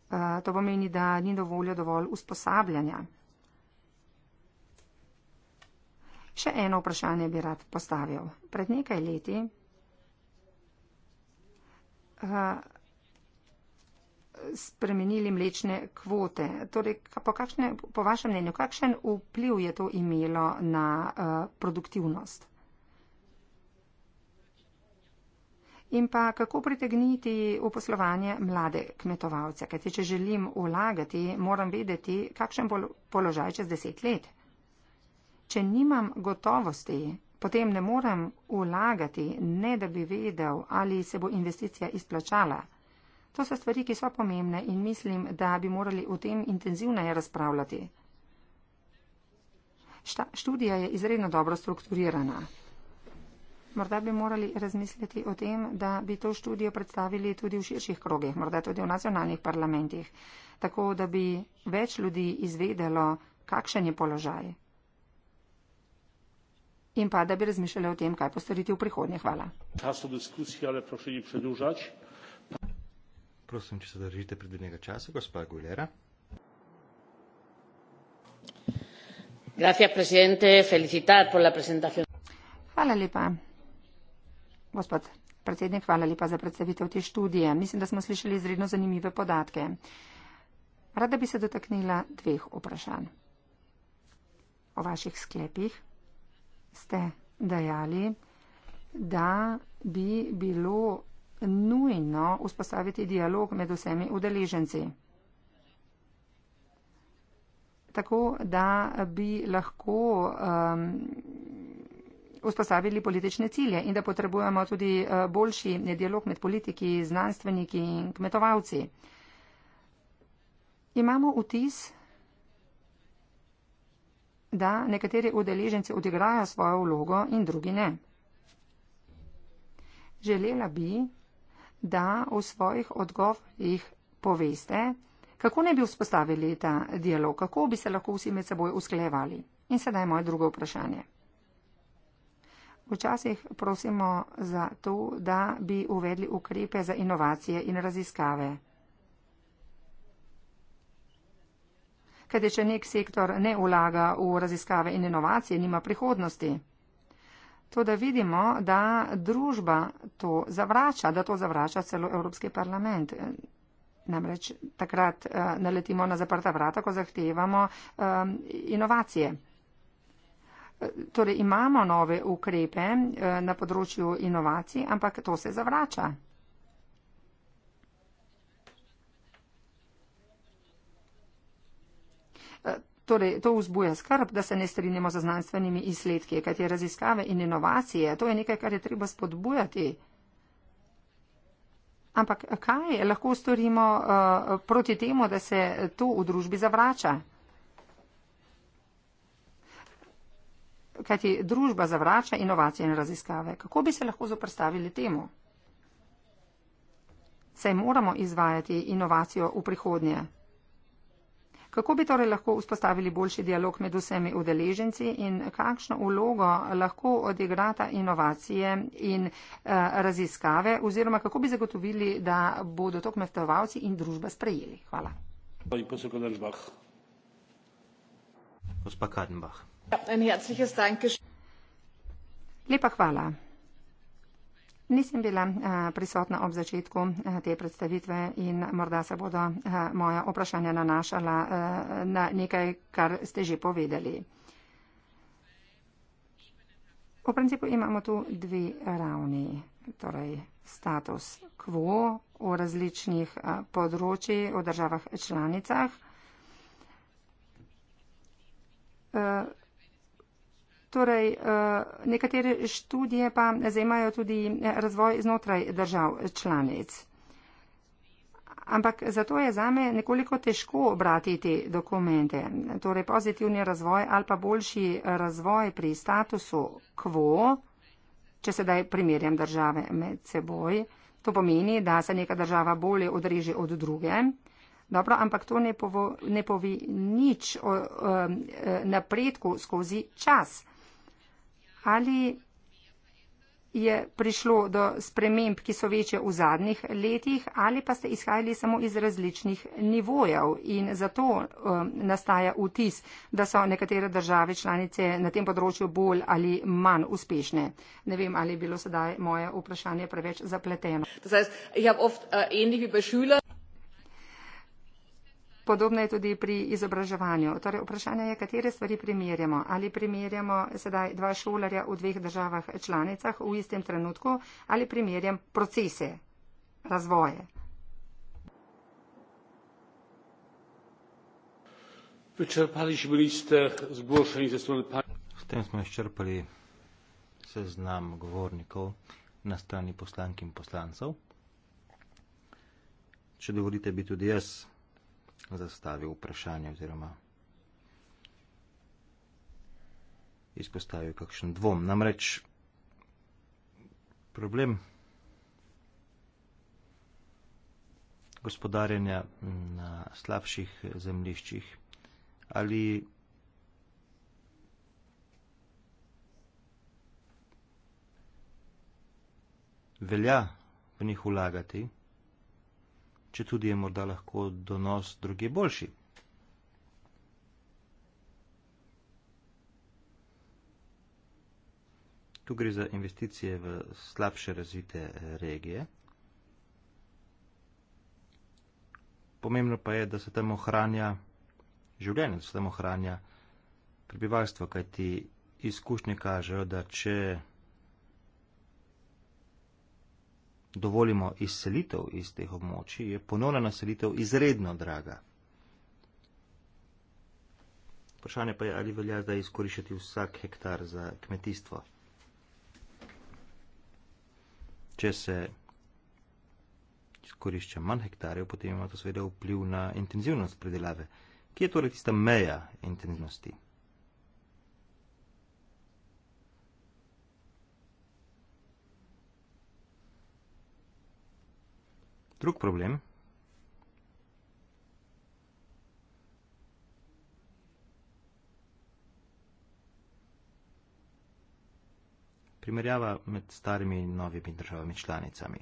Uh, to pomeni, da ni dovolj dovolj usposabljanja. Še eno vprašanje bi rad postavil. Pred nekaj leti uh, spremenili mlečne kvote. Torej, po, kakšne, po vašem mnenju, kakšen vpliv je to imelo na uh, produktivnost? In pa kako pritegniti uposlovanje mlade kmetovalce? Kajti, če želim ulagati, moram vedeti, kakšen bo položaj čez deset let. Če nimam gotovosti, potem ne morem vlagati, ne da bi vedel, ali se bo investicija izplačala. To so stvari, ki so pomembne in mislim, da bi morali o tem intenzivneje razpravljati. Šta, študija je izredno dobro strukturirana. Morda bi morali razmisliti o tem, da bi to študijo predstavili tudi v širših krogih, morda tudi v nacionalnih parlamentih, tako da bi več ljudi izvedelo, kakšen je položaj in pa da bi razmišljali o tem, kaj postoriti v prihodnje. Hvala. Prosim, če se držite predvidnega časa, gospa Gulera. Hvala lepa. Gospod predsednik, hvala lepa za predstavitev te študije. Mislim, da smo slišali izredno zanimive podatke. Rada bi se dotaknila dveh vprašanj. O vaših sklepih ste dejali, da bi bilo nujno vzpostaviti dialog med vsemi udeleženci. Tako, da bi lahko um, vzpostavili politične cilje in da potrebujemo tudi uh, boljši dialog med politiki, znanstveniki in kmetovalci. Imamo vtis, da nekateri udeleženci odigrajo svojo vlogo in drugi ne. Želela bi, da v svojih odgovorih poveste, kako ne bi vzpostavili ta dialog, kako bi se lahko vsi med seboj usklejevali. In sedaj moje drugo vprašanje. Včasih prosimo za to, da bi uvedli ukrepe za inovacije in raziskave. kajti če nek sektor ne vlaga v raziskave in inovacije, nima prihodnosti. To, da vidimo, da družba to zavrača, da to zavrača celo Evropski parlament. Namreč takrat eh, naletimo na zaprta vrata, ko zahtevamo eh, inovacije. Torej imamo nove ukrepe eh, na področju inovacij, ampak to se zavrača. Eh, torej, to vzbuja skrb, da se ne strinjamo z znanstvenimi izsledki, kajti raziskave in inovacije, to je nekaj, kar je treba spodbujati. Ampak kaj lahko storimo uh, proti temu, da se to v družbi zavrača? Kajti družba zavrača inovacije in raziskave. Kako bi se lahko zoprstavili temu? Saj moramo izvajati inovacijo v prihodnje. Kako bi torej lahko vzpostavili boljši dialog med vsemi udeleženci in kakšno ulogo lahko odigrata inovacije in eh, raziskave oziroma kako bi zagotovili, da bodo to kmetovalci in družba sprejeli? Hvala. Ja, Lepa hvala. Nisem bila eh, prisotna ob začetku eh, te predstavitve in morda se bodo eh, moja vprašanja nanašala na nekaj, kar ste že povedali. V principu imamo tu dve ravni, torej status quo v različnih področji v državah članicah. Torej, eh, nekatere študije pa zajemajo tudi eh, razvoj znotraj držav članic. Ampak zato je zame nekoliko težko obrati te dokumente. Torej, pozitivni razvoj ali pa boljši razvoj pri statusu quo, če sedaj primerjam države med seboj, to pomeni, da se neka država bolje odreže od druge. Dobro, ampak to ne, povo, ne povi nič o, o, eh, o napredku skozi čas ali je prišlo do sprememb, ki so večje v zadnjih letih, ali pa ste izhajali samo iz različnih nivojev in zato um, nastaja vtis, da so nekatere države članice na tem področju bolj ali manj uspešne. Ne vem, ali je bilo sedaj moje vprašanje preveč zapleteno. Das heißt, Podobno je tudi pri izobraževanju. Torej, vprašanje je, katere stvari primerjamo. Ali primerjamo sedaj dva šolarja v dveh državah članicah v istem trenutku ali primerjam procese razvoje. S tem smo izčrpali seznam govornikov na strani poslank in poslancev. Če dovolite, bi tudi jaz zastavil vprašanje oziroma izpostavil kakšen dvom. Namreč problem gospodarjenja na slabših zemljiščih ali velja v njih vlagati, če tudi je morda lahko donos druge boljši. Tu gre za investicije v slabše razvite regije. Pomembno pa je, da se tam ohranja življenje, da se tam ohranja prebivalstvo, kajti izkušnje kažejo, da če dovolimo izselitev iz teh območij, je ponovna naselitev izredno draga. Vprašanje pa je, ali velja zdaj izkoriščati vsak hektar za kmetijstvo. Če se izkorišča manj hektarjev, potem ima to seveda vpliv na intenzivnost predelave. Kje je torej tista meja intenzivnosti? Drug problem primerjava med starimi in novimi državami članicami.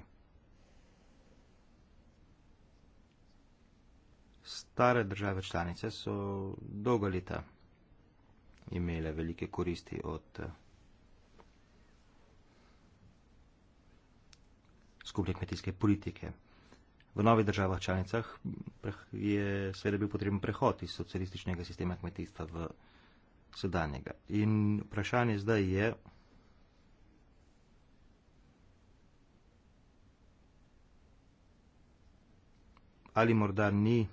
Stare države članice so dolga leta imele velike koristi od eh, skupne kmetijske politike v novih državah članicah je seveda bil potreben prehod iz socialističnega sistema kmetijstva v sedanjega. In vprašanje zdaj je, ali morda ni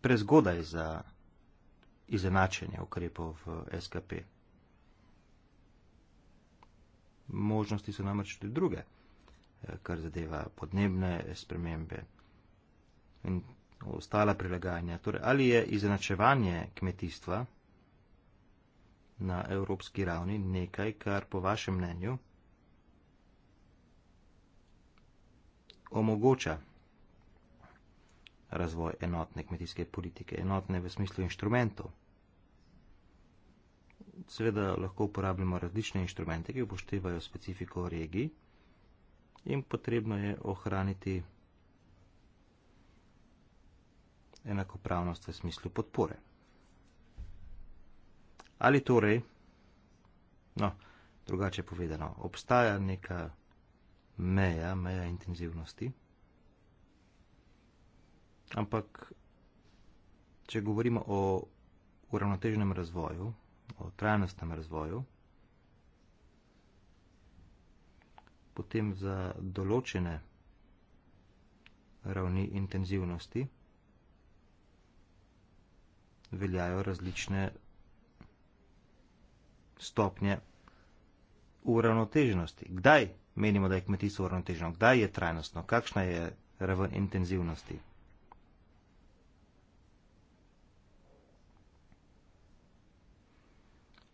prezgodaj za izenačenje ukrepov v SKP možnosti so namreč tudi druge, eh, kar zadeva podnebne spremembe in ostala prilagajanja. Torej, ali je izenačevanje kmetijstva na evropski ravni nekaj, kar po vašem mnenju omogoča razvoj enotne kmetijske politike, enotne v smislu inštrumentov? seveda lahko uporabljamo različne inštrumente, ki upoštevajo specifiko regij in potrebno je ohraniti enakopravnost v smislu podpore. Ali torej, no, drugače povedano, obstaja neka meja, meja intenzivnosti, ampak če govorimo o uravnoteženem razvoju, o trajnostnem razvoju, potem za določene ravni intenzivnosti veljajo različne stopnje uravnoteženosti. Kdaj menimo, da je kmetijstvo uravnoteženo? Kdaj je trajnostno? Kakšna je raven intenzivnosti?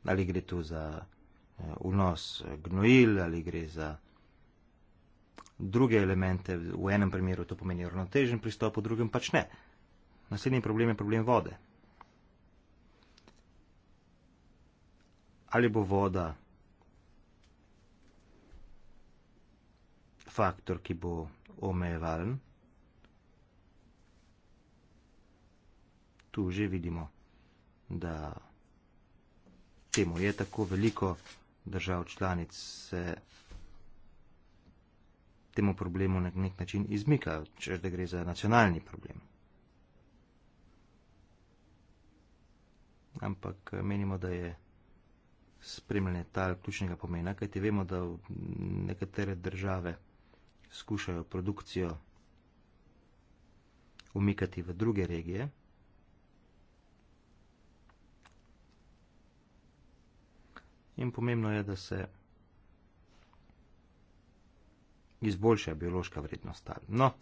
ali gre tu za eh, vnos eh, gnojil, ali gre za druge elemente. V enem primeru to pomeni ravnotežen pristop, v drugem pač ne. Naslednji problem je problem vode. Ali bo voda faktor, ki bo omejevalen? Tu že vidimo, da temu je tako veliko držav članic se temu problemu na nek način izmika, če da gre za nacionalni problem. Ampak eh, menimo, da je spremljanje tal ključnega pomena, kajti vemo, da nekatere države skušajo produkcijo umikati v druge regije, In pomembno je, da se izboljša biološka vrednost tal. No,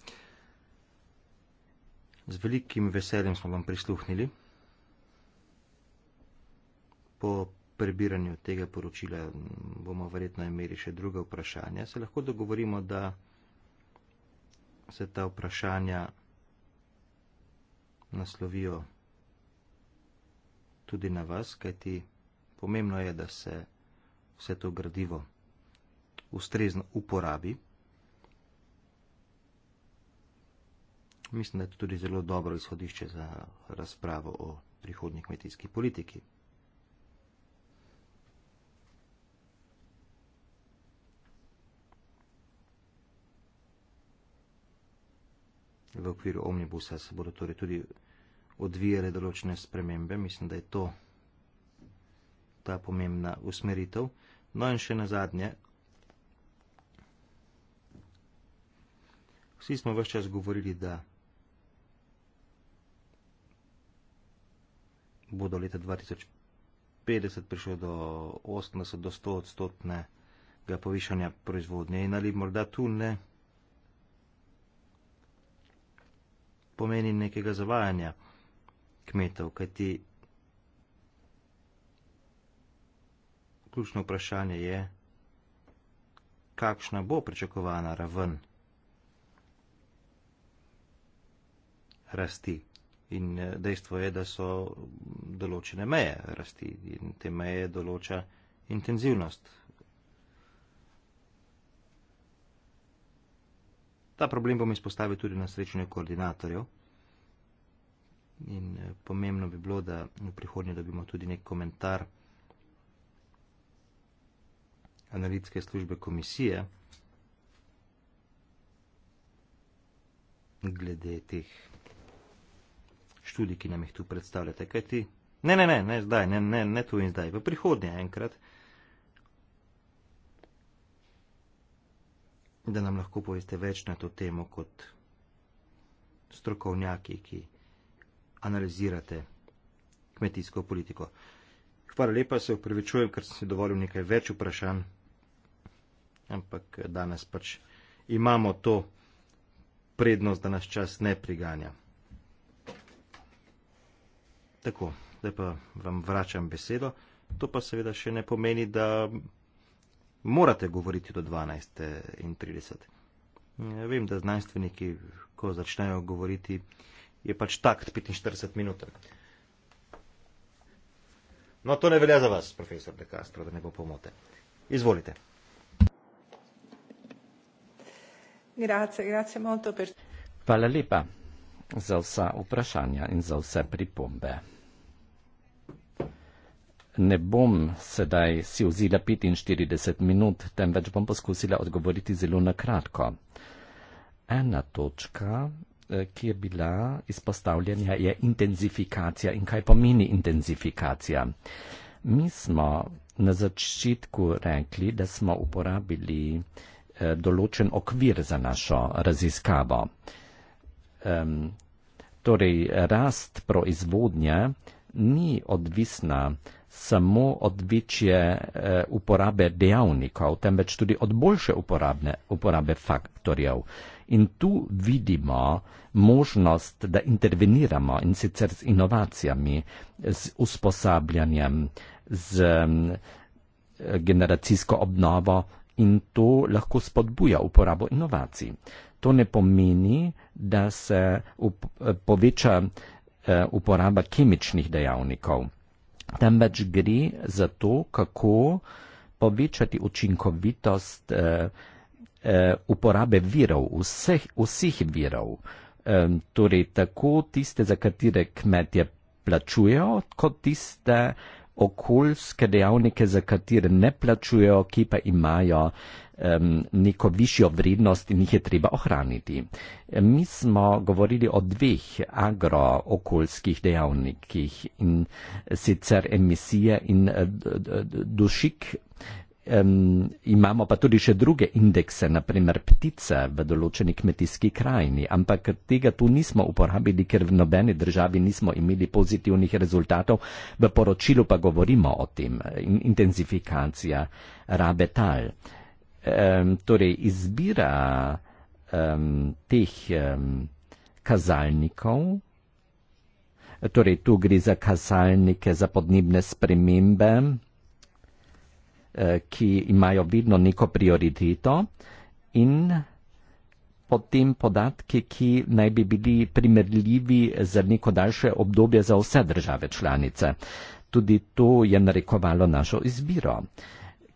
z velikim veseljem smo vam prisluhnili. Po prebiranju tega poročila bomo verjetno imeli še druga vprašanja. Se lahko dogovorimo, da se ta vprašanja naslovijo tudi na vas, kajti ti pomembno je, da se vse to gradivo ustrezno uporabi. Mislim, da je to tudi zelo dobro izhodišče za razpravo o prihodnji kmetijski politiki. V okviru omnibusa se bodo torej tudi odvijale določene spremembe. Mislim, da je to ta pomembna usmeritev. No in še na zadnje. Vsi smo vse čas govorili, da bo do leta 2050 prišlo do 80 do 100 odstotnega povišanja proizvodnje in ali morda tu ne pomeni nekega zavajanja kmetov, kajti ključno vprašanje je, kakšna bo pričakovana raven rasti. In eh, dejstvo je, da so določene meje rasti in te meje določa intenzivnost. Ta problem bom izpostavil tudi na srečanju koordinatorjev. In eh, pomembno bi bilo, da v prihodnje dobimo tudi nek komentar analitske službe komisije glede teh študij, ki nam jih tu predstavljate. Kaj ti? Ne, ne, ne, ne zdaj, ne, ne, ne tu in zdaj, v prihodnje enkrat. Da nam lahko poveste več na to temo kot strokovnjaki, ki analizirate kmetijsko politiko. Hvala lepa, se upravičujem, ker sem si dovolil nekaj več vprašanj ampak eh, danes pač imamo to prednost, da nas čas ne priganja. Tako, zdaj pa vam vračam besedo. To pa seveda še ne pomeni, da morate govoriti do 12.30. Ja, vem, da znanstveniki, ko začnejo govoriti, je pač takt 45 minut. No, to ne velja za vas, profesor De Castro, da ne bo pomote. Izvolite. Grazie, grazie molto per... Hvala lepa za vsa vprašanja in za vse pripombe. Ne bom sedaj si vzela 45 minut, temveč bom poskusila odgovoriti zelo na kratko. Ena točka, eh, ki je bila izpostavljena, je intenzifikacija. In kaj pomeni intenzifikacija? Mi smo na začetku rekli, da smo uporabili Eh, določen okvir za našo raziskavo. Torej, rast proizvodnje ni odvisna samo od večje eh, uporabe dejavnikov, temveč tudi od boljše uporabne, uporabe faktorjev. In tu vidimo možnost, da interveniramo in sicer z inovacijami, z usposabljanjem, z eh, generacijsko obnovo in to lahko spodbuja uporabo inovacij. To ne pomeni, da se up, poveča eh, uporaba kemičnih dejavnikov, temveč gre za to, kako povečati učinkovitost eh, eh, uporabe virov, vseh, vseh virov, torej tako tiste, za katere kmetje plačujejo, kot tiste, okoljske dejavnike, za katere ne plačujejo, ki pa imajo um, neko višjo vrednost in jih je treba ohraniti. Mi smo govorili o dveh agrookoljskih dejavnikih in sicer emisije in dušik. Um, imamo pa tudi še druge indekse, naprimer ptica v določeni kmetijski krajini, ampak tega tu nismo uporabili, ker v nobeni državi nismo imeli pozitivnih rezultatov. V poročilu pa govorimo o tem. In, intenzifikacija rabe tal. Um, torej, izbira um, teh um, kazalnikov. Torej, tu gre za kazalnike za podnebne spremembe. Eh, ki imajo vidno neko prioriteto in potem podatki, ki naj bi bili primerljivi za neko daljše obdobje za vse države članice. Tudi to je narekovalo našo izbiro.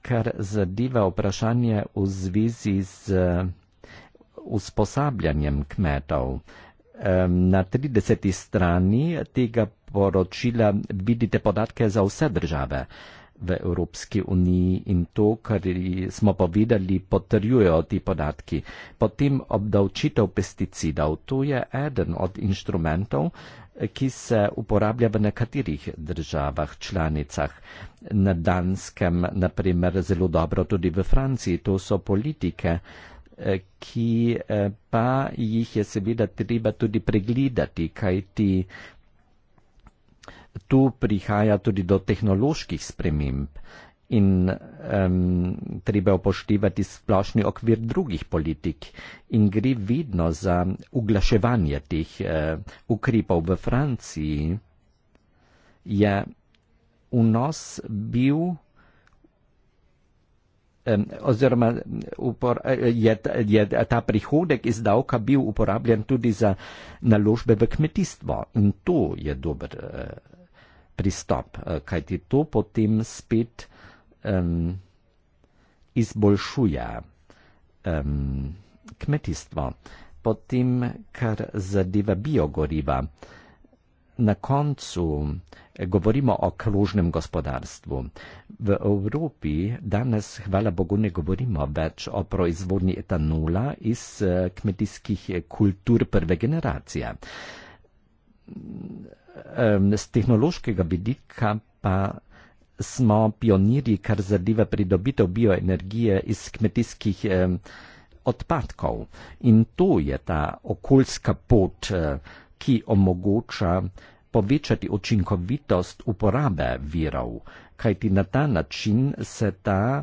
Kar zadeva vprašanje v zvezi z eh, usposabljanjem kmetov. Na 30. strani tega poročila vidite podatke za vse države v Evropski uniji in to, kar smo povedali, potrjujejo ti podatki. Potem obdavčitev pesticidov, to je eden od inštrumentov, ki se uporablja v nekaterih državah, članicah. Na Danskem, na primer, zelo dobro tudi v Franciji, to so politike, eh, ki eh, pa jih je seveda treba tudi pregledati, kaj ti tu prihaja tudi do tehnoloških sprememb in um, treba upoštevati splošni okvir drugih politik in gre vidno za uglaševanje teh uh, ukrepov v Franciji, je vnos bil oziroma upor, je, je ta prihodek iz davka bil uporabljen tudi za naložbe v kmetijstvo in to je dober eh, pristop, eh, kaj ti to potem spet um, izboljšuje um, kmetijstvo. Potem, kar zadeva biogoriva, na koncu eh, govorimo o krožnem gospodarstvu. V Evropi danes, hvala Bogu, ne govorimo več o proizvodnji etanola iz eh, kmetijskih kultur prve generacije um, z tehnološkega vidika pa smo pionirji, kar zadeva pridobitev bioenergije iz kmetijskih um, odpadkov. In to je ta okoljska pot, eh, ki omogoča povečati učinkovitost uporabe virov, kajti na ta način se ta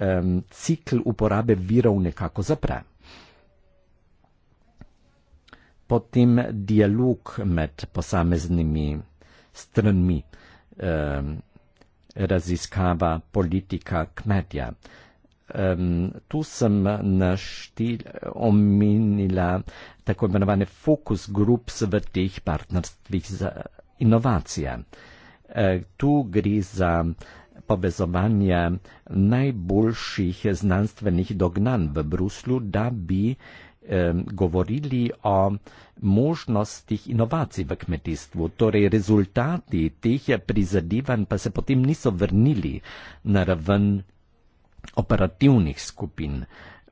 um, cikl uporabe virov nekako zapre potem dialog med posameznimi stranmi, eh, raziskava politika kmetja. Eh, tu sem naštel, omenila tako imenovane focus groups v teh partnerstvih za inovacije. Eh, tu gre za povezovanje najboljših znanstvenih dognanj v Bruslu, da bi eh, govorili o možnostih inovacij v kmetijstvu. Torej, rezultati teh prizadevanj pa se potem niso vrnili na raven operativnih skupin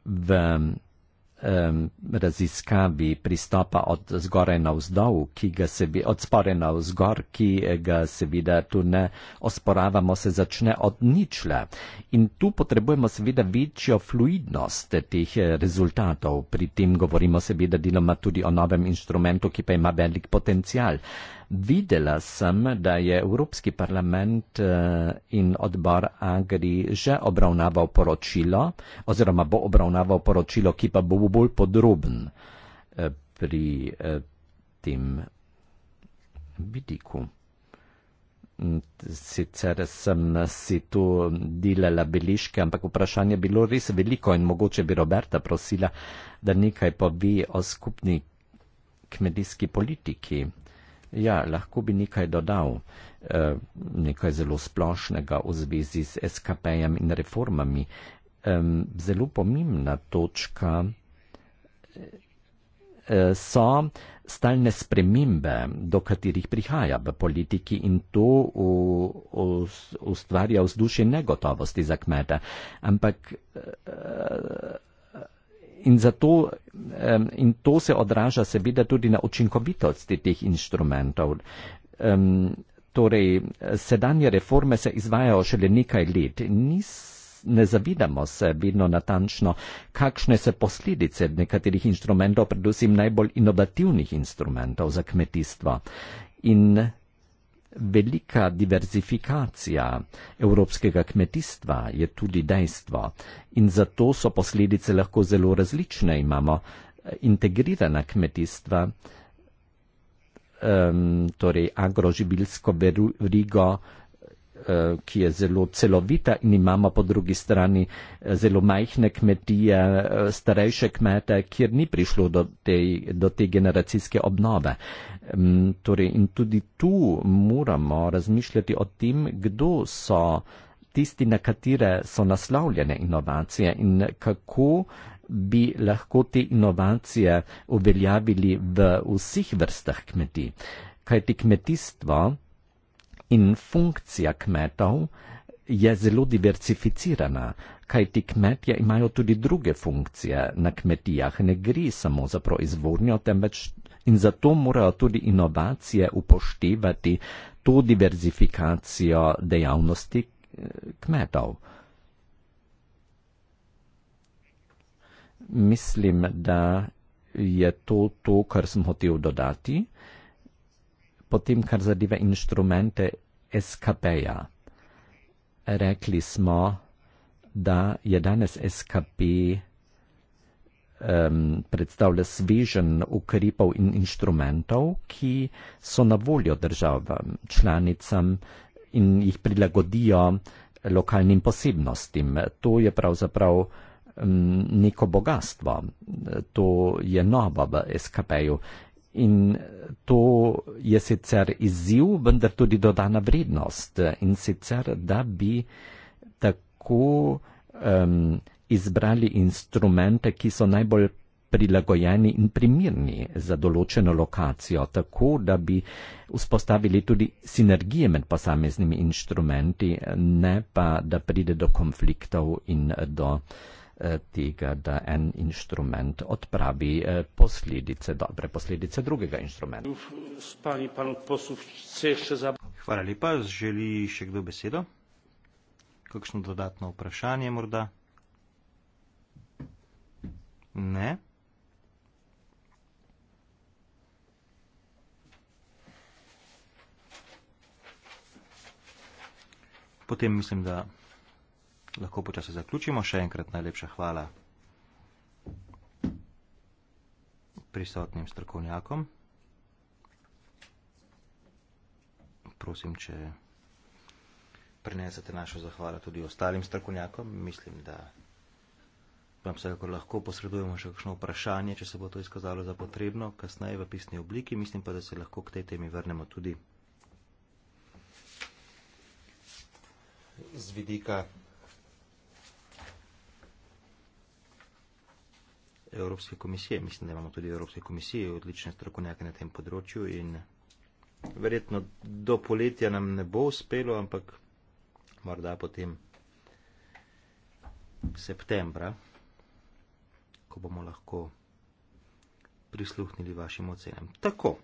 v raziskavi pristopa od zgoraj na vzdol, ki ga se bi od spore na vzgor, ki ga seveda tu ne osporavamo, se začne od ničle. In tu potrebujemo seveda večjo fluidnost teh eh, rezultatov. Pri tem govorimo seveda deloma tudi o novem inštrumentu, ki pa ima velik potencial. Videla sem, da je Evropski parlament eh, in odbor Agri že obravnaval poročilo, oziroma bo obravnaval poročilo, ki pa bo bolj podroben eh, pri eh, tem vidiku. Sicer sem si tu delala beliške, ampak vprašanje je bilo res veliko in mogoče bi Roberta prosila, da nekaj pove o skupni kmetijski politiki. Ja, lahko bi nekaj dodal, eh, nekaj zelo splošnega v zvezi z SKP-jem in reformami. Zelo pomembna točka eh, so stalne spremembe, do katerih prihaja v politiki in to ustvarja vzdušje negotovosti za kmete. Ampak eh, in, zato, um, in to se odraža seveda tudi na učinkovitosti teh inštrumentov. Um, torej, sedanje reforme se izvajajo šele nekaj let. Nis, ne zavidamo se vedno natančno, kakšne se posledice nekaterih inštrumentov, predvsem najbolj inovativnih inštrumentov za kmetijstvo. In Velika diverzifikacija evropskega kmetijstva je tudi dejstvo in zato so posledice lahko zelo različne. Imamo eh, integrirana kmetijstva, um, torej agroživilsko verigo, Eh, ki je zelo celovita in imamo po drugi strani eh, zelo majhne kmetije, eh, starejše kmete, kjer ni prišlo do te, do te generacijske obnove. Mm, torej, in tudi tu moramo razmišljati o tem, kdo so tisti, na katere so naslovljene inovacije in kako bi lahko te inovacije uveljavili v vseh vrstah kmetij. Kajti kmetijstvo in funkcija kmetov je zelo diversificirana, kajti kmetje imajo tudi druge funkcije na kmetijah, ne gre samo za proizvodnjo, temveč in zato morajo tudi inovacije upoštevati to diversifikacijo dejavnosti eh, kmetov. Mislim, da je to to, kar sem hotel dodati. Potem, kar zadeva inštrumente, SKP-ja. Rekli smo, da je danes SKP um, predstavlja svežen ukrepov in inštrumentov, ki so na voljo državam, članicam in jih prilagodijo lokalnim posebnostim. To je pravzaprav um, neko bogatstvo, to je novo v SKP-ju In to je sicer izziv, vendar tudi dodana vrednost. In sicer, da bi tako um, izbrali instrumente, ki so najbolj prilagojeni in primirni za določeno lokacijo, tako da bi vzpostavili tudi sinergije med posameznimi inštrumenti, ne pa da pride do konfliktov in do uh, tega, da en inštrument odpravi eh, posledice, dobre posledice drugega inštrumenta. Spani, posluh, za... Hvala lepa, želi še kdo besedo? Kakšno dodatno vprašanje morda? Ne. Potem mislim, da lahko počasi zaključimo. Še enkrat najlepša hvala prisotnim strokovnjakom. Prosim, če prinesete našo zahvalo tudi ostalim strokovnjakom. Mislim, da vam vsekakor lahko posredujemo še kakšno vprašanje, če se bo to izkazalo za potrebno, kasneje v pisni obliki. Mislim pa, da se lahko k tej temi vrnemo tudi z vidika Evropske komisije. Mislim, da imamo tudi v Evropski komisiji odlične strokovnjake na tem področju in verjetno do poletja nam ne bo uspelo, ampak morda potem septembra, ko bomo lahko prisluhnili vašim ocenam. Tako,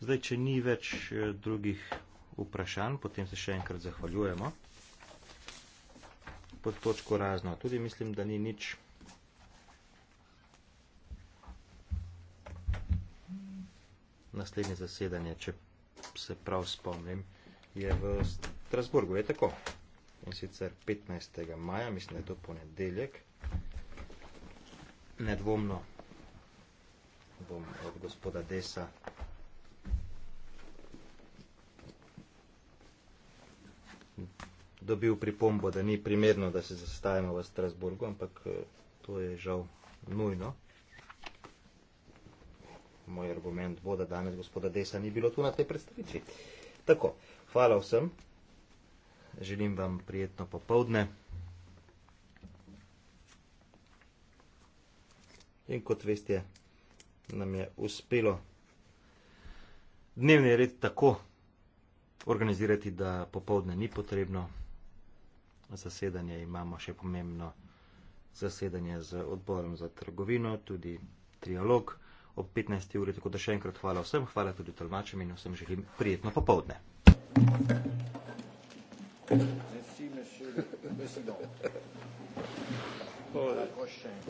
zdaj, če ni več eh, drugih vprašanj, potem se še enkrat zahvaljujemo pod točko razno. Tudi mislim, da ni nič. naslednje zasedanje, če se prav spomnim, je v Strasburgu. Je tako. In sicer 15. maja, mislim, da je to ponedeljek. Nedvomno bom od gospoda Desa dobil pripombo, da ni primerno, da se zastajamo v Strasburgu, ampak eh, to je žal nujno moj argument bo, da danes gospoda Desa ni bilo tu na tej predstavitvi. Tako, hvala vsem, želim vam prijetno popovdne. In kot veste, nam je uspelo dnevni red tako organizirati, da popovdne ni potrebno. Zasedanje imamo še pomembno zasedanje z odborom za trgovino, tudi trialog ob 15. uri. Tako da še enkrat hvala vsem, hvala tudi tolmačem in vsem želim prijetno popovdne. Merci, monsieur le président. Pour la prochaine.